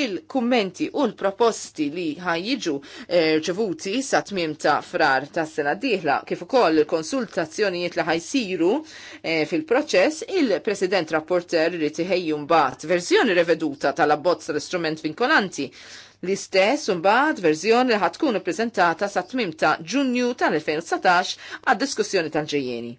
il-kummenti u l-proposti li ħajġu rċevuti eh, sa tmiem ta' frar ta' sena diħla kif ukoll il-konsultazzjonijiet li ħajsiru eh, fil-proċess, il-President Rapporter li tiħejju mbagħad verżjoni reveduta tal-abbozz tal-istrument vinkolanti L-istess mbagħad verżjoni li ħatkun ippreżentata sa tmim ta' Ġunju tal-2019 għad-diskussjoni tal-ġejjeni.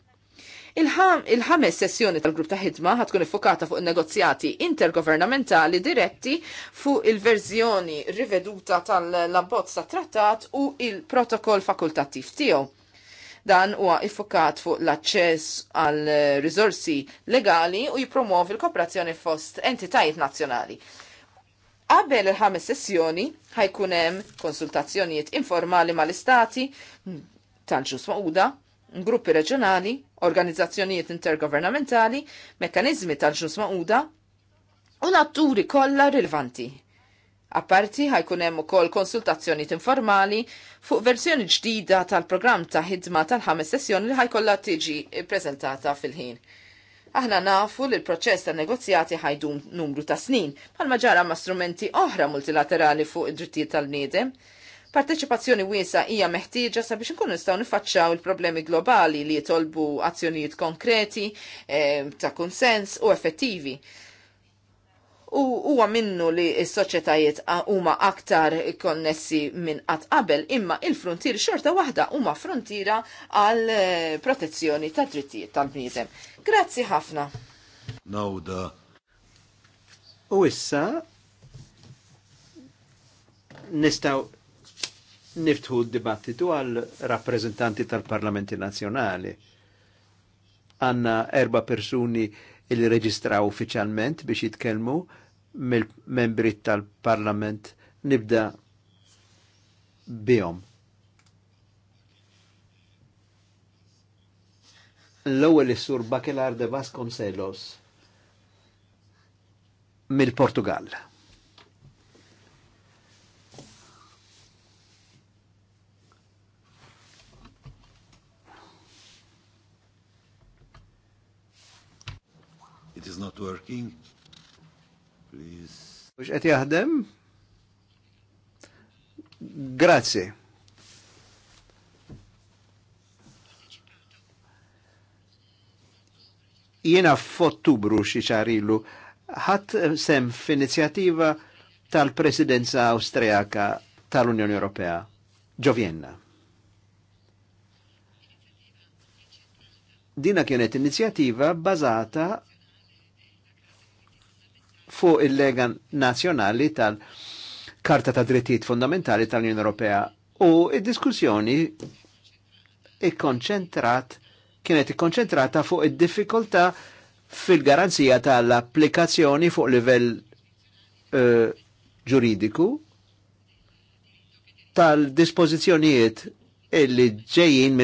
Il-ħames sessjoni tal-grupp ta' ħidma ħatkun iffokata fuq negozjati intergovernamentali diretti fuq il-verżjoni riveduta tal-abbozz ta' trattat u il-protokoll fakultattiv tiegħu dan huwa iffokat fuq l-aċċess għal riżorsi legali u jipromuovi l-kooperazzjoni fost entitajiet nazzjonali. Qabel il-ħames sessjoni ħajkun hemm konsultazzjonijiet informali mal-istati tal-ġus maquda, gruppi reġjonali organizzazzjonijiet intergovernamentali, mekkanizmi tal-ġnus maquda u natturi kollha rilevanti. Apparti ħajkun hemm ukoll konsultazzjonijiet informali fuq verżjoni ġdida tal-programm ta' ħidma tal-ħames sessjoni li ħajkollha tiġi ppreżentata fil-ħin. Aħna nafu li l-proċess ta' negozjati ħajdum numru ta' snin, bħalma ġara ma' strumenti oħra multilaterali fuq id-drittijiet tal niedem Parteċipazzjoni wiesa hija meħtieġa sabiex inkunu nistgħu nifaċċaw il-problemi globali li jitolbu azzjonijiet konkreti e, ta' konsens u effettivi. U huwa minnu li s-soċjetajiet huma aktar konnessi minn qatt qabel, imma il-frontier xorta waħda huma frontiera għal eh, protezzjoni tad drittijiet tal-bniedem. Grazzi ħafna. Nawda. U issa nistgħu niftħu d-dibattitu għal rappresentanti tal-parlamenti nazjonali. Għanna erba persuni il reġistraw uffiċjalment biex jitkellmu mill-membri tal-parlament nibda bihom. L-ewwel is-sur Bakelar de Vasconcelos mill-Portugal. not working. Please. Mux qed jaħdem? Grazzi. Jiena f'Ottubru xi ċarilu ħadd sem f'inizjattiva tal-Presidenza Awstrijaka tal-Unjoni Ewropea ġovjenna. Dina kienet inizjattiva bażata fuq il-lega nazjonali tal-Karta ta' Drittijiet Fundamentali tal-Unjoni Ewropea u id-diskussjoni ikkonċentrat kienet ikkonċentrata fuq id-diffikultà fil-garanzija tal-applikazzjoni fuq livell eh, ġuridiku tal-dispożizzjonijiet illi ġejjin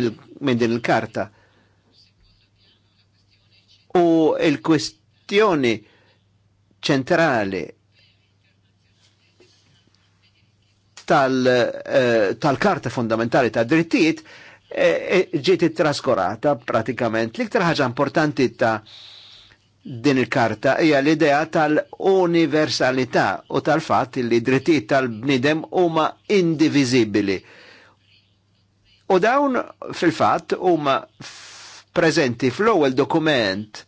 minn din il-karta. U il-kwestjoni il kwestjoni il ċentrali eh, tal-Karta tal Fundamentali ta' Drittijiet eh, eh, ġiet it-traskurata pratikament. L-iktar ħaġa importanti ta' din il-karta hija l-idea tal-universalità u tal-fatt li drittijiet tal-bnidem huma indivizibili. U dawn fil-fatt huma prezenti fl-ewwel dokument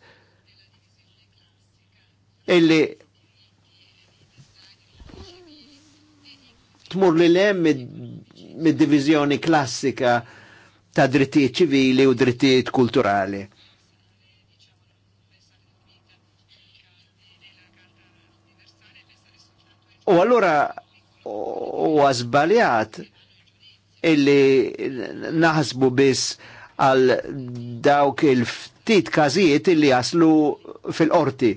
illi tmur li lem mid-divizjoni klassika ta' drittijiet ċivili u drittijiet kulturali. U allura u għazbaljat illi naħsbu biss għal dawk il-ftit kazijiet illi jaslu fil-qorti.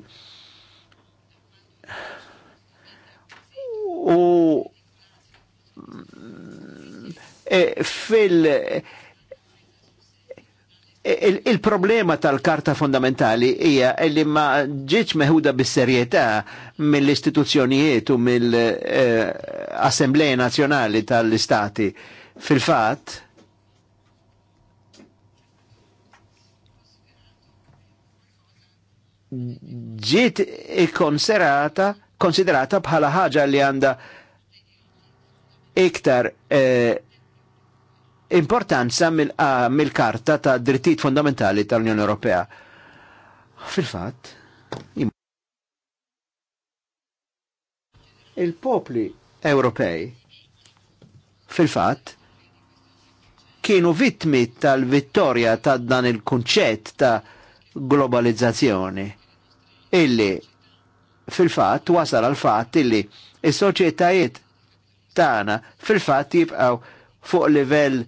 u eh, fil eh, il-problema il tal-karta fondamentali hija li ma ġietx meħuda bis-serjetà mill-istituzzjonijiet u mill-Assembleja eh, Nazzjonali tal-Istati. Fil-fatt, ġiet ikkonserata e konsiderata bħala ħaġa li għanda iktar eh, importanza mill-karta mil ah, ta' drittijiet fondamentali tal-Unjoni Ewropea. Fil-fatt, il-popli Ewropej fil-fatt kienu vittmi tal-vittorja ta' dan il-kunċett ta' globalizzazzjoni illi fil-fatt wasal għal fatt illi is-soċjetajiet tagħna fil-fatt jibqgħu fuq livell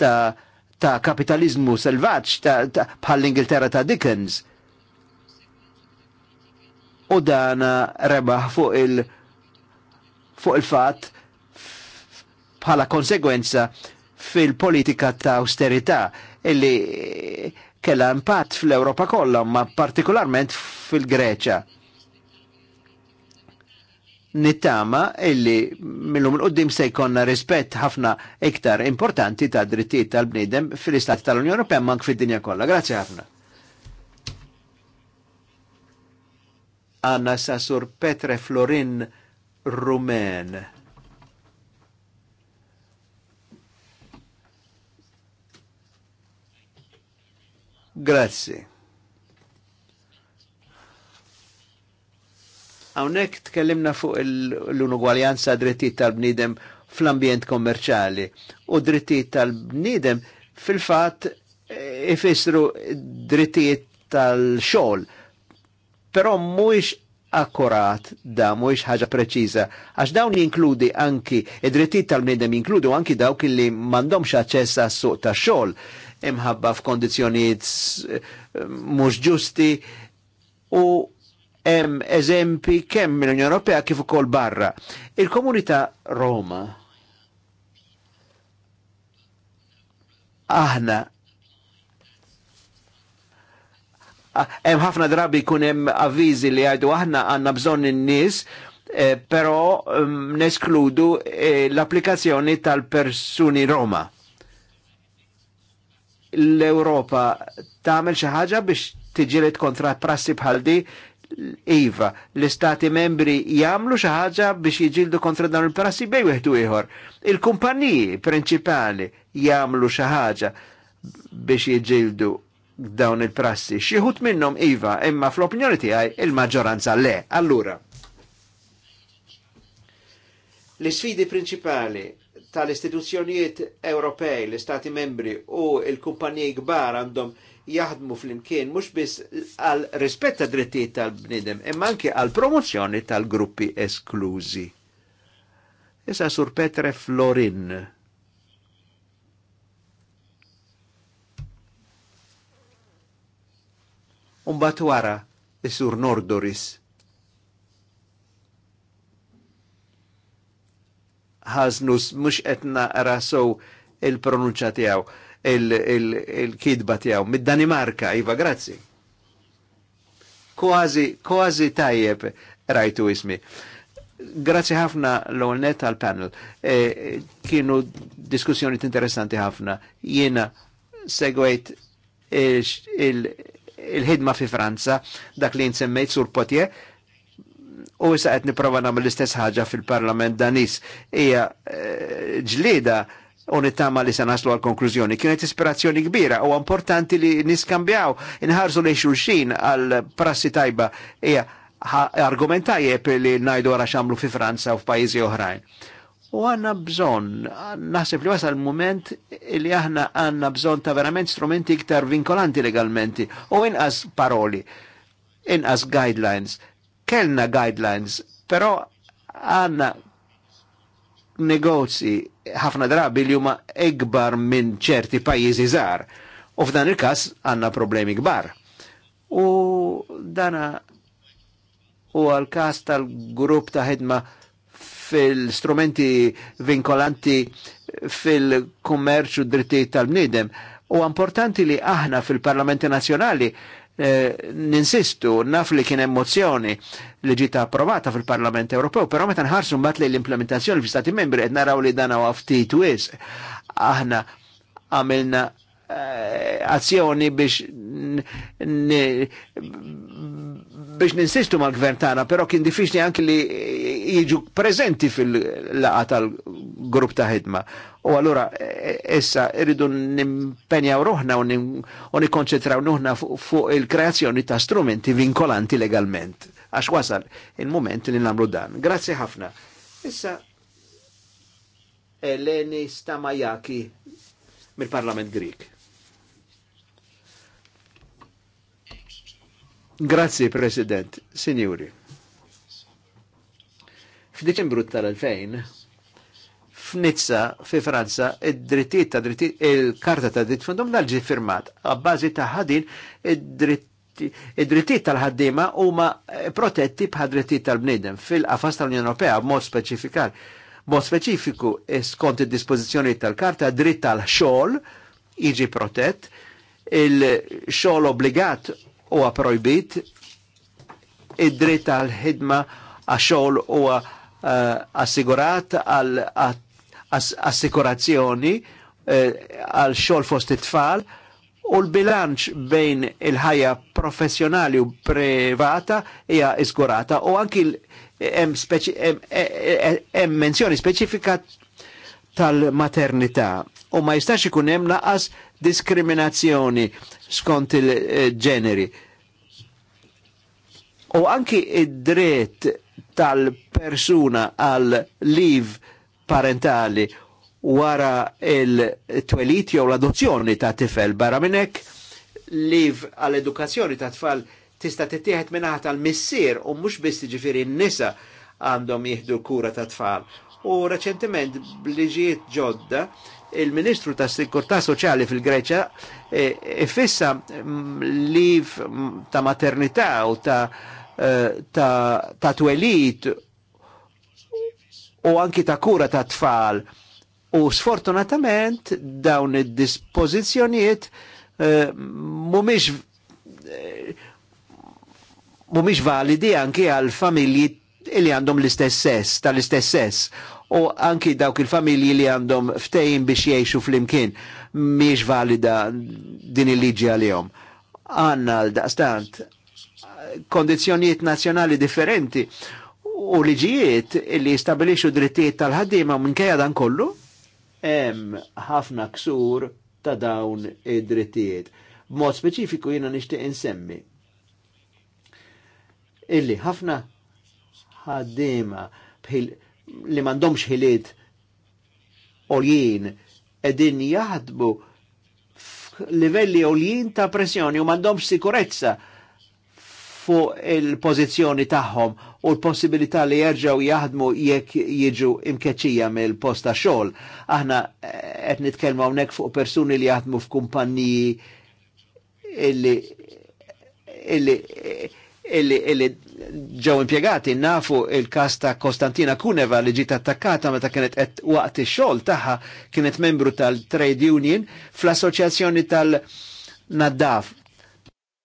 ta' ta' kapitalizmu selvaġġ bħal l ingilterra ta' Dickens. U dan rebaħ fuq il fuq il-fatt bħala konsegwenza fil-politika ta' austerità illi kella impatt fl-Europa kollha, ma partikolarment fil-Greċja nittama illi millum l-qoddim se jkonna rispett ħafna iktar importanti ta' drittijiet tal-bnidem fil-Istat tal-Unjoni Ewropea mank fid-dinja kollha. Grazzi ħafna. Anna Sasur Petre Florin Rumen. Grazie. Hawnhekk tkellimna fuq l-unugwaljanza drittijiet tal-bniedem fl-ambjent kommerċali u drittijiet tal-bniedem fil-fatt eh, ifissru drittijiet tal-xogħol. Però mhuwiex akkurat da mhuwiex ħaġa preċiża għax dawn jinkludi anki id-drittijiet tal-bniedem jinkludu anki dawk li m'għandhomx aċċess suq tax-xogħol imħabba f'kondizzjonijiet eh, mhux ġusti u hemm eżempi kemm mill-Unjoni Ewropea kif ukoll barra. Il-komunità Roma aħna hemm ħafna drabi jkun hemm avviżi li għajdu aħna għandna bżonn in-nies eh, però mm, neskludu eh, l-applikazzjoni tal-persuni Roma. L-Europa tagħmel xi ħaġa biex tiġilet kontra prassi bħal di Iva, l-istati membri jamlu xaħġa biex jġildu kontra dan il-prassi bej weħdu ieħor. Il-kumpaniji principali jamlu xaħġa biex jġildu dawn il-prassi. Xieħut minnom Iva, imma fl-opinjoni tiegħi il-maġġoranza le. Allura, l-sfidi prinċipali tal-istituzzjonijiet Ewropej, l istati membri u l-kumpaniji kbar għandhom jaħdmu fl-imkien mux bis għal rispetta drittijiet tal-bnidem, imma anke għal promozzjoni tal-gruppi esklużi. Issa sur Petre Florin. Umbatwara wara sur Nordoris. Għaznus mux etna rasow il pronunċatijaw il-kidba il, il tijaw, mid-Danimarka, Iva, grazzi. Kważi, kważi tajjeb rajtu ismi. Grazzi ħafna l net għal-panel. E, kienu diskussjoni interessanti ħafna. Jiena segwejt il-ħidma fi Franza, dak li nsemmejt sur potje, u jisa qed nipprova l-istess ħaġa fil-Parlament Danis. e, ġlida, e, u nittama li se naslu għal konklużjoni. Kienet ispirazzjoni kbira u importanti li niskambjaw inħarsu li xulxin għal prassi tajba hija per li najdu għara xamlu fi Franza u f'pajjiżi oħrajn. U għanna bżon, naħseb li wasal moment li aħna għanna bżon ta' verament strumenti iktar vinkolanti legalmenti u inqas paroli, inqas guidelines. Kellna guidelines, però għanna negozji ħafna drabi li huma ekbar minn ċerti pajjiżi żgħar. U f'dan il-każ għandna problemi kbar. U dana u għal-każ tal-grupp ta' ħidma fil-strumenti vinkolanti fil-kummerċu drittijiet tal-bniedem. U importanti li aħna fil-Parlamenti Nazzjonali Eh, ninsistu, naf li kien emozjoni li ġita approvata fil-Parlament Ewropew, però meta nħarsu mbagħad li l-implementazzjoni fl-Stati membri qed naraw li dana huwa ftit wis. Aħna għamilna eh, azzjoni biex biex ninsistu mal-gvern tagħna, però kien diffiċli anki li jiġu preżenti fil-laqa tal-grupp ta' ħidma. U allura issa e, irridu nimpenjaw ruħna u nikkonċentraw nuħna fuq il-kreazzjoni ta' strumenti vinkolanti legalment. Għax wasal il-moment li nagħmlu dan. Grazzi ħafna. Issa Eleni Stamajaki mill-Parlament Grik. Grazzi, President, Signori. F'Diċembru tal-2000, f'Nizza, fi Franza, id-drittijiet ta' drittijiet, il-karta ta' dritt dal ġi firmat. Għabbażi ta' ħadin, id-drittijiet tal-ħaddima huma protetti bħad drittijiet tal-bnidem fil-qafas tal-Unjoni Ewropea mod speċifikar. Mod speċifiku e skont id-dispożizzjoni tal-karta dritt tal-xogħol iġi protett, il-xogħol obbligat huwa projbit, id-dritt għal ħidma għax-xogħol huwa eh, assigurat għal assikurazzjoni eh, għal xogħol fost it-tfal u l-bilanċ bejn il-ħajja professjonali u privata hija iżgurata u anki hemm eh, menzjoni speċifika tal-maternità u ma jistax ikun hemm naqas diskriminazzjoni skont il-ġeneri. U anki id-dritt tal-persuna għal liv parentali wara il-twelit jew l-adozzjoni ta' tifel barra minnek liv għall-edukazzjoni ta' tfal tista' tittieħed minnaħ tal-missier u mhux biss jiġifieri n-nisa għandhom jieħdu kura ta' tfal. U reċentement bliġiet ġodda il-Ministru ta' Sikurtà Soċjali fil-Greċja ifissa e, e mm, li mm, ta' maternità u ta' e, ta', ta twelit u anki ta' kura ta' tfal. U sfortunatament dawn id-dispożizzjonijiet e, mumiex mumiex validi anki għal familji li għandhom l-istess sess, tal-istess sess u anki dawk il-familji li għandhom ftejn biex jiexu fl-imkien miex valida din il-liġi għal-jom. Għanna l-daqstant kondizjoniet nazjonali differenti u liġijiet li jistabilixu drittijiet tal-ħaddima minkejja dan kollu, hemm ħafna ksur ta' dawn id-drittijiet. Mod speċifiku jiena nixtieq insemmi. Illi ħafna ħaddima bħil li mandomx ħiliet oljien edin jaħdmu livelli oljien ta' pressjoni u mandomx sikurezza fuq il-pozizjoni tagħhom u l-possibilità li jerġgħu jaħdmu jekk jiġu imkeċija mill posta xogħol. Aħna qed nitkellmu hawnhekk fuq persuni li jaħdmu f'kumpanniji illi illi illi illi ġew impjegati nafu il-kas ta' Konstantina Kuneva li ġiet attakkata meta kienet qed waqt ix-xogħol tagħha kienet membru tal-Trade Union fl-Assoċjazzjoni tal-Naddaf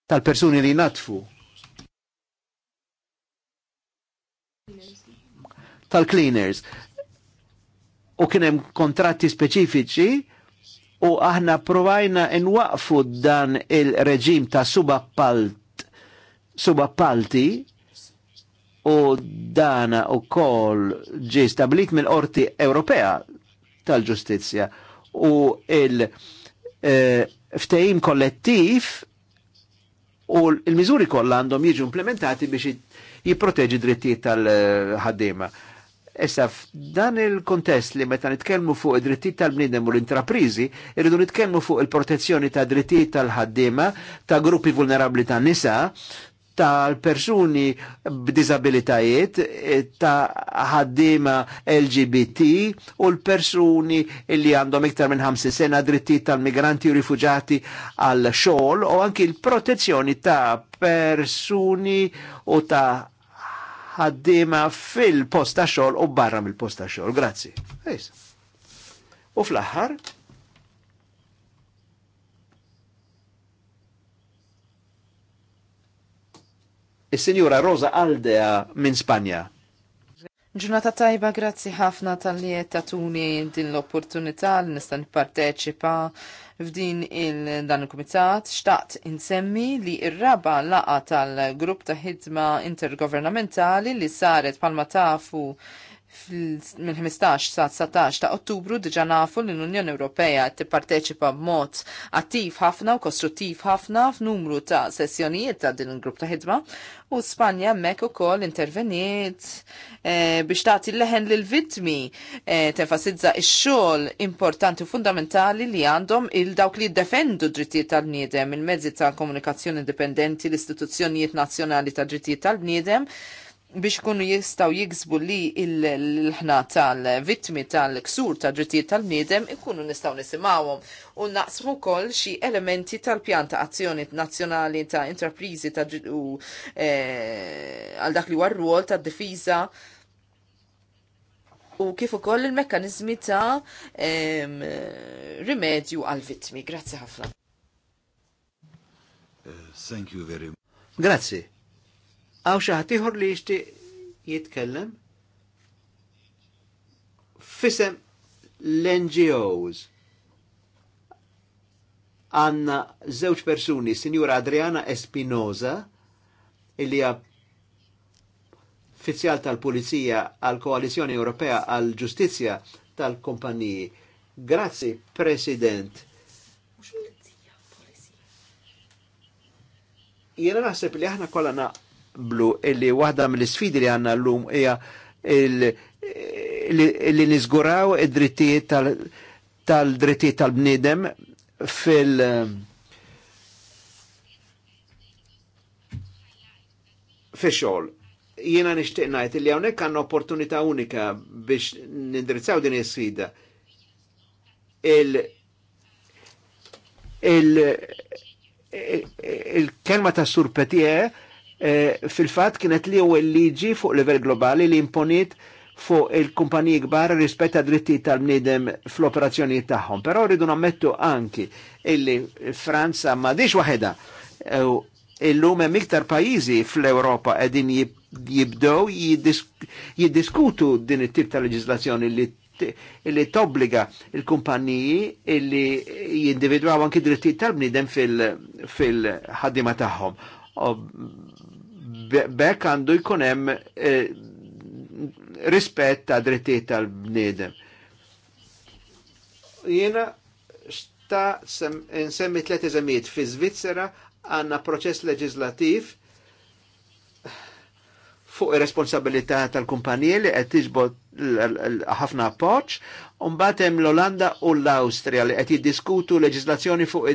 tal-persuni li natfu. Tal-cleaners. U kien hemm kontratti speċifiċi u aħna provajna nwaqfu dan il-reġim ta' subappalt subappalti u dana u kol ġi stabilit mill-Orti Ewropea tal-Ġustizja u il-ftejim eh, kollettiv u il-miżuri kollha għandhom jiġu implementati biex jipproteġi drittijiet tal-ħaddiema. Issa f'dan il-kontest li meta nitkellmu fuq id-drittijiet tal-bniedem u l-intraprizi, irridu nitkellmu fuq il-protezzjoni ta' drittijiet tal-ħaddiema ta' gruppi vulnerabli ta' nisa, tal-persuni b'disabilitajiet, ta' ħaddima LGBT u l-persuni li għandhom iktar minn 50 sena dritti tal-migranti u rifugjati għal xogħol u anki l-protezzjoni ta' persuni u ta' ħaddima fil-posta xogħol u barra mill-posta xogħol. Grazzi. U fl-aħħar, il sinjura Rosa Aldea minn Spanja. Ġurnata tajba, grazzi ħafna tal ta' tuni din l-opportunità li nista' nipparteċipa f'din il-dan il-Kumitat. Xtaqt insemmi li ir-raba laqa tal-grupp ta' ħidma intergovernamentali li saret palma tafu minn 15 sa 17 ta' Ottubru diġa nafu li l-Unjoni Ewropea tipparteċipa b'mod attiv ħafna u kostruttiv ħafna f'numru ta' sessjonijiet ta' din il-grupp ta' ħidma u Spanja hemmhekk ukoll interveniet eh, biex tagħti leħen lil vittmi eh, tenfasizza x-xogħol importanti u fundamentali li għandhom il dawk li jiddefendu d-drittijiet tal-bniedem, il-mezzi ta' komunikazzjoni indipendenti, l-istituzzjonijiet nazzjonali ta' drittijiet tal-bniedem, biex kunu jistaw jiksbu li l-ħna tal-vittmi tal-ksur ta' drittijiet tal niedem ikunu nistaw nisimawom u naqsmu kol xi elementi tal-pjanta azzjoni nazzjonali ta' intraprizi ta' u eh, għal dak li war r-ruol ta' difiża u kif ukoll il mekkaniżmi ta' rimedju għal vittmi. Grazzi ħafna. Eh, thank you very much. Grazie. Għaw xaħat iħor li jishti jitkellem fisem l-NGOs. Għanna zewċ persuni, Signora Adriana Espinoza, illi għab fizzjal tal-Pulizija għal-Koalizjoni Ewropea għal-Ġustizja tal-Kompaniji. Grazzi, President. Jena naħseb li aħna kollha Blu illi waħda mill-sfidi li għanna l-lum hija li nizguraw id-drittijiet tal-drittijiet tal-bnidem fil- fil-xol. Jena nishtiq najt li hawnhekk għandna opportunità unika biex nindrizzaw din is-sfida. Il il il-kelma ta' surpetie Eh, fil-fat kienet li u l liġi fuq level globali li imponiet fuq il-kumpaniji gbar rispetta dritti tal-bnidem fl-operazzjoni tagħhom. Però rridu nammettu anki illi Franza ma diċ waħeda illum hemm iktar pajjiżi fl-Ewropa qegħdin jibdew jiddiskutu din it-tip ta' leġislazzjoni li illi tobbliga il-kumpaniji illi jindividwaw anki drittijiet tal-bniedem fil-ħaddima tagħhom bekk għandu jkun hemm eh, rispett ta' drittijiet tal-bniedem. Jiena xta nsemmi tliet eżemijiet fi Svizzera għandna proċess leġislativ fuq ir-responsabilità tal-kumpanija li qed tiġbod ħafna appoġġ, u mbagħad hemm l-Olanda u l-Awstrija li qed jiddiskutu leġislazzjoni fuq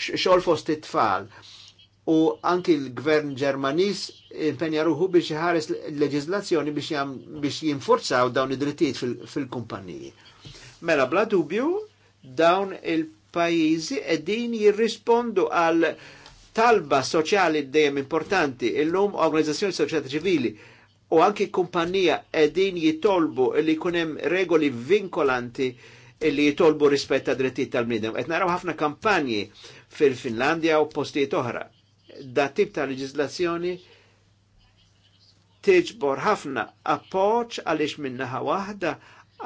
xogħol fost it-tfal. it tfal u anki l-gvern ġermanis impenja ruħu biex jħares leġizlazzjoni biex, biex jinforzaw dawn id-drittijiet fil-kumpaniji. mela bla dubju dawn il-pajizi edin jirrispondu għal talba soċjali dejjem importanti, illum organizzazzjoni soċjali ċivili u anki kumpanija edin jitolbu li kunem regoli vinkolanti li jitolbu rispetta drittijiet tal-bnidem. Etnaraw ħafna kampanji fil-Finlandja u postijiet oħra da tip ta' leġislazzjoni tiġbor ħafna appoċ għaliex minnaħa waħda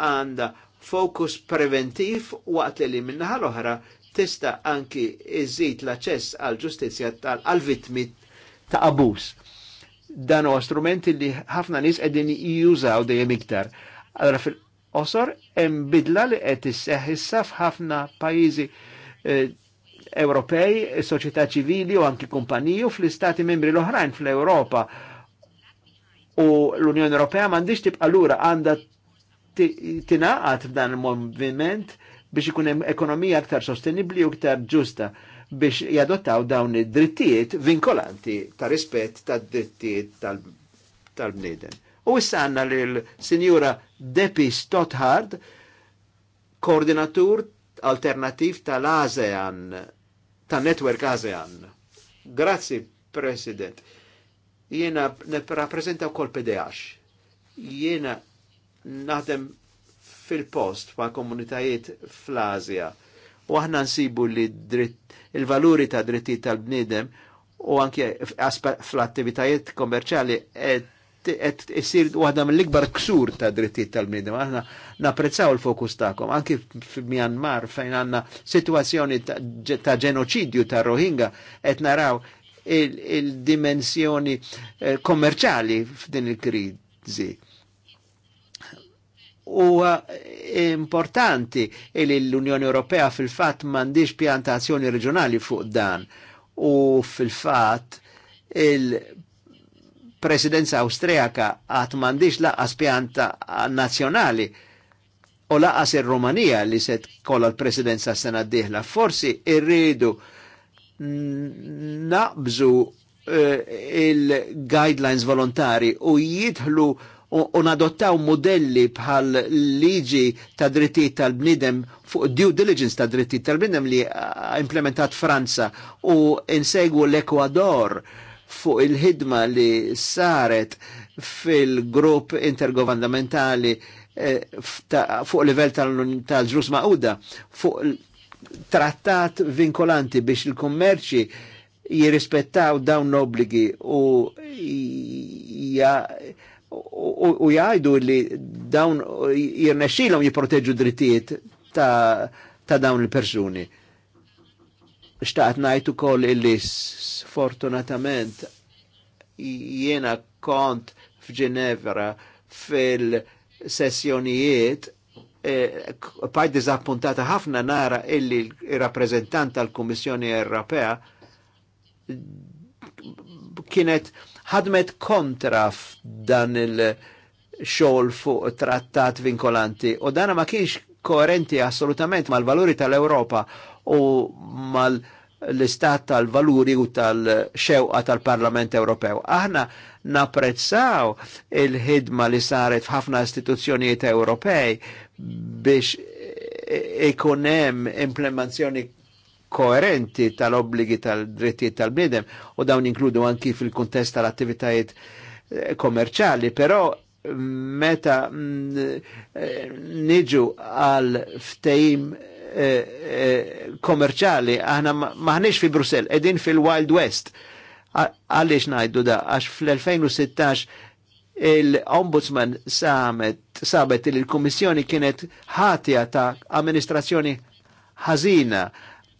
għanda fokus preventiv waqt li minnaħa l-oħra tista anki iżid l-aċess għal ġustizja tal vitmi ta' abus. Dan huwa strumenti li ħafna nies qegħdin jużaw dejjem iktar. Allora fil-qosor hemm bidla li qed isseħħ issa f'ħafna pajjiżi eh, Ewropej, soċjetà ċivili u anki kumpaniju fl-istati membri l-oħrajn fl-Ewropa. U l-Unjoni Ewropea m'għandix tibqa' lura għandha tingħaqad f'dan il-moviment biex ikun hemm ekonomija aktar sostenibbli u aktar ġusta biex jadottaw dawn id-drittijiet vinkolanti ta' rispett tad drittijiet tal-bniedem. u issa għandna lill-Sinjura Depi Stothard, koordinatur alternativ tal-ASEAN ta' network ASEAN. Grazzi, President. Jiena rappresenta wkoll PDH. Jiena naħdem fil-post ma' komunitajiet fl-Azja. U aħna nsibu li il-valuri ta' drittijiet tal-bnidem u anke fl-attivitajiet kommerċali qed qed isir waħda mill-ikbar ksur ta' drittijiet tal-bniedem. Aħna napprezzaw il-fokus tagħkom anki f'Myanmar fejn għandna sitwazzjoni ta' ġenoċidju ta' Rohingya qed naraw il-dimensjoni il eh, kommerċali f'din il-kriżi. U importanti li l-Unjoni Ewropea fil-fatt m'għandix pjantazzjoni reġjonali fuq dan u fil fat il- presidenza Austriaka għat mandiġ laqas pjanta nazjonali u laqas il Rumania li set kolla l-presidenza sena diħla. Forsi irridu naqbżu eh, il-guidelines volontari u jidħlu u nadottaw modelli bħal liġi ta' dritti tal-bnidem fuq due diligence ta' dritti tal-bnidem li implementat Franza u insegwu l-Ekwador fuq il-ħidma li saret fil-grupp intergovernamentali eh, fuq livell tal-ġrus ma'uda fuq trattat vinkolanti biex il-kommerċi jirrispettaw dawn l-obligi u u jgħidu li dawn jirnexxilhom jiproteġu drittijiet ta' dawn il-persuni Xtaqt najtu kol illi sfortunatament jiena kont f'Ġenevra fil-sessjonijiet eh, paj dizappuntata ħafna nara illi il-rappresentant tal-Kummissjoni Ewropea kienet ħadmet kontra dan il-xogħol fuq trattat vinkolanti u dana ma kienx koerenti assolutament mal-valuri tal-Ewropa u mal l-istat tal-valuri u tal-xewqa tal-Parlament Ewropew. Aħna napprezzaw il-ħidma li saret f'ħafna istituzzjonijiet Ewropej biex ikunem implementazzjoni koerenti tal-obbligi tal-drittijiet tal bidem u dawn inkludu anki fil-kuntest tal-attivitajiet eh, kommerċali, però mm, meta mm, eh, niġu għal ftejim komerċali, eh, eh, aħna maħniex fi Brussel, edin fil-Wild West. Għaliex najdu da, għax fl-2016 il-Ombudsman sabet il komissjoni kienet ħatja ta' amministrazzjoni ħazina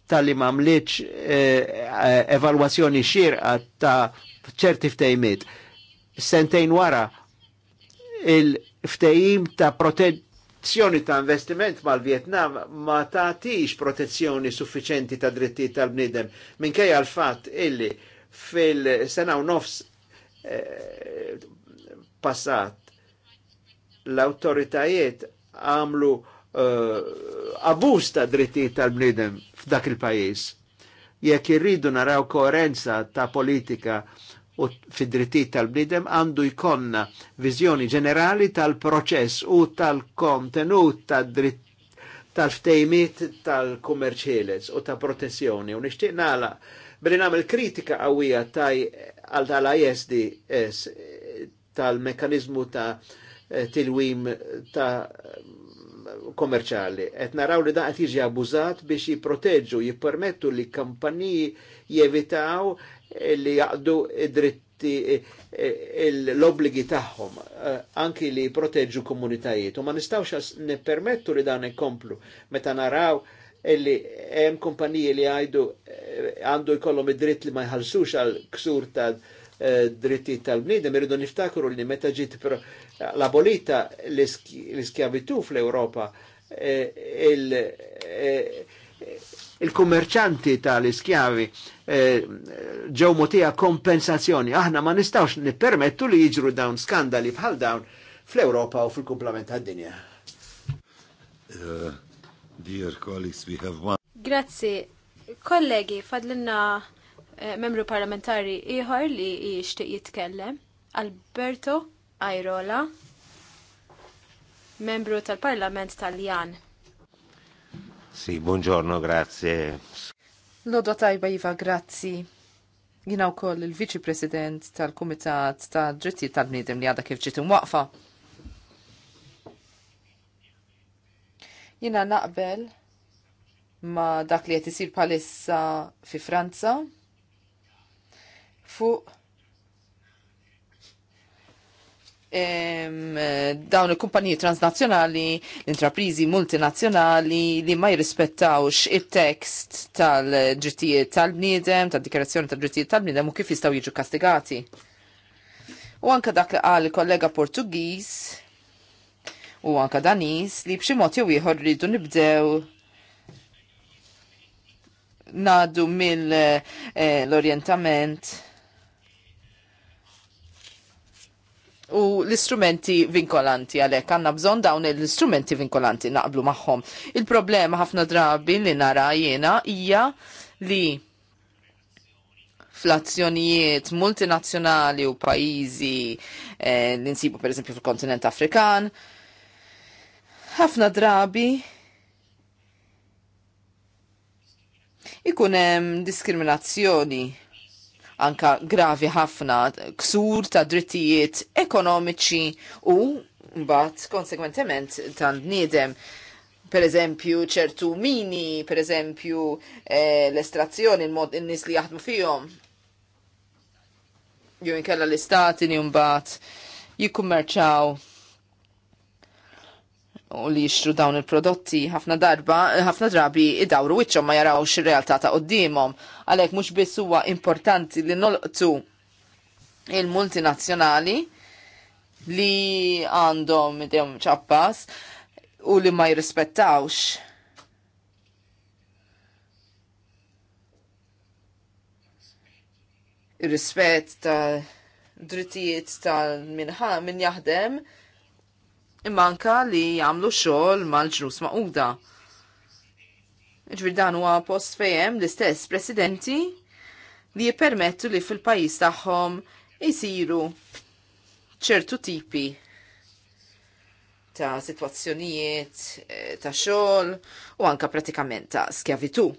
tal-li mamliċ eh, evalwazzjoni xirqa ta' ċerti ftejmiet. Sentejn wara il-ftejim ta' protet azzjoni ta' investiment mal-Vietnam ma tatix protezzjoni suffiċenti ta' dritti tal-bnidem minkej l-fatt illi fil-sena u nofs eh, passat l-autoritajiet għamlu eh, abuż ta' drittijiet tal-bnidem f'dak il-pajis. Jekk irridu naraw koerenza ta' politika u fid-drittijiet tal bniedem għandu jkonna viżjoni ġenerali tal-proċess u tal-kontenut tad-dritt tal-ftejmiet tal-kummerċieles u ta' protezzjoni u nixtieq nagħla billi nagħmel kritika qawwija taj għal tal-ISDS tal-mekanizmu ta' tilwim ta' kommerċali. Et naraw li da' jiġi abużat biex jiproteġu, jippermettu li kampaniji jevitaw li jaqdu id-dritti l-obligi tagħhom eh, anki li proteġu komunitajiet u ma nistawx nippermettu li dan ikomplu meta naraw illi hemm kumpaniji li għajdu eh, għandu jkollhom id-dritt li ma jħallsux għal ksur ta eh, dritti tal-bniedem irridu niftakru li meta ġiet l-abolita l-iskjavitu fl-Ewropa il-kummerċanti tal-iskjavi eh, ġew motija kompensazzjoni. Aħna ma nistawx nippermettu li jiġru dawn skandali bħal dawn fl ewropa u fil-kumplament għad-dinja. Eh, dear colleagues, we have one. Grazzi. Kollegi, fadlinna eh, membru parlamentari iħor li jixtieq jitkellem. Alberto Airola, membru tal-Parlament Taljan. Sì, buongiorno, grazie. Lodo tajba Iva, grazzi. Jina wkoll il-Viċi President tal-Kumitat ta' Drittijiet tal bnidem li għadha kif ġiet imwaqfa. Jina naqbel ma dak li qed isir bħalissa fi Franza fuq Eh, dawn il-kumpaniji transnazzjonali, l-intraprizi multinazzjonali li ma jirrispettawx il-tekst tal-ġittijiet tal-bniedem, tal-dikarazzjoni tal-ġittijiet tal-bniedem u kif jistaw jiġu kastigati. U anka dak li għal kollega Portugiż u anka Danis li b'xi mod jew ieħor rridu nibdew nadu mill-orientament eh, u l-istrumenti vinkolanti għalek għanna bżon dawn l-istrumenti vinkolanti naqblu maħħom. Il-problema ħafna drabi li nara jena hija li flazzjonijiet multinazzjonali u pajizi eh, li nsibu per esempio fil-kontinent Afrikan, ħafna drabi ikun hemm diskriminazzjoni anka gravi ħafna ksur ta' drittijiet ekonomiċi u mbagħad konsekwentement tan-bniedem per eżempju ċertu mini, per eżempju eh, l-estrazzjoni, il-mod in-nies li jaħdmu fihom. Jew inkella l-istati li mbagħad jikkummerċaw u li jixtru dawn il-prodotti ħafna darba, ħafna drabi id wiċċhom ma jarawx ir-realtà ta' qoddimhom. Għalhekk mhux biss huwa importanti li nolqtu il-multinazzjonali li għandhom idejhom ċappas u li ma jirrispettawx ir-rispett ta' drittijiet ta' minn min jaħdem imma anka li jagħmlu xogħol mal-ġrus maquda. Ġvirdan dan huwa post fejem l-istess presidenti li jippermettu li fil-pajjiż tagħhom jisiru ċertu tipi ta' situazzjonijiet eh, ta' xogħol u anka pratikament ta' skjavitu.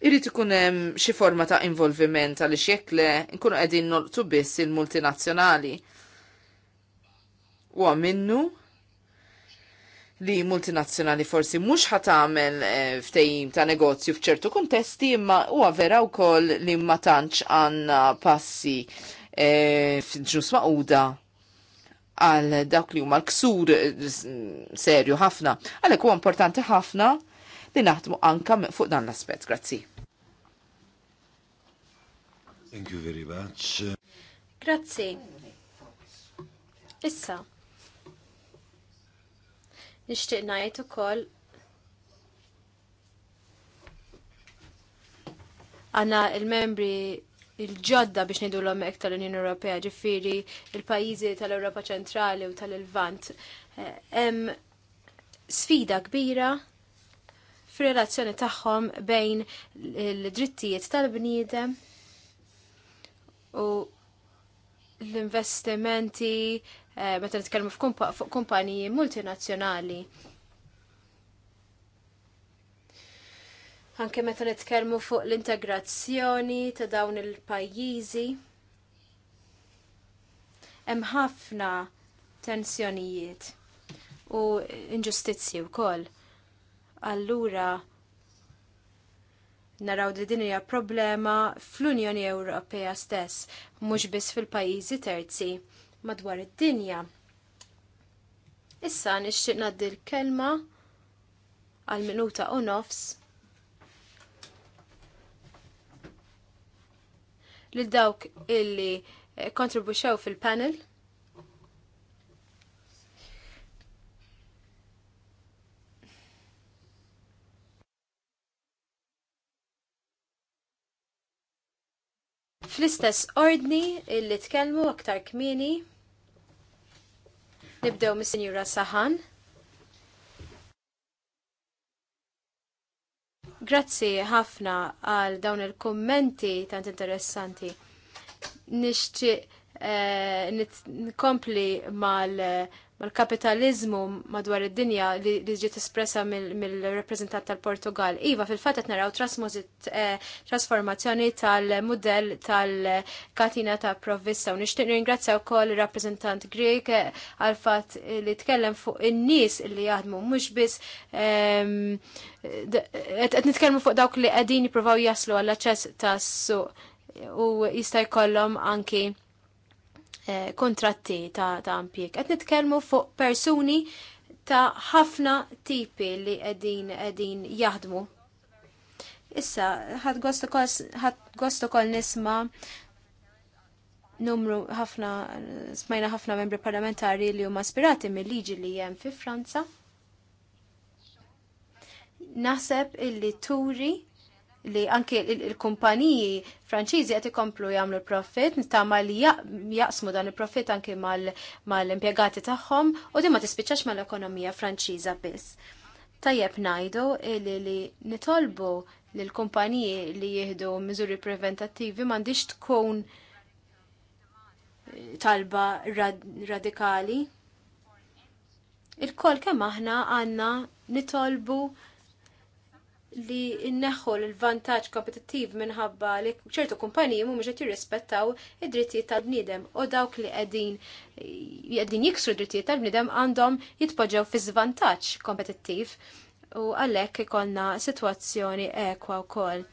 Irrit ikun hemm xi forma ta' involviment għaliex jekk le nkunu qegħdin noltu biss il-multinazzjonali. Huwa minnu li multinazzjonali forsi mhux ħat tagħmel eh, ftehim ta' negozju f'ċertu kuntesti imma huwa vera wkoll li ma tantx għandna passi eh, f'ġus maquda għal dawk li huma l-ksur eh, serju ħafna. Għalhekk huwa importanti ħafna li naħdmu anka fuq dan l-aspett. Grazzi. Thank you very much. Grazzi. Issa. Nixtieq ngħid ukoll għanna il-membri il-ġodda biex nidu l-om tal-Unjoni Ewropea, ġifiri il-pajizi tal-Europa ċentrali u tal-Ilvant. Eh, sfida kbira fir-relazzjoni tagħhom bejn l-drittijiet tal-bniedem u l-investimenti eh, meta nitkellmu fuq kumpaniji multinazzjonali. Anke meta nitkellmu fuq l-integrazzjoni ta' dawn il-pajjiżi. Hemm ħafna tensjonijiet u inġustizzji wkoll allura naraw li din hija problema fl-Unjoni Ewropea stess, mhux biss fil-pajjiżi terzi madwar id-dinja. Issa nixtieq ngħaddi l-kelma għal minuta u nofs lil dawk illi kontribuxew fil-panel. Fl-istess ordni illi tkellmu aktar kmini nibdew mis-Sinjura Sahan. Grazzi ħafna għal dawn il-kommenti tant interessanti. Nixtieq eh, nkompli mal- mal-kapitalizmu madwar id-dinja li ġiet espressa mill-rappresentant tal-Portugal. Iva, fil-fatt qed naraw eh, trasformazzjoni tal-mudell tal-katina ta' provvista. U nixtieq ringrazzja wkoll ir-rappreżentant Grek eh, għal fatt li tkellem fuq in-nies li jaħdmu mhux biss ehm, qed nitkellmu fuq dawk li qegħdin jippruvaw jaslu għall-aċċess tas-suq u jista' jkollhom anki Eh, kontratti ta', ta impjeg. Qed nitkellmu fuq persuni ta' ħafna tipi li qegħdin qegħdin jaħdmu. Issa, ħad gost kol nisma numru ħafna smajna ħafna membri parlamentari li huma aspirati mill-liġi li hemm fi Franza. Naħseb illi turi li anke il-kumpaniji franċiżi qed ikomplu jagħmlu profit, nittama li jaqsmu dan il-profit anke mal-impjegati tagħhom u din ma tispiċċax mal-ekonomija franċiża biss. Tajjeb ngħidu li nitolbu li l kumpaniji li jieħdu miżuri preventattivi m'għandix tkun talba radikali. Il-kol kemm aħna għandna nitolbu li inneħħol l-vantaġġ kompetittiv minħabba li ċertu kumpaniji mhumiex qed jirrispettaw id-drittijiet tal-bniedem u dawk li qegħdin qegħdin jiksru d-drittijiet tal-bniedem għandhom jitpoġġew fi żvantaġġ kompetittiv u għalhekk ikollna sitwazzjoni ekwa wkoll.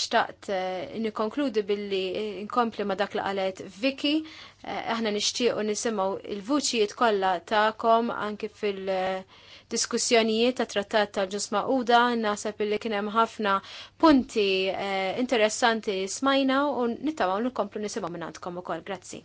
Xtaqt eh, nikkonkludi billi nkompli ma dak li qalet Vicky, eh, aħna nixtiequ nisimgħu il-vuċijiet kollha tagħkom anke fil- uh, diskussjonijiet ta' trattat ta' ġus Uda, nasab li kienem ħafna punti eh, interessanti smajna u nittamaw nkomplu nisimaw minnantkom u kol. Grazzi.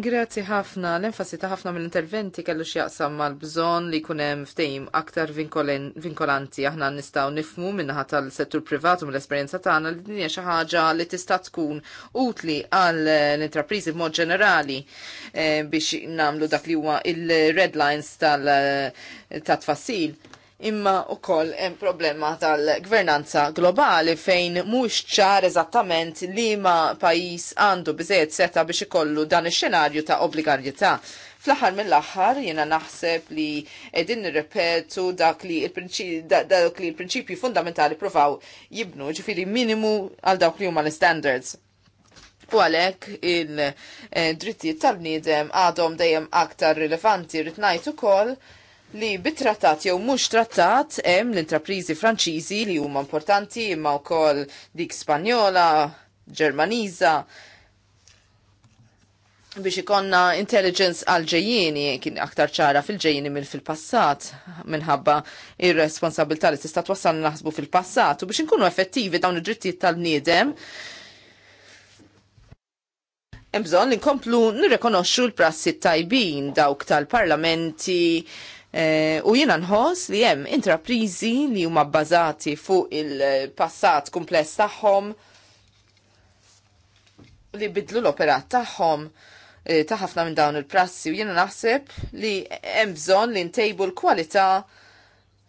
Grazzi ħafna, l-enfasi ta' ħafna mill-interventi kellu x'jaqsam mal-bżonn li jkun hemm ftehim aktar vinkolanti aħna nistgħu nifmu minnaħat tal-settur privatu mill-esperjenza tagħna li dinja xi ħaġa li tista' tkun utli għal l-intrapriżi b'mod ġenerali eh, biex nagħmlu dak li huwa il-red lines tal-tfassil. Eh, imma koll hemm problema tal-gvernanza globali fejn mhux ċar eżattament li ma pajjiż għandu biżejjed seta biex ikollu dan ix-xenarju ta' obbligarjetà. Fl-aħħar mill-aħħar jiena naħseb li qegħdin nirrepetu dak li dak li l-prinċipji fundamentali provaw jibnu, ġifieri minimu għal dawk li huma l-standards u għalek il-drittijiet eh, tal-bniedem għadhom dejjem aktar rilevanti ngħid ukoll koll li bit-trattat jew mhux trattat hemm l-intrapriżi Franċiżi li huma importanti imma wkoll dik Spanjola, Ġermaniża biex ikonna intelligence għal-ġejjini kien aktar ċara fil-ġejjini minn fil-passat minħabba ir-responsabilità li tista' twassalna naħsbu fil-passat u biex inkunu effettivi dawn id-drittijiet tal-niedem Hemm bżonn li nkomplu nirrekonoxxu l-prassi tajbin dawk tal-parlamenti Eh, u jiena nħoss li hemm intraprizi li huma bbażati fuq il-passat kumpless tagħhom li bidlu l-operat tagħhom eh, ta' ħafna minn dawn il-prassi u jiena naħseb li hemm bżonn li ntejbu l-kwalità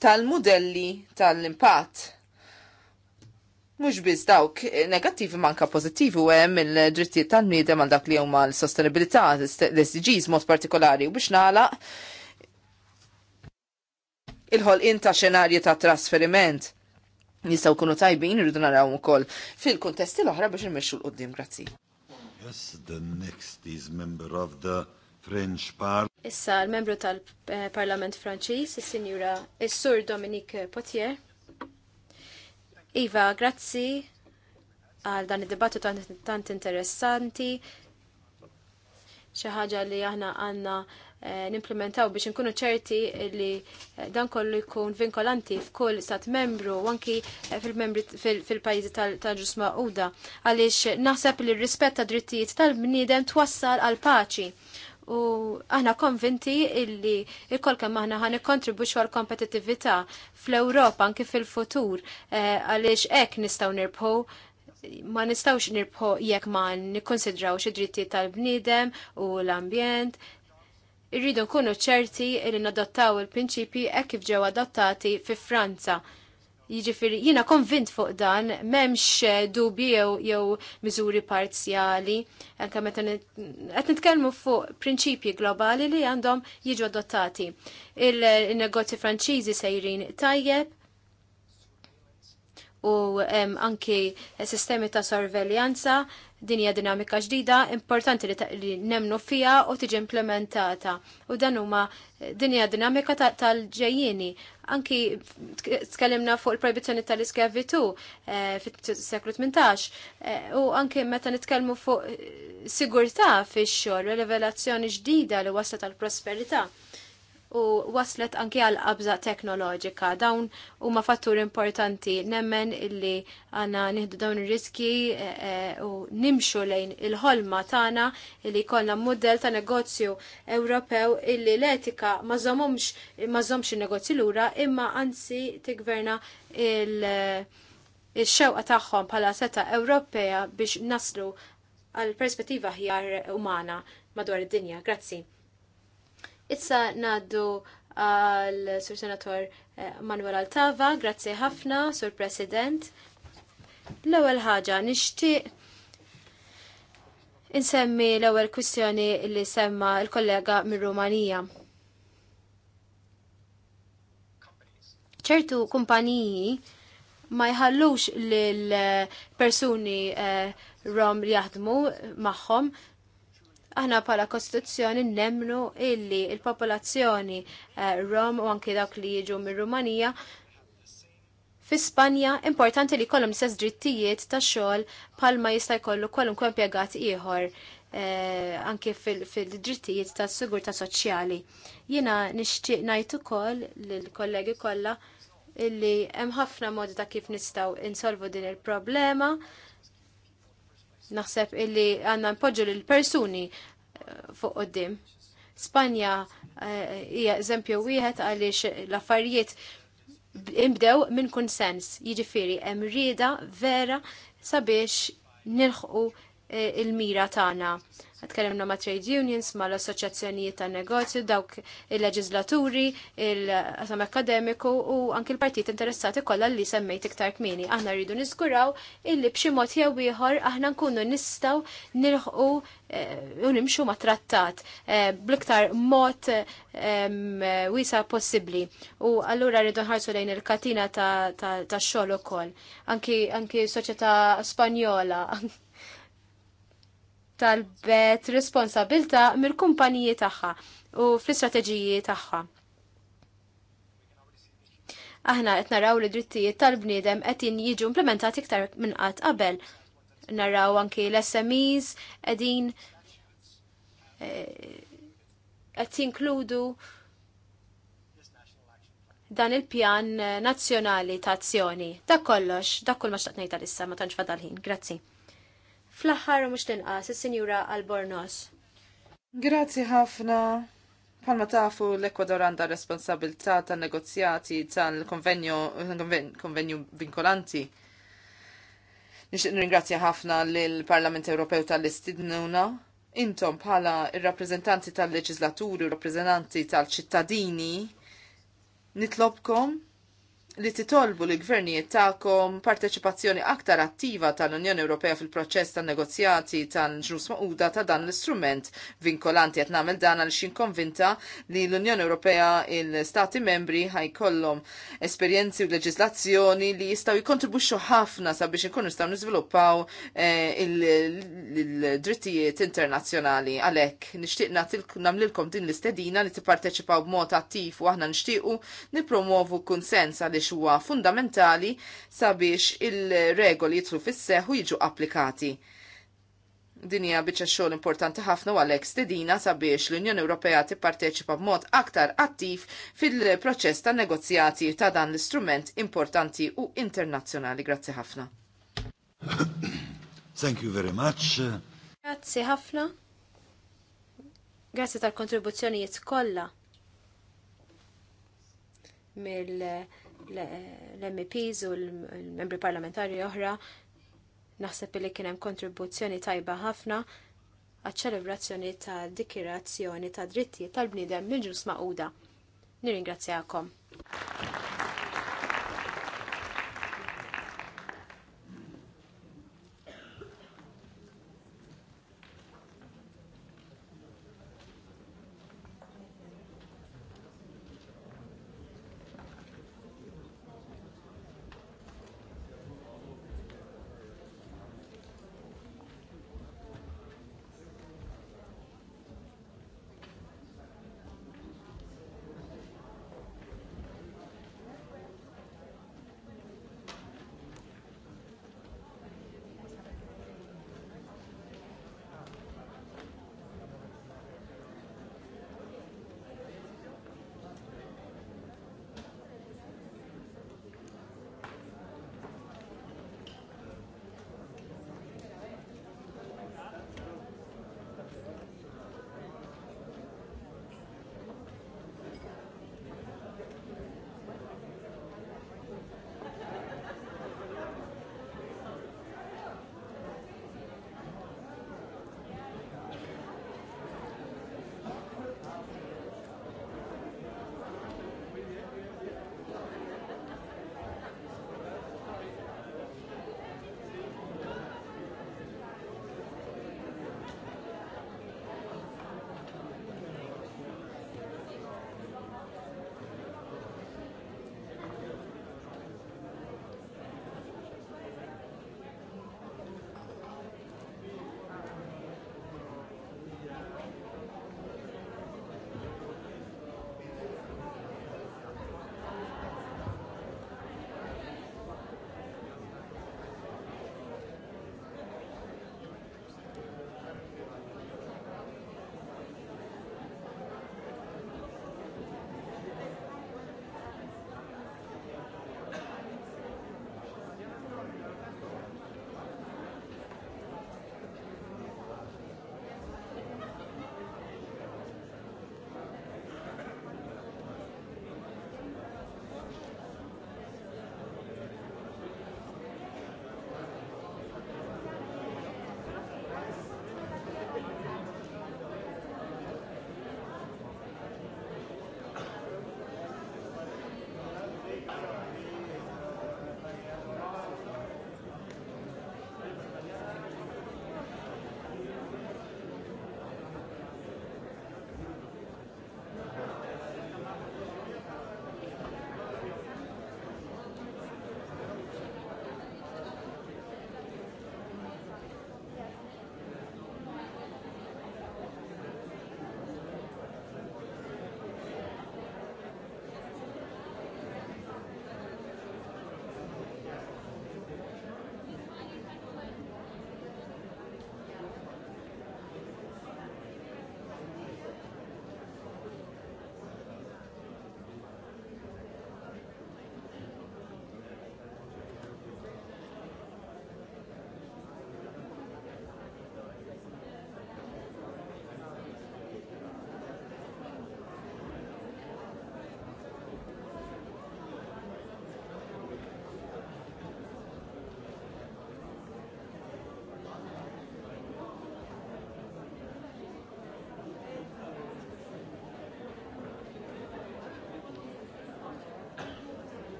tal-modelli tal-impatt. Mhux biss dawk negattivi manka pożittivi u hemm il-drittijiet tal miedem għal dak li huma l-sostenibilità l-SDGs mod partikolari u biex nagħlaq il-ħolqien ta' xenarji ta' trasferiment. Nistaw kunu tajbin, irridu naraw ukoll fil-kuntesti l-oħra biex nmexxu l-qoddim, grazzi. Yes, the next is member of the French Parliament. Issa l-membru tal-Parlament Franċiż, is-Sinjura is-Sur Dominique Potier. Iva, grazzi għal dan id-dibattu tant interessanti. Xi ħaġa li aħna għandna Eh, nimplementaw biex nkunu ċerti li eh, dan kollu jkun vinkolanti f'kull stat membru u anki eh, fil-pajjiżi tal-ġus maquda għaliex naħseb li r-rispett ta' drittijiet tal-bniedem twassal għal paċi. U aħna konvinti illi il-kol kemm aħna ħan ikkontribwixxu għal kompetittività fl-Ewropa anki fil-futur għaliex hekk nistgħu nirbħu ma nistawx nirbħu jekk ma nikkonsidrawx id-drittijiet tal-bniedem u l-ambjent, irridu nkunu ċerti li nadottaw il-prinċipi hekk kif ġew adottati fi Franza. Jiġifieri jiena konvint fuq dan, m'hemmx dubi jew jew miżuri parzjali, anke meta qed nitkellmu fuq prinċipji globali li għandhom jiġu adottati. Il-negozji Franċiżi sejrin tajjeb, u anki sistemi ta' sorveljanza Din hija dinamika ġdida importanti li, li nemnu fija u tiġi implementata. U dan huma din hija dinamika tal-ġejjieni. Anki tkellimna fuq il-proibizzjoni tal-iskevitu eh, fit-seklu 18 eh, u anki meta nitkellmu fuq sigurtà fix-xogħol, rivelazzjoni ġdida li wasla tal-prosperità u waslet anki għal qabża teknoloġika. Dawn huma fattur importanti nemmen illi għandna nieħdu dawn ir-riski eh, eh, u nimxu lejn il-ħolma tagħna illi jkollna mudell ta' negozju Ewropew illi l-etika ma ma żommx in-negozju lura imma anzi tigverna il- eh, il-xewqa tagħhom bħala seta' Ewropea biex naslu għal perspettiva ħjar umana madwar id-dinja. Grazzi. Issa naddu għal Sur Senator eh, Manuel Altava, grazzi ħafna, Sur President. L-ewwel ħaġa nixtieq insemmi l-ewwel kwistjoni li semma l-kollega mir-Rumanija. ċertu kumpaniji ma jħallux lil persuni eh, rom li jaħdmu magħhom Aħna pala Kostituzzjoni nemnu illi il-popolazzjoni eh, Rom u anki dawk li jiġu mir rumanija fi Spanja importanti li kollhom istess drittijiet ta' xogħol bħalma jista' jkollu kwalunkwe impjegat ieħor eh, anke fil-drittijiet ta' sigurta soċjali. Jiena nixtieq ngħid ukoll lill-kollegi kollha illi hemm ħafna modi ta' kif nistgħu insolvu din il-problema Naħseb illi għanna npoġġu l-persuni eh, fuq qoddim. Spanja eh, hija eżempju wieħed għaliex l-affarijiet imbdew minn konsens, jiġifieri hemm rieda vera sabiex nilħqu il-mira tagħna. Għatkellimna ma' trade unions, ma' l-assoċjazzjonijiet ta' negozju, dawk il-leġislaturi, il-qasam akademiku u anki l-partit interessati kollha li semmejt iktar kmini. Aħna rridu niżguraw illi b'xi mod jew ieħor aħna nkunu nistgħu nilħqu u nimxu ma' trattat bl-iktar mod wisa possibbli. U allura rridu nħarsu lejn il-katina ta' xogħol ukoll. Anki soċjetà Spanjola, talbet responsabilta mill-kumpaniji tagħha u fl-istrateġiji tagħha. Aħna qed naraw li drittijiet tal-bniedem qed jiġu implementati iktar minn qatt qabel. Naraw anki l-SMEs qegħdin eh, qed jinkludu dan il-pjan nazzjonali ta' azzjoni. Dak kollox, dak kull ma xtaqt ngħidha issa ma tantx fadalħin. Grazzi. Fl-aħħar mhux tinqas is-Sinjura Albornoz. Grazzi ħafna. Palma tafu l-Ekwador għanda responsabilta tan negozjati tal-konvenju vinkolanti. Nixtieq ringrazzja ħafna lill-Parlament Ewropew tal-istidnuna. Intom bħala il rappreżentanti tal-leġislaturi il rappreżentanti tal-ċittadini nitlobkom li titolbu li gvernijiet tagħkom parteċipazzjoni aktar attiva tal-Unjoni Ewropea fil-proċess tan negozjati tal-ġnus maquda ta' dan l-istrument vinkolanti qed nagħmel dan għal xin konvinta li l-Unjoni Ewropea il-Stati membri ħajkollhom esperjenzi u leġislazzjoni li jistgħu jikkontribwixxu ħafna sabiex inkunu nistgħu niżviluppaw eh, il-drittijiet internazzjonali għalhekk nixtieq nagħmlilkom din l-istedina li tipparteċipaw b'mod attiv u aħna nixtiequ nippromovu kunsens għal għaliex huwa fundamentali sabiex il-regoli jitlu fis-seħ u jiġu applikati. Din hija biċċa xogħol importanti ħafna għalhekk stedina sabiex l-Unjoni Ewropea tipparteċipa b'mod aktar attiv fil-proċess ta' negozjati ta' dan l-istrument importanti u internazzjonali. Grazzi ħafna. *coughs* Thank you very much. Grazzi ħafna. Grazzi tal-kontribuzzjonijiet kollha mill l-MEPs u l-membri parlamentari oħra naħseb li kien hemm kontribuzzjoni tajba ħafna għaċ-ċelebrazzjoni ta' dikirazzjoni ta' drittijiet tal-bniedem mill-ġus uda. Nirringrazzjakom.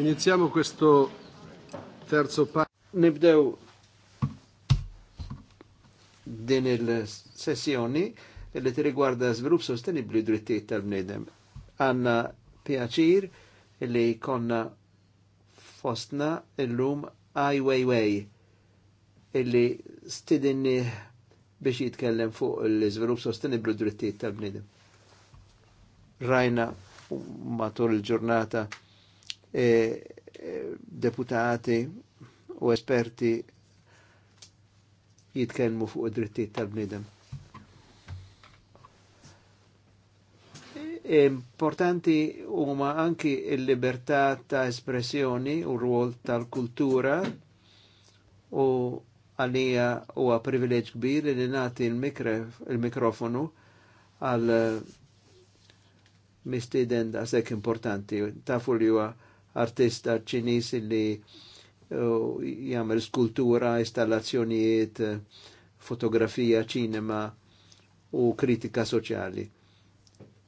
Iniziamo questo terzo passo. Nibdew din il-sessjoni li ti riguarda svilupp sostenibli drittijiet tal-bnedem. Għanna pjaċir li konna fostna illum Ai Weiwei illi stidinni biex jitkellem fuq l-izvilupp sostenibli drittijiet tal-bnedem. Rajna matul il-ġurnata E, e, deputati u esperti jitkellmu fuq id-drittijiet tal-bnidem. E, importanti huma anki il-libertà ta' espressjoni u rwol tal-kultura u għalija u privileġġ kbir li nati il-mikrofonu għal mistiden da' sekk importanti. Tafu li huwa artista ċinis li jagħmel skultura, installazzjonijiet, fotografija, ċinema u kritika soċjali.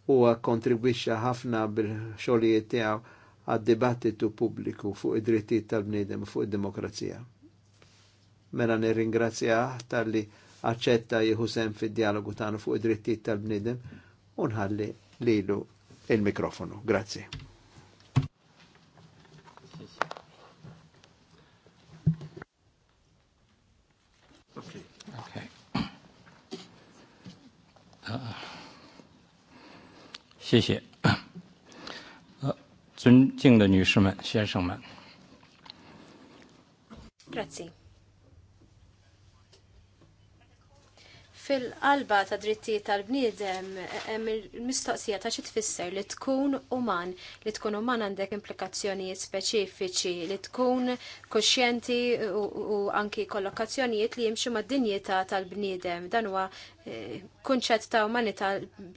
Huwa kontribwixxa ħafna bil-xogħlijiet tiegħu għad-dibattitu pubbliku fuq id-drittijiet tal-bniedem u fuq id-demokrazija. Mela nirringrazzja tal-li aċċetta jieħu sem fid-dialogu tagħna fuq id-drittijiet tal-bniedem u nħalli lilu il-mikrofonu. Grazzi. 谢谢。呃，尊敬的女士们、先生们。Grazie. Fil-qalba ta' drittijiet tal-bniedem hemm il-mistoqsija ta' xi tfisser li tkun uman, li tkun uman għandek implikazzjonijiet speċifiċi, li tkun koxjenti u, u anki kollokazzjonijiet li jimxu mad-dinjità tal-bniedem. Dan huwa kunċett ta' umanità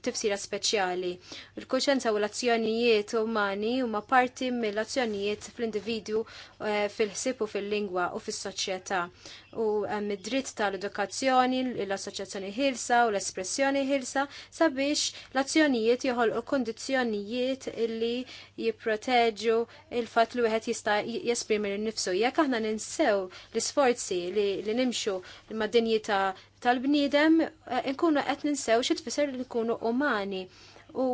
tifsira speċjali. il kunċenza u l-azzjonijiet umani huma parti mill-azzjonijiet fl-individwu eh, fil-ħsib u fil-lingwa u fis-soċjetà. U eh, mid id-dritt tal-edukazzjoni, l-assoċjazzjoni ħilsa u l-espressjoni ħilsa sabiex l-azzjonijiet joħolqu kondizzjonijiet illi jipproteġu il-fatt li wieħed jista' jesprimi l-nifsu. Jekk aħna ninsew l-isforzi li, nimxu ma' dinjita tal-bniedem eh, nkunu qed ninsew xi tfisser li nkunu umani. U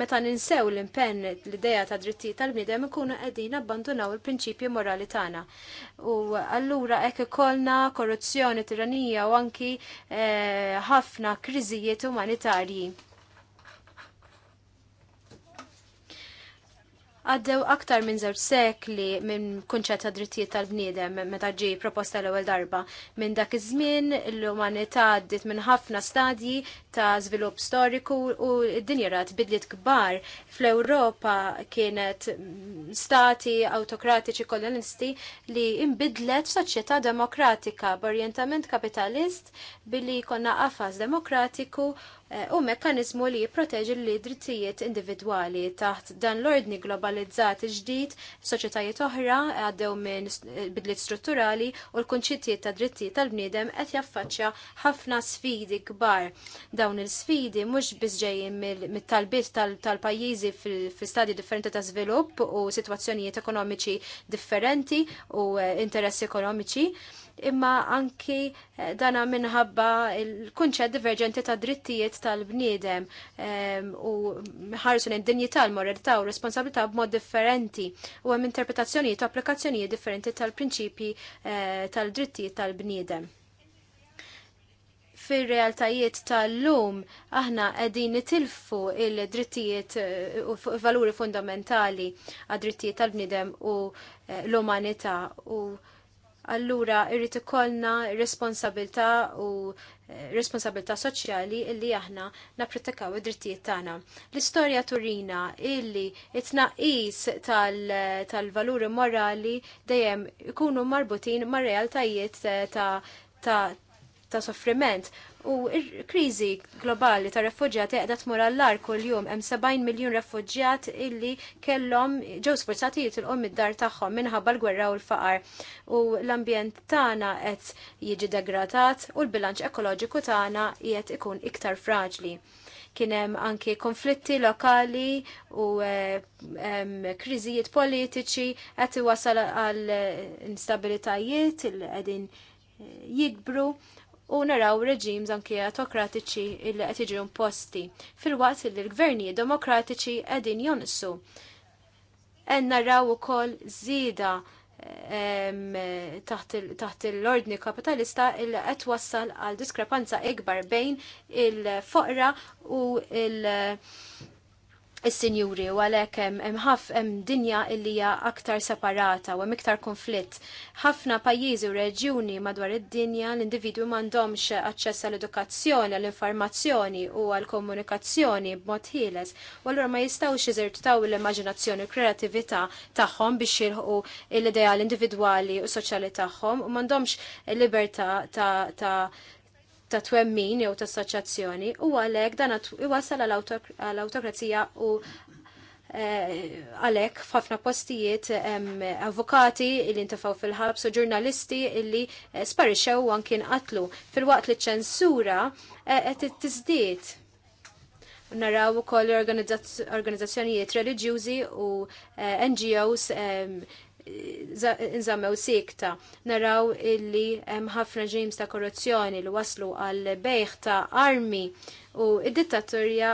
meta ninsew l-impenn l-ideja ta' dritti tal-bniedem nkunu qegħdin abbandunaw il-prinċipji morali tagħna. U allura hekk ikollna korruzzjoni, tiranija u anki eh, ħafna kriżijiet umanitarji għaddew aktar minn żewġ sekli minn kunċett ta' drittijiet tal-bniedem meta ġi proposta l-ewwel darba. Minn dak iż-żmien l-umanità għaddiet minn ħafna stadji ta' żvilupp storiku u d-dinja rat bidliet kbar. Fl-Ewropa kienet stati autokratiċi kolonisti li imbidlet soċjetà demokratika b'orjentament kapitalist billi konna qafas demokratiku Eh, u mekkanizmu li jipproteġi li drittijiet individwali taħt dan l-ordni globalizzat ġdid, soċjetajiet oħra għaddew minn eh, bidliet strutturali u l-kunċittijiet ta' drittijiet tal-bniedem qed jaffaċċja ħafna sfidi kbar. Dawn il-sfidi mhux biss ġejjin mit-talbiet tal-pajjiżi fil-stadji differenti ta' żvilupp u sitwazzjonijiet ekonomiċi differenti u eh, interessi ekonomiċi imma anki eh, dana minħabba il-kunċet diverġenti ta' drittijiet tal-bniedem ehm, u ħarsu id-dinjità l-moralità u responsabilità b'mod differenti u hemm interpretazzjonijiet u applikazzjonijiet differenti tal-prinċipji eh, tal-drittijiet tal-bniedem fil-realtajiet tal-lum aħna qegħdin nitilfu il-drittijiet eh, u valuri fundamentali għad-drittijiet tal bniedem u l-umanità u Allura irrit ikollna responsabilta u eh, responsabilità soċjali illi aħna napprotettaw id-drittijiet tagħna. L-istorja turina illi it-tnaqqis tal-valuri tal morali dejjem ikunu marbutin mar-realtajiet eh, ta' ta' ta' soffriment. U kriżi globali ta' refuġjati qiegħda tmur għall-ar kuljum hemm 70 miljun refuġjat illi kellhom ġew sforzati jitilqhom mid-dar tagħhom minħabba l-gwerra u l-faqar. U l-ambjent tagħna qed jiġi degradat u l-bilanċ ekoloġiku tagħna qiegħed ikun iktar fraġli Kien hemm anke konflitti lokali u eh, kriżijiet politiċi qed iwassal għal instabilitajiet il qegħdin eh, jikbru u naraw reġims anki autokratiċi illi qed jiġu imposti fil-waqt li l-gvernijiet demokratiċi qegħdin jonsu. En naraw ukoll żieda taħt l-ordni kapitalista illi qed wassal għal diskrepanza ikbar bejn il-foqra u il- is-sinjuri u għalhekk hemm hemm dinja illi hija aktar separata u hemm iktar konflitt. Ħafna pajjiżi u reġjuni madwar id-dinja l-individwi m'għandhomx aċċess għall-edukazzjoni, għall-informazzjoni u għall-komunikazzjoni b'mod ħieles u allura ma jistgħux iżertaw l-immaġinazzjoni u kreatività tagħhom biex jilħu l ideali individwali u soċjali tagħhom u m'għandhomx libertà ta' ta' twemmin jew ta' assoċjazzjoni u għalhekk dan iwassal għall-awtokrazija u eh, għalek f'ħafna postijiet avukati illi intafaw fil-ħabs u ġurnalisti illi eh, sparixew u anki nqatlu fil-waqt li ċensura eh, qed tiżdied. Naraw ukoll organizzazzjonijiet reliġjużi u NGOs nżammew sikta. Naraw illi hemm ħafna ġims ta' korruzzjoni li waslu għal bejħ ta' armi u id-dittaturja,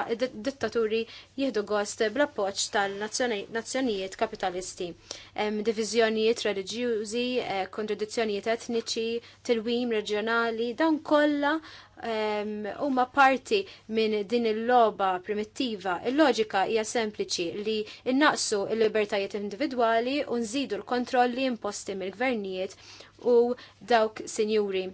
dittaturi jihdu gost bla poċ tal-nazzjonijiet kapitalisti. Hemm diviżjonijiet reliġjużi, eh, kontradizzjonijiet etniċi, tilwim reġjonali, dan kollha huma parti minn din il-loba primittiva. Il-loġika hija sempliċi li innaqsu il-libertajiet individwali u nżidu l-kontrolli imposti mill-gvernijiet u dawk sinjuri.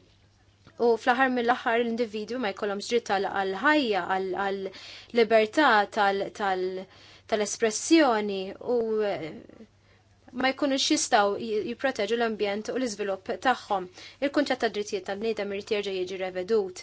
U fl-aħħar mill-aħħar l-individwi ma jkollhomx dritt għal-ħajja, għal-libertà tal-espressjoni u ma jkunux jistaw jipproteġu l-ambjent u l-iżvilupp tagħhom. Il-kunċett ta' drittijiet tal-bniedem irid jerġa' jiġi revedut.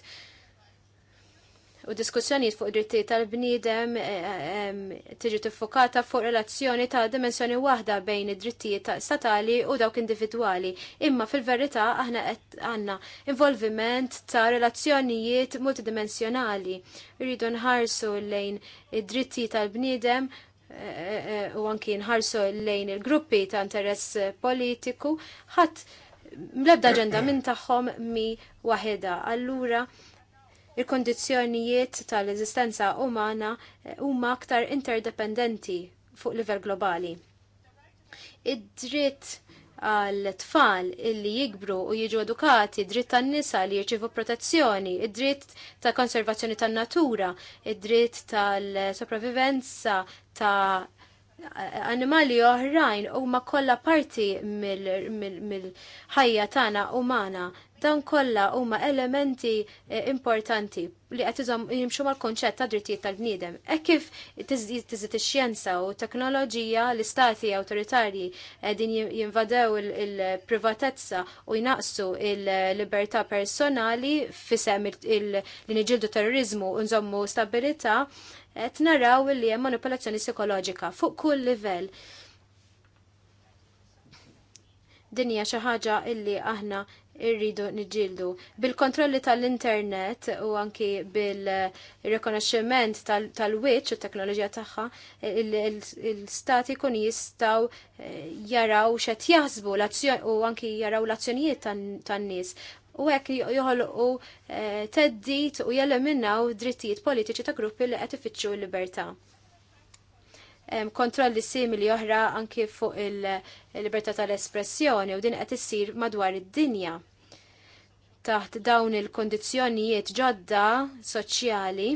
U diskussjonijiet fuq drittijiet tal-bniedem eh, eh, tiġi tiffokata fuq relazzjoni ta' dimensjoni waħda bejn id-drittijiet statali u dawk individwali. Imma fil-verità aħna qed għandna involviment ta' relazzjonijiet multidimensjonali. Irridu nħarsu lejn id-drittijiet tal-bniedem u anki nħarsu lejn il-gruppi ta' interess politiku, ħadd mlebda ġenda minn tagħhom mi waħeda. Allura il-kondizzjonijiet tal-eżistenza umana eh, huma aktar interdependenti fuq livell globali. Id-dritt għal tfal illi jikbru u jiġu edukati, dritt tan nisa li jirċivu protezzjoni, id-dritt ta' konservazzjoni tan natura, id-dritt tal-sopravivenza ta' animali oħrajn u ma kolla parti mill-ħajja mil, mil tagħna umana Dan kollha huma elementi eh, importanti li qed iżhom jimxu mal-konċett ta' drittijiet tal-bniedem. E' kif tiżid ix-xjenza u teknoloġija l-istati awtoritarji din jinvadew il-privatezza u jnaqsu il-libertà personali fisem li niġildu terrorizmu u nżommu stabilità, qed naraw li hemm manipolazzjoni psikoloġika fuq kull livell dinja xi ħaġa illi aħna irridu niġildu. Bil-kontrolli tal-internet u anki bil-rekonoxximent tal witch u teknoloġija tagħha, il-stati kun jistaw eh, jaraw xed jaħsbu u anki jaraw l-azzjonijiet tan-nies. U hekk joħolqu eh, teddit u jeleminaw drittijiet politiċi ta' gruppi li qed ifittxu l-libertà kontrolli simili oħra anki fuq il-libertà tal-espressjoni u din qed issir madwar id-dinja. Taħt dawn il kondizjonijiet ġodda soċjali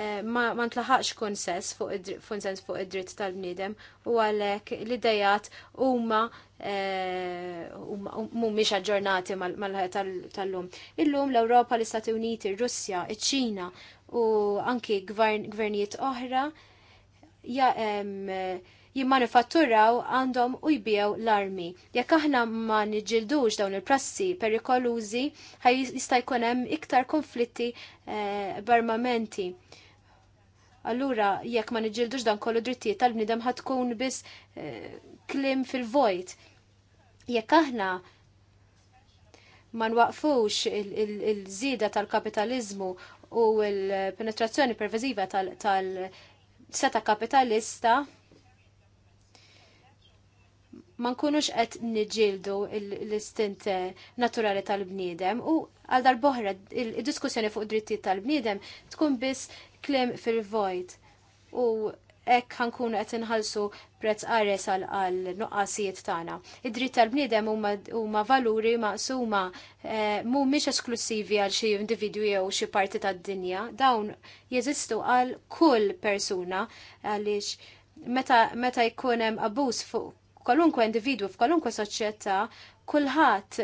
eh, ma, ma ntlaħaqx konsens fuq id-dritt fuq id-dritt tal-bniedem u għalhekk l-idejat huma eh, mhumiex aġġornati mal-ħajja tal-lum. Illum l-Ewropa, l-Istati Uniti, ir-Russja, iċ-Ċina u anki gvernijiet oħra ja, jimmanifatturaw għandhom u jbijaw l-armi. Jekk aħna ma niġildux dawn il-prassi perikolużi, ħaj jista' jkun hemm iktar konflitti eh, barmamenti. Allura, jekk ma niġildux dan kollu drittijiet tal-bnidem ħatkun biss eh, klim fil-vojt. Jekk aħna ma nwaqfux il-żida il il tal-kapitalizmu u l-penetrazzjoni pervasiva tal-seta kapitalista ma nkunux qed niġildu l-istint naturali tal-bniedem u għal darboħra il-diskussjoni fuq drittijiet tal-bniedem tkun biss klem fil-vojt u Ek ħankun qed inħallsu prezz qares għal nuqqasijiet tagħna. Id-dritt tal-bniedem huma valuri maqsuma eh, mhumiex esklusivi għal xi individwi jew xi parti tad-dinja. Dawn jeżistu għal kull persuna għaliex meta meta jkun hemm abbuż fuq kwalunkwe individwu f'kwalunkwe soċjetà kulħadd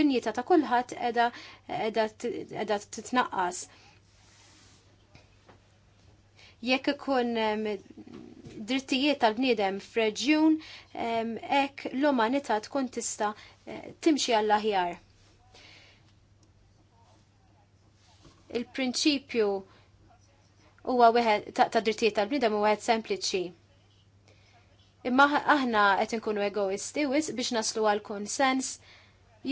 dinjità ta' kulħadd qiegħda qiegħda titnaqqas jekk ikun drittijiet tal-bniedem f'reġjun hekk l-umanità tkun tista eh, timxi għall aħjar Il-prinċipju huwa wieħed ta' drittijiet tal-bniedem huwa wieħed sempliċi. Imma aħna qed inkunu egoisti wis biex naslu għal konsens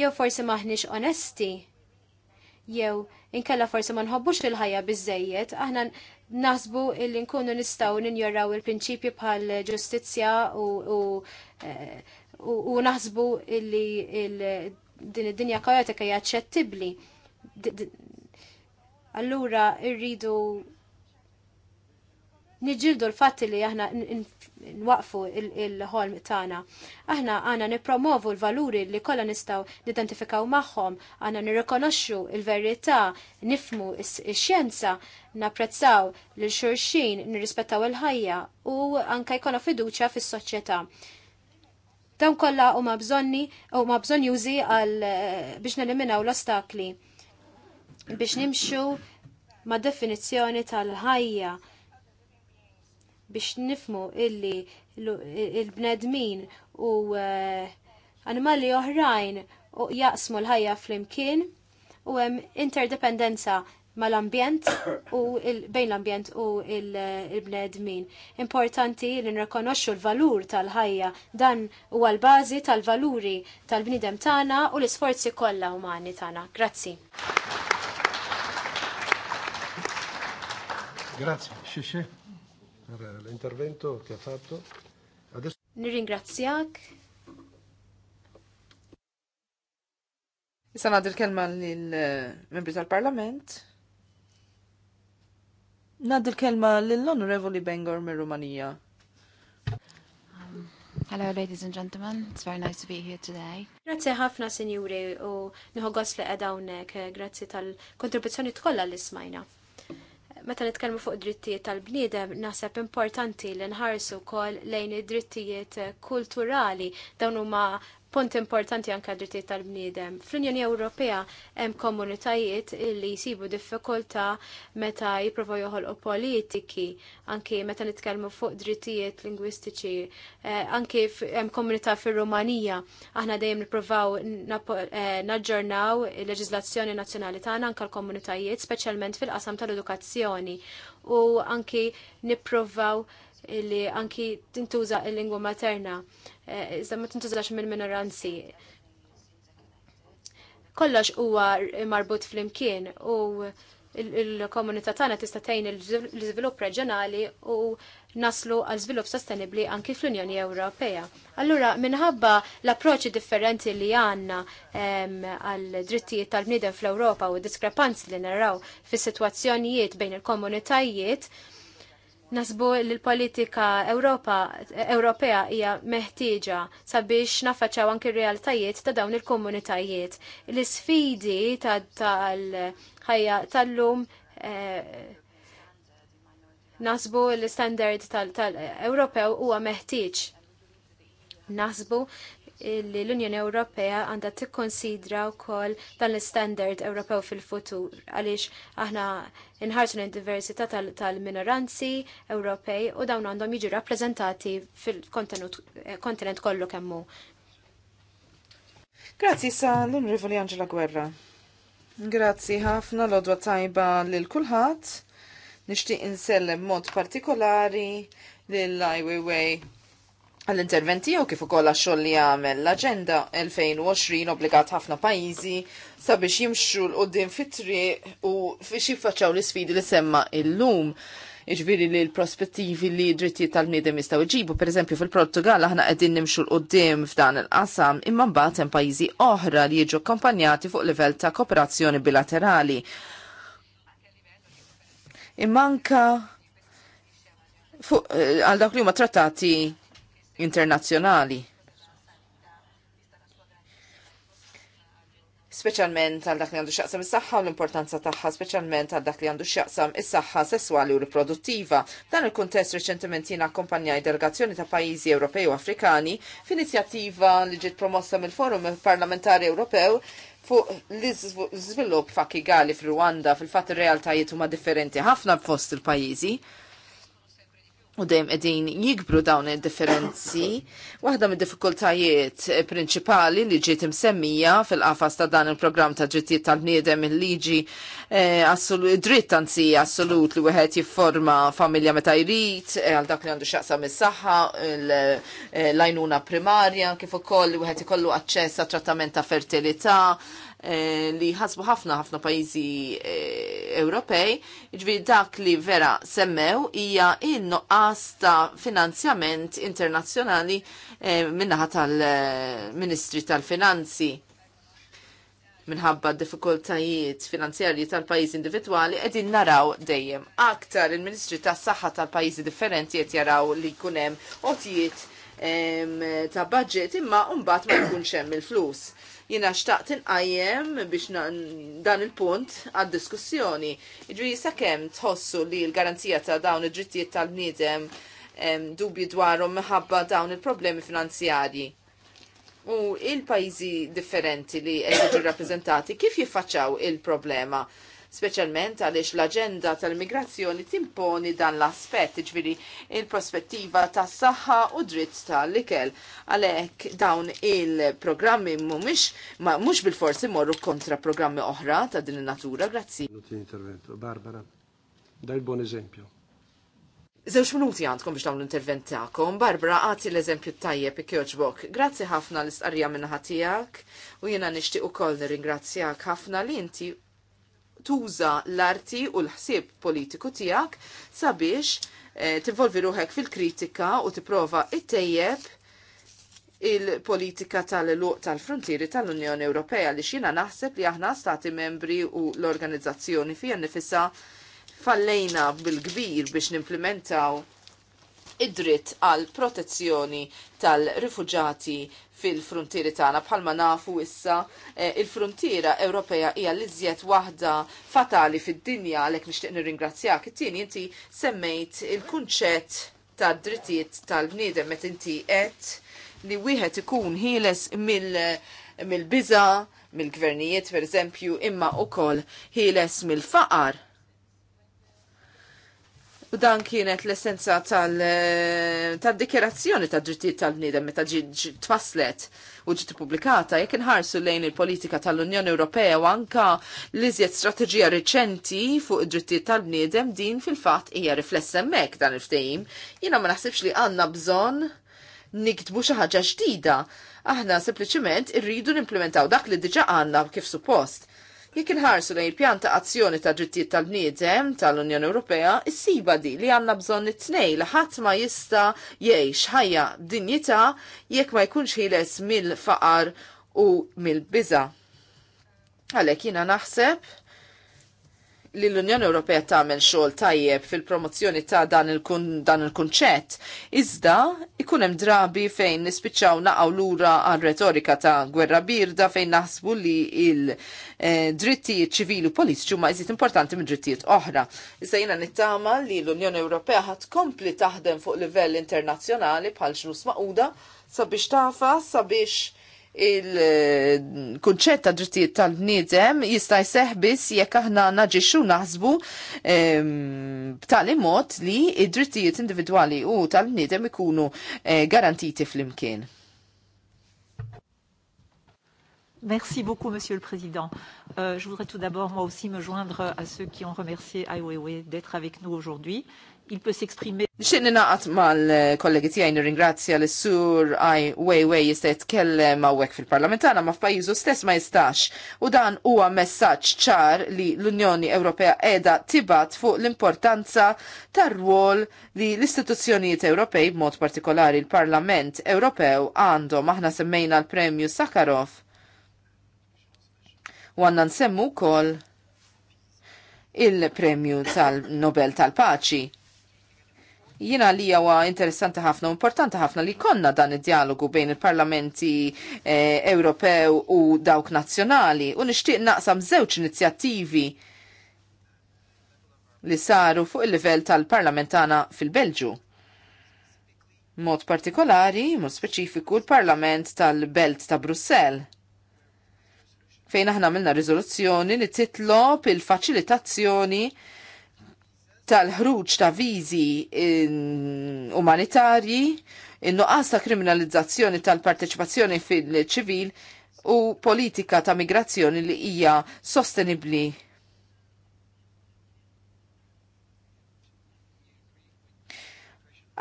jew forsi maħniex onesti jew inkella forsi ma nħobbux il-ħajja biżejjed, aħna nasbu illi nkunu nistaw ninjoraw il prinċipju bħal ġustizzja u, u, eh, u, u naħsbu illi il, din id-dinja kajotika hija aċċettibbli. Allura irridu niġildu l-fatti li aħna nwaqfu il-ħolm tagħna. Aħna għana nipromovu l-valuri li kollha nistgħu nidentifikaw magħhom, għana nirrikonoxxu il-verità, nifmu x-xjenza, napprezzaw lil xurxin, nirrispettaw il-ħajja u anke jkollna fiduċja fis-soċjetà. Dawn kollha huma bżonni u huma bżonn jużi għal biex neliminaw l-ostakli biex nimxu ma' definizzjoni tal-ħajja biex nifmu illi il-bnedmin u eh, animali oħrajn u jaqsmu l-ħajja fl-imkien u hemm interdependenza mal-ambjent u bejn l-ambjent u il-bnedmin. Importanti li nrekonoxxu l-valur tal-ħajja dan huwa l-bażi tal-valuri tal-bnidem tagħna u l-isforzi kollha umani tagħna. Grazzi. Grazie, Xixi. L-intervento che ha fatto. Adesso... Nirringrazzjak. Issa nadir kelma lill-membri eh, tal-Parlament. Nadir kelma lill-Onorevoli Bengor me rumanija Hello, ladies and gentlemen. It's very nice to be here today. Grazie ħafna, sinjuri, u nħogos li għedawnek. Grazie tal-kontribuzzjoni tkolla l ismajna meta nitkellmu fuq drittijiet tal-bniedem, naħseb importanti li nħarsu wkoll lejn id-drittijiet kulturali dawn huma punt importanti anka drittijiet tal-bniedem. Fl-Unjoni Ewropea hemm komunitajiet li jsibu diffikultà meta jipprovaw joħolqu politiki, anki meta nitkellmu fuq drittijiet lingwistiċi, eh, anki hemm komunità fir-Rumanija. Aħna dejjem nippruvaw eh, naġġornaw il-leġiżlazzjoni nazzjonali tagħna anke l-komunitajiet, speċjalment fil-qasam tal-edukazzjoni u anki nippruvaw li anki tintuża il-lingwa materna, eh, iżda ma tintużax mill-minoranzi. Kollox huwa marbut fl-imkien u il-komunità tagħna tista' tgħin l-iżvilupp reġjonali u naslu għal żvilupp sostenibbli anki fl-Unjoni Ewropea. Allura minħabba l-approċċi differenti li għandna għal drittijiet tal-bniedem fl-Ewropa u diskrepanzi li naraw fis-sitwazzjonijiet bejn il-komunitajiet, Nasbu li l-politika Ewropa Ewropea hija meħtieġa sabiex nafaċaw anki realtajiet ta' dawn il-komunitajiet. L-isfidi tal-ħajja tal-lum eh, nasbu l-standard tal-Ewropew huwa meħtieġ. Nasbu li l-Unjoni Ewropea għandha tikkonsidra wkoll dan l-standard Ewropew fil-futur għaliex aħna inħarsu l-diversità tal-minoranzi Ewropej u dawn għandhom jiġu rappreżentati fil-kontinent kollu kemmu. Grazzi sa l unrivoli Angela Guerra. Grazzi ħafna l-odwa tajba lil kulħadd. Nixtieq insellem mod partikolari lil Highway Way għall-interventi jew kif ukoll għax-xogħol li għamel l-Aġenda 2020 obbligat ħafna pajjiżi sabiex jimxu l qudiem fit-triq u fiex jiffaċċaw l-isfidi li semma illum. Iġbiri li l-prospettivi li dritti tal jistaw jistgħu jġibu, pereżempju fil-Portugal aħna qegħdin nimxu l qudiem f'dan il-qasam imma mbagħad hemm pajjiżi oħra li jiġu akkompanjati fuq livell ta' kooperazzjoni bilaterali. Immanka fuq eh, għal dawk li huma trattati internazzjonali. Speċjalment għal dak li għandu xaqsam is-saħħa u l-importanza tagħha, speċjalment għal dak li għandu xaqsam is-saħħa sesswali u riproduttiva. Dan il-kuntest reċentement jiena akkompanjaj delegazzjoni ta' pajjiżi Ewropej u Afrikani f'inizjattiva li ġiet promossa mill-Forum Parlamentari Ewropew fuq l-iżvilupp fakigali Kigali fil-Rwanda fil-fatt ir-realtajiet huma differenti ħafna fost il-pajjiżi u dejjem qegħdin jikbru dawn id-differenzi. Waħda mid-diffikultajiet prinċipali li ġiet imsemmija fil-qafas ta' dan il-programm ta' ġittijiet tal-bniedem il-liġi eh, dritt anzi assolut li wieħed jifforma familja meta jrid eh, għal dak li għandu x'aqsam mis saħħa eh, l-għajnuna primarja, kif ukoll li wieħed ikollu aċċess għat trattament ta' fertilità, Eh, li ħasbu ħafna ħafna pajjiżi eh, Ewropej, ġvi dak li vera semmew hija in-noqqas ta' finanzjament internazzjonali eh, minnaħa tal-Ministri tal-Finanzi minħabba diffikultajiet finanzjarji tal-pajjiż individwali qegħdin naraw dejjem. Aktar il-Ministri tas-Saħħa tal-pajjiżi differenti qed jaraw li jkun hemm otijiet ta' budget imma mbagħad ma jkunx hemm il-flus. Jina xtaqt inqajjem biex dan il-punt għad-diskussjoni. Iġri sakemm tħossu li l-garanzija ta' dawn id-drittijiet tal-bniedem dubju dwarhom minħabba dawn il-problemi finanzjarji. U il-pajjiżi differenti li qed jiġu rappreżentati kif jiffaċċaw il-problema? il problema speċjalment għaliex l-aġenda tal-migrazzjoni timponi dan l-aspett, ġviri il-prospettiva tas saħħa u dritt tal-ikel. Għalhekk dawn il-programmi mhumiex ma mhux bil-forsi morru kontra programmi oħra ta' din il natura grazzi. Barbara, daj bon eżempju. Zewx minuti għandkom biex dawn l-intervent tagħkom. Barbara, għati l-eżempju tajjeb ikjoġbok. Grazzi ħafna l-istqarrija minna ħatijak u jena nishtiq u koll ringrazzjak ħafna li inti tuża l-arti u l-ħsieb politiku tiegħek sabiex eh, t-involvi ruħek fil-kritika u tipprova tejjeb il-politika tal-luq tal-frontieri tal-Unjoni Ewropea li xina naħseb li aħna stati membri u l-organizzazzjoni fija nifissa fallejna bil-kbir biex nimplementaw id-dritt għal protezzjoni tal-rifuġati fil-frontieri tagħna bħalma nafu issa eh, il-frontiera Ewropea hija l iżjed waħda fatali fid-dinja għalhekk nixtieq nirringrazzjak. It-tieni inti semmejt il-kunċett tad drittijiet tal-bniedem meta inti qed li wieħed ikun ħieles mill mill-biża, mill-gvernijiet pereżempju, imma wkoll ħieles mill-faqar U dan kienet l-essenza tal-dikjerazzjoni eh, tad drittijiet tal-bniedem meta ġi tfaslet u ġi pubblikata jekk inħarsu lejn il-politika tal-Unjoni Ewropea u anka l-iżjed strateġija reċenti fuq id-drittijiet tal-bniedem din fil-fatt hija riflessa hemmhekk dan il-ftehim. Jiena ma naħsibx li għandna bżonn niktbu xi ħaġa ġdida. Aħna sempliċiment irridu nimplementaw dak li diġà għandna kif suppost. Jekk inħarsu lejn pjanta azzjoni ta' drittijiet tal-bniedem tal-Unjoni Ewropea, issiba di li għandna bżonn it-tnej li ħadd ma jista' jgħix ħajja dinjità jekk ma jkunx ħieles mill-faqar u mill-biża. Għalhekk jiena naħseb li l-Unjoni Ewropea tagħmel xogħol tajjeb fil-promozzjoni ta' dan il-kunċett, iżda ikun hemm drabi fejn nispiċċaw naqgħu lura għal retorika ta' gwerra birda fejn naħsbu li il-drittijiet eh, ċivili u politiċi huma jżid importanti minn drittijiet oħra. Iżda jiena nittama li l-Unjoni Ewropea ħad kompli taħdem fuq livell internazzjonali bħal xnus maquda sabiex tafa sabiex il-kunċett ta' drittijiet tal-bniedem jista' jseħ biss jekk aħna naġixxu naħsbu ehm, b'tali mod li id-drittijiet individwali u tal-bniedem ikunu eh, garantiti flimkien. Merci beaucoup, Monsieur le Président. Euh, je voudrais tout d'abord, moi aussi, me joindre à ceux qui ont remercié Ai Weiwei d'être avec nous aujourd'hui il peut s'exprimer. Nixin ninaqat mal-kollegi tijaj nir-ingrazzja l-sur Ai Weiwei jista' jitkellem għawek fil-parlamentana ma f-pajizu stess ma jistax. U dan huwa messaġġ ċar li l-Unjoni Ewropea edha tibat fuq l-importanza tar-rwol li l-istituzzjonijiet Ewropej b'mod partikolari l-Parlament Ewropew għandhom aħna semmejna l-Premju Sakharov. U għanna nsemmu kol il-premju tal-Nobel tal-Paċi Jina li jawa interessanti ħafna u importanti ħafna li konna dan id-dialogu bejn il-parlamenti eh, Ewropew u dawk nazzjonali u nixtieq naqsam żewġ inizjattivi li saru fuq il-livell tal-parlamentana fil-Belġu. Mod partikolari, mod speċifiku l-Parlament tal-Belt ta' Brussell fejn aħna għamilna riżoluzzjoni li titlob il-faċilitazzjoni tal-ħruġ ta' viżi umanitarji, in-nuqqas ta' kriminalizzazzjoni tal-parteċipazzjoni fil-ċivil u politika ta' migrazzjoni li hija sostenibbli.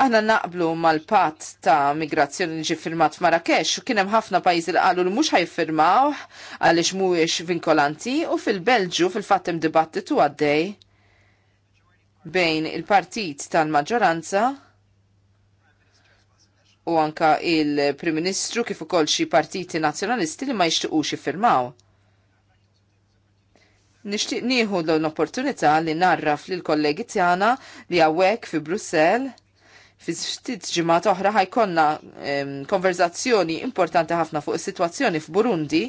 Aħna naqblu mal-pat ta' migrazzjoni li ġi firmat f'Marrakesh u kienem ħafna pajjiżi li qalu li mhux ħajfirmaw għaliex mhuwiex vinkolanti u fil-Belġu fil-fatt hemm dibattitu għaddej bejn il-partit tal-maġġoranza u anka il-Prim Ministru kif ukoll xi partiti nazzjonalisti li ma jixtiequx jiffirmaw. Nixtieq nieħu l-opportunità li narraf lil kollegi tagħna li hawnhekk fi Brussell fi ftit ġimgħat oħra ħajkonna konverzazzjoni importanti ħafna fuq is-sitwazzjoni f'Burundi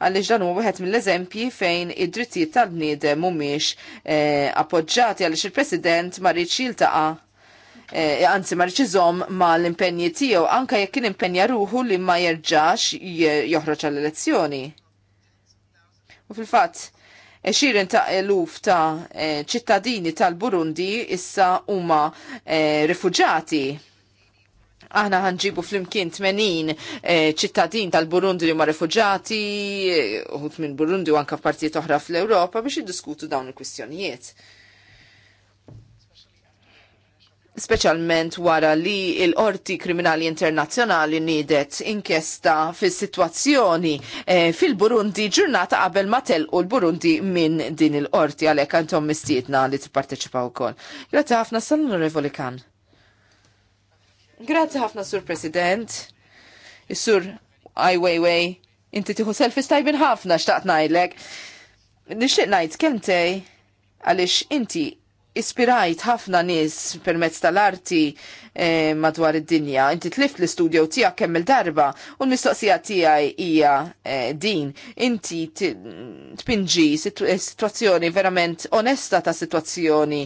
għaliex dan huwa wieħed mill-eżempji fejn id-drittijiet tal-bniedem mhumiex eh, appoġġati għaliex il-President ma jiltaqa jiltaqa' eh, marriċ anzi ma l iżomm mal impenji tiegħu anke jekk kien impenja ruħu li ma jerġax joħroġ għall-elezzjoni. U fil-fatt, Eċirin ta' eluf ta' eh, ċittadini tal-Burundi issa huma eh, rifuġati Aħna ħanġibu fl-imkien 80 eh, ċittadin tal-Burundi li huma refuġati, eh, uħut minn Burundi u anka f'partijiet oħra fl-Ewropa biex jiddiskutu dawn il-kwistjonijiet. Speċjalment wara li l qorti Kriminali Internazzjonali niedet inkjesta fis sitwazzjoni eh, fil-Burundi ġurnata qabel ma telqu l-Burundi minn din il qorti għalhekk għandhom mistietna li tipparteċipaw ukoll. Grazzi ħafna sal-Onorevoli Kan. Grazzi ħafna, Sur President. Is-Sur Ai Weiwei, inti tiħu selfis tajbin ħafna xtaqt ngħidlek. Nixtieq ngħid kemtej għaliex inti ispirajt ħafna nies permezz tal-arti eh, madwar id-dinja. Inti tlift l-istudju tiegħek kemm il-darba u l-mistoqsija tiegħi hija eh, din. Inti tpinġi eh, situazzjoni verament onesta ta' situazzjoni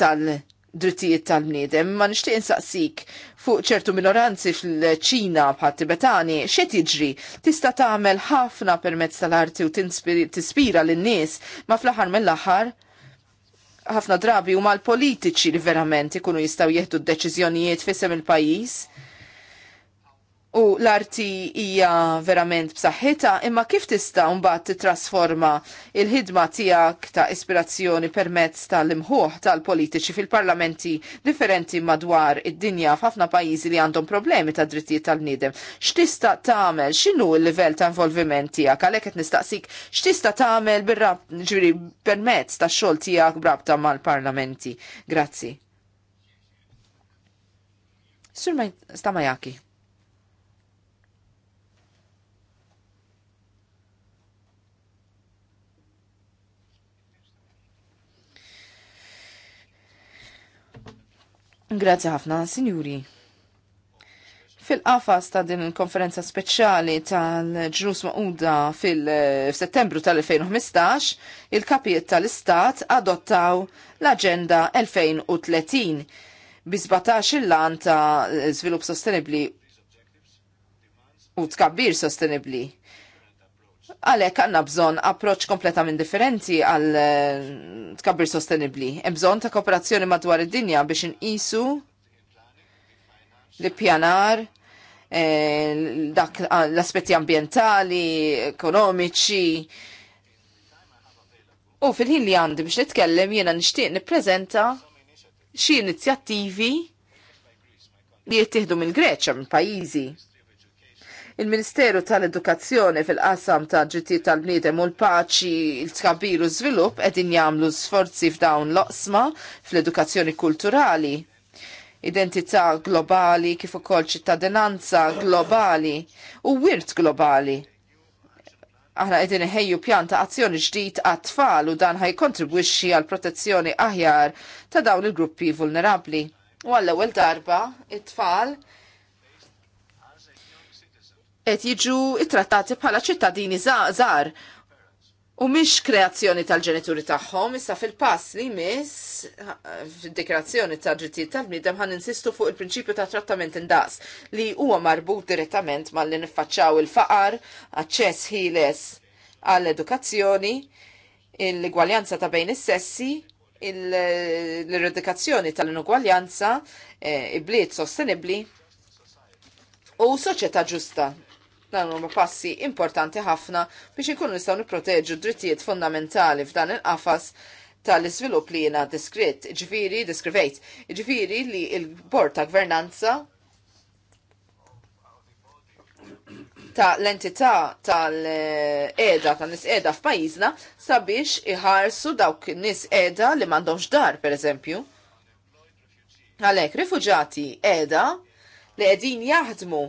tal- drittijiet tal-bniedem, ma nixtieq insaqsik fuq ċertu minoranzi fil-ċina bħat tibetani, xe tiġri? Tista tagħmel ħafna permezz tal-arti u tispira lin-nies, ma fl-aħħar mill-aħħar ħafna drabi huma l-politiċi li verament ikunu jistgħu jieħdu d deċizjonijiet fisem il-pajjiż u l-arti hija verament b'saħħitha, imma kif tista' mbagħad titrasforma il-ħidma tiegħek ta' ispirazzjoni permezz tal-imħuħ tal-politiċi fil-parlamenti differenti madwar id-dinja f'ħafna pajjiżi li għandhom problemi ta' drittijiet tal-niedem. X'tista' tagħmel x'inhu l-livell ta' involviment tiegħek għalhekk qed nistaqsik x'tista' tagħmel bir-rab ġifieri permezz tax-xogħol tiegħek brabta mal-parlamenti. Grazzi. Sur Stamajaki. Grazzi ħafna, sinjuri. Fil-qafas ta' din il-konferenza speċjali tal ġlus maquda fil-settembru tal-2015, il-kapijiet tal-istat adottaw l-Agenda 2030 bi 17 il-lan ta' svilup sostenibli u tkabbir sostenibli. Għalek għanna bżon approċ kompletament differenti għal eh, tkabbir sostenibli. Bżon ta' kooperazzjoni madwar id-dinja biex nqisu li pjanar eh, ah, l-aspetti ambientali, ekonomiċi. U fil-ħin li għandi biex nitkellem jena nishtiq niprezenta xi inizjattivi li jittieħdu mill-Greċja minn pajjiżi Il-Ministeru tal-Edukazzjoni fil-qasam ta' ġitti tal-bniedem u l-paċi il-tkabiru żvilupp qegħdin jagħmlu sforzi f'dawn l-oqsma fl-edukazzjoni kulturali, identità globali kif ukoll ċittadinanza globali u wirt globali. Aħna qegħdin iħejju pjan ta' azzjoni ġdid għat-tfal u dan ħajkontribwixxi għal protezzjoni aħjar ta' dawn il-gruppi vulnerabbli. U għall-ewwel darba, it-tfal qed jiġu t-trattati bħala ċittadini żgħar u mhix kreazzjoni tal-ġenituri tagħhom, issa fil-pass li miss fid-dikrazzjoni ta' ġittijiet tal-bniedem ħan insistu fuq il-prinċipju ta' trattament indaqs li huwa marbut direttament mal-li niffaċċaw il-faqar, aċċess ħieles għall-edukazzjoni, l-igwaljanza ta' bejn is-sessi, l-eradikazzjoni tal-inugwaljanza, eh, il-bliet sostenibbli u soċjetà ġusta Dan huma passi importanti ħafna biex inkunu nistgħu nipproteġu drittijiet fundamentali f'dan il-qafas tal-iżvilupp li jiena diskritt, ġifieri diskrivejt, ġifieri li il-bord ta' gvernanza ta' l-entità tal-eda, ta' nis eda f'pajjiżna sabiex iħarsu dawk nis eda li m'għandhomx dar, per eżempju. Għalek, rifuġati eda li qegħdin jaħdmu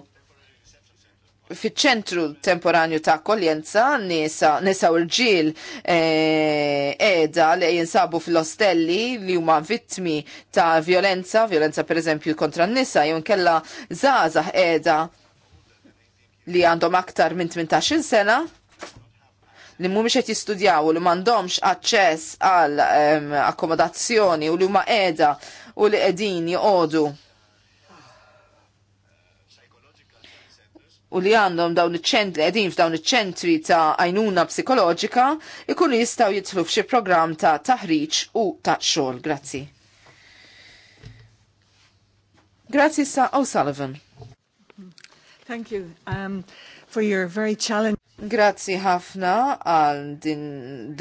fiċ-ċentru temporanju ta' akkoljenza nisa, nisa u rġil edha eh, li jinsabu fil-ostelli li huma vittmi ta' violenza, violenza per eżempju kontra n-nisa, jew kella zaza edha li għandhom aktar minn 18 sena li mhumiex qed jistudjaw li m'għandhomx aċċess għal ehm, akkomodazzjoni u li huma qiegħda u li qegħdin joqogħdu u li għandhom dawn iċ-ċentri qegħdin f'dawn iċ-ċentri ta' għajnuna psikoloġika ikunu jistgħu jidħlu f'xi programm ta' taħriġ u ta' xogħol. Grazzi. Grazzi sa' O'Sullivan. Thank you um, for your very challenging Grazzi ħafna għal din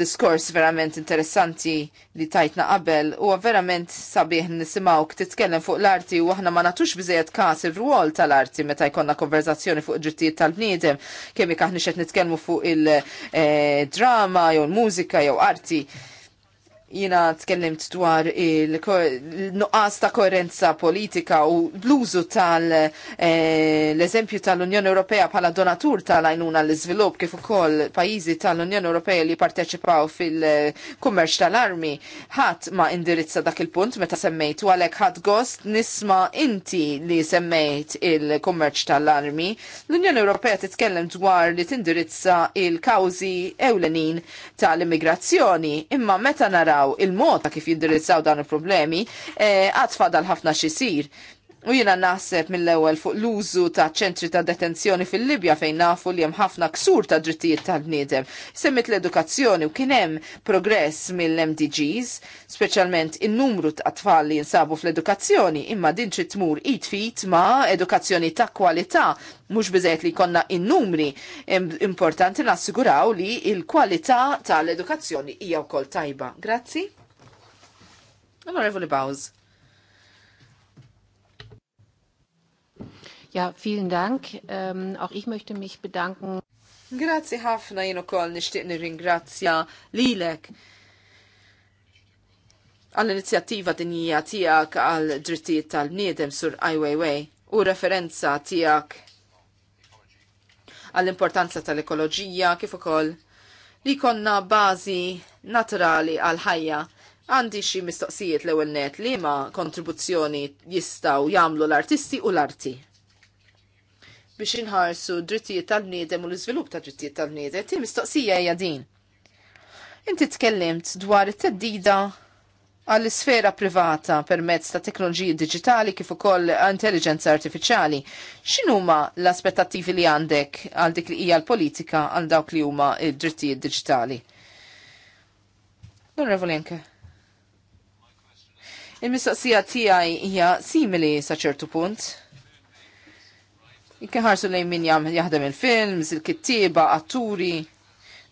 diskors verament interessanti li tajtna qabel u verament sabiħ nisimawk titkellem fuq l-arti u aħna ma natux biżejjed kas ir ruol tal-arti meta jkollna konverzazzjoni fuq ġittijiet tal-bniedem kemm ikk aħna nitkellmu fuq il-drama eh, jew l-mużika jew arti jina tkellimt dwar il-nuqqas ta' koerenza politika u l-użu tal-eżempju eh, tal-Unjoni Ewropea bħala donatur tal-għajnuna l-izvilup kif ukoll pajizi tal-Unjoni Ewropea li parteċipaw fil-kummerċ tal-armi. Ħadd ma indirizza dak il-punt meta semmejt u għalhekk ħadd gost nisma inti li semmejt il-kummerċ tal-armi. L-Unjoni Ewropea titkellem dwar li tindirizza il-kawżi ewlenin tal-immigrazzjoni imma meta naraw jindirizzaw il-mod ta' kif jindirizzaw dan il-problemi, eh, għad fadal ħafna xisir. U jina naħseb mill-ewwel fuq l-użu ta' ċentri ta' detenzjoni fil-Libja fejn nafu li hemm ħafna ksur ta' drittijiet tal-bniedem. Semmit l-edukazzjoni u kien hemm progress mill-MDGs, speċjalment in-numru ta' tfal li jinsabu fl-edukazzjoni, imma din trid tmur it fit ma' edukazzjoni ta' kwalità mhux biżejt li konna in-numri importanti nassiguraw li il-kwalità tal-edukazzjoni hija wkoll tajba. Grazzi. Onorevoli Bowes. Ja, vielen Dank. Um, auch ich möchte mich bedanken. Grazzi ħafna jien ukoll nixtieq nirringrazzja lilek għall-inizjattiva dinjija tiegħek għal drittijiet tal-bniedem sur Ai Weiwei u referenza tiegħek għall-importanza tal-ekoloġija kif ukoll li konna bażi naturali għal ħajja għandi xi mistoqsijiet l-ewwel net li ma kontribuzzjoni jistgħu jagħmlu l-artisti u l-arti biex inħarsu drittijiet tal niedem u l-iżvilupp ta' drittijiet tal niedem Ti mistoqsija hija din. Inti tkellimt dwar it-teddida għall-sfera privata permezz ta' teknoloġiji digitali kif ukoll intelligenza artifiċjali. X'inhuma l-aspettattivi li għandek għal dik li hija l-politika għal dawk li huma d-drittijiet digitali? Onorevoli Revolenke. Il-mistoqsija tiegħi hija simili sa ċertu punt ħarsu lejn min jaħdem il-films, il-kittiba, atturi,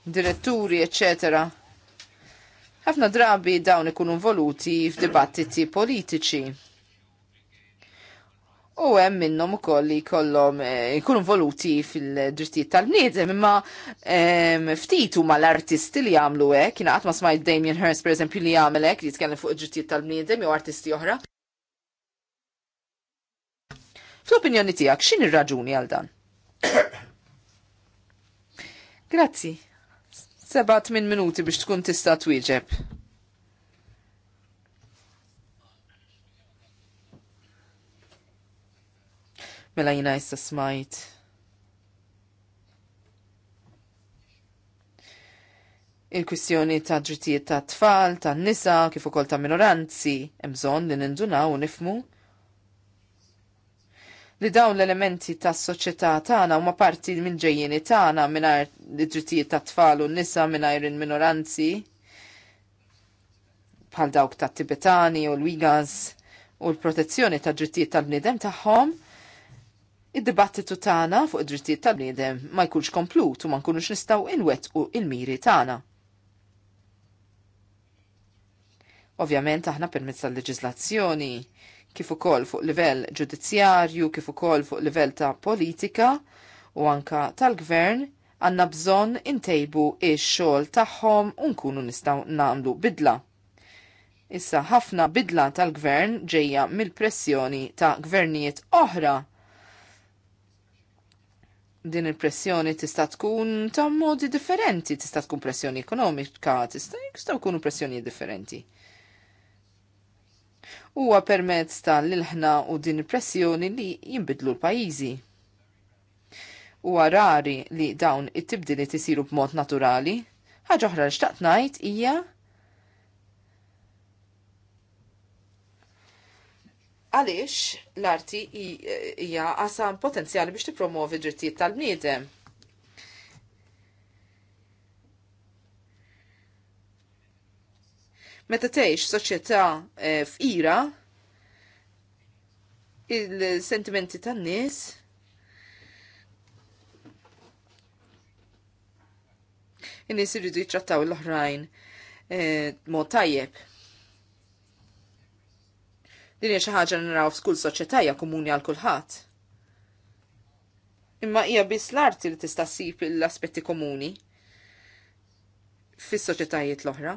diretturi, eccetera. Ħafna drabi dawn ikunu involuti f'dibattiti politiċi. U hemm minnhom ukoll li jkollhom ikunu eh, involuti fil-drittijiet tal-bniedem, imma ehm, ftit huma l-artisti li jagħmlu hekk, jiena qatt ma smajt Damien Hirst pereżempju li jagħmel hekk li jitkellem fuq id-drittijiet tal-bniedem jew artisti oħra. Fl-opinjoni tiegħek x'in ir-raġuni għal dan? *coughs* Grazzi. Seba' tmien minuti biex tkun tista' twieġeb. Mela jina jista smajt. Il-kwistjoni ta' drittijiet ta' tfal, ta' nisa, kif ukoll ta' minoranzi, hemm bżonn li nindunaw u nifmu li dawn l-elementi tas soċjetà tagħna huma parti minn ġejjieni tagħna mingħajr id-drittijiet ta' tfal u nisa mingħajr il-minoranzi bħal dawk tat tibetani u l wigans u l-protezzjoni ta' drittijiet tal-bniedem tagħhom id-dibattitu tagħna fuq id-drittijiet tal-bniedem ma jkunx komplut u ma nkunux nistgħu u il-miri tagħna. Ovvjament aħna permezz tal-leġiżlazzjoni kif ukoll fuq livell ġudizzjarju, kif ukoll fuq livell ta' politika u anka tal-gvern, għanna bżonn intejbu ix-xogħol tagħhom u nkunu nistgħu nagħmlu bidla. Issa ħafna bidla tal-gvern ġejja mill-pressjoni ta' gvernijiet oħra. Din il-pressjoni tista' tkun ta' modi differenti, tista' tkun pressjoni ekonomika, tista' jkunu pressjoni differenti huwa permezz tal-ilħna u din il-pressjoni li jinbidlu l-pajizi. Huwa rari li dawn it-tibdiliet isiru b'mod naturali. Ħaġa oħra li xtaqt ngħid hija għaliex l-arti hija qasam potenzjali biex tippromovi drittijiet tal-bniedem. Meta tgħix soċjetà eh, f'ira, il-sentimenti tan-nies in-nies iridu jittrattaw l-oħrajn eh, mod tajjeb. Din hija xi ħaġa naraw f'kull soċjetà komuni għal kulħadd. Imma hija biss l-arti li tista' ssib l-aspetti komuni fis-soċjetajiet l-oħra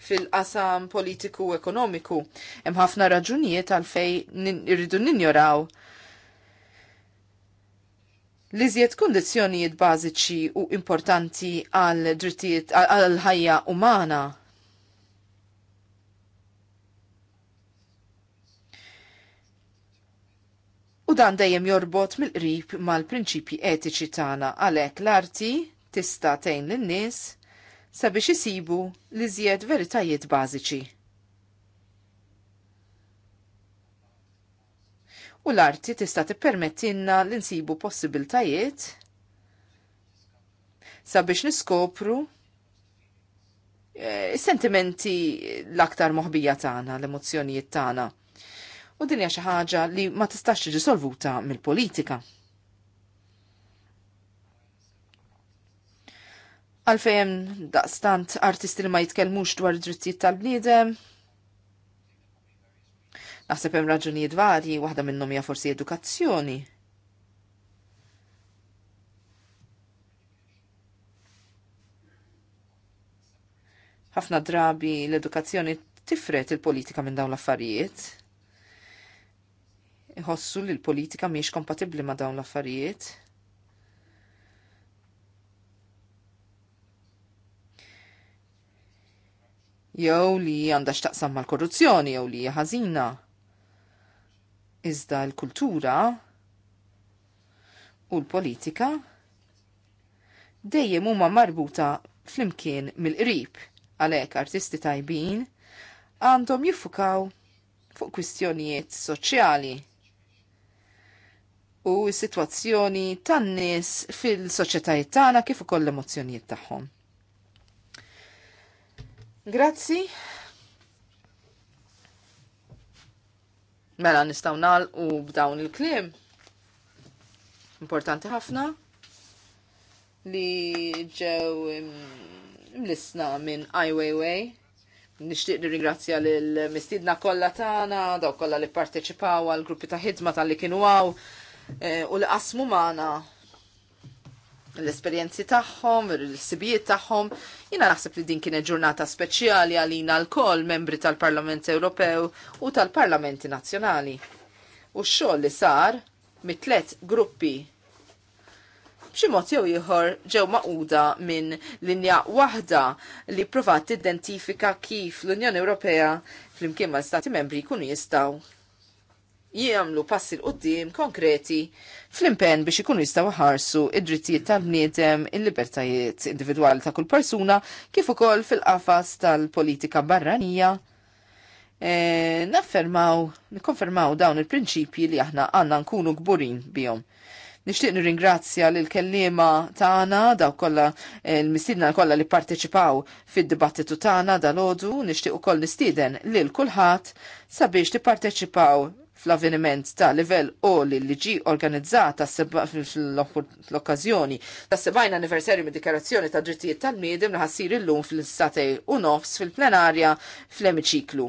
fil-qasam politiku u ekonomiku. Hemm ħafna raġunijiet għalfej irridu ninjoraw li zjed kondizjonijiet bażiċi u importanti għal drittijiet għal ħajja umana. U dan dejjem jorbot mill-qrib mal-prinċipji etiċi tagħna għalhekk l-arti tista' tgħin lin-nies sabiex isibu li zjed veritajiet bażiċi. U l-arti tista' tippermettilna li nsibu possibiltajiet sabiex niskopru is-sentimenti eh, l-aktar moħbija tagħna, l-emozzjonijiet tagħna. U dinja xi ħaġa li ma tistax tiġi solvuta mill-politika. Għalfejn daqstant artisti li ma jitkellmux dwar id-drittijiet tal-bliedem. Naħseb hemm raġunijiet varji, waħda minnhom hija forsi edukazzjoni. ħafna drabi l-edukazzjoni tifret il-politika minn dawn l-affarijiet. Iħossu li l-politika mhijiex kompatibbli ma' dawn l-affarijiet. jew li għandha x'taqsam mal-korruzzjoni jew li ħażina. Iżda l-kultura u l-politika dejjem huma marbuta flimkien mill-qrib għalhekk artisti tajbin għandhom jiffukaw fuq kwistjonijiet soċjali u s-sitwazzjoni tan-nies fil-soċjetajiet tagħna kif ukoll l-emozzjonijiet tagħhom. Grazzi. Mela nistaw nal u b'dawn il-klim. Importanti ħafna li ġew mm, mlisna minn Ai Weiwei. Nishtiq li ringrazzja l-mistidna kollha tagħna, daw kollha li parteċipaw għal gruppi ta' ħidma tal-li kienu għaw eh, u li qasmu magħna l-esperienzi tagħhom, l-sibijiet tagħhom. Jina naħseb li din kienet ġurnata speċjali għalina l-koll membri tal-Parlament Ewropew u tal-Parlamenti Nazzjonali. U x-xogħol li sar mit-tlet gruppi b'xi mod jew ieħor ġew maquda minn linja waħda li provat tiddentifika kif l-Unjoni Ewropea flimkien mal-Stati membri jkunu jistgħu jagħmlu passi l qudiem konkreti fl-impen biex ikunu jistaw ħarsu id-drittijiet tal-bniedem, il-libertajiet individwali ta' kull persuna, kif ukoll fil-qafas tal-politika barranija. E, Naffermaw, nikkonfermaw dawn il-prinċipji li aħna għanna nkunu gburin bihom. Nishtiq nirringrazzja l kellima tagħna daw kolla l-mistidna kollha li parteċipaw fid-dibattitu tagħna dal nishtiq nixtieq ukoll nistieden lil kulħadd sabiex tipparteċipaw fl-avveniment ta' livell o li li ġi organizzata fl-okkazjoni ta' sebajna anniversarju mid dikarazzjoni ta' drittijiet tal-miedem li ħassir illum fl-istatej u nofs fil-plenarja fl-emiċiklu.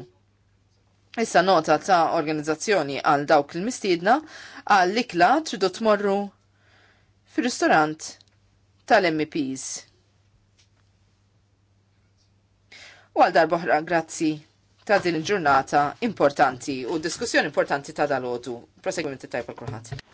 Issa nota ta' organizzazzjoni għal dawk il-mistiedna għal likla tridu tmorru fil-ristorant tal-MEPs. U għal darboħra, grazzi ta' din il-ġurnata importanti u diskussjoni importanti ta' dal-ħodu. Proseguimenti tajba kulħadd.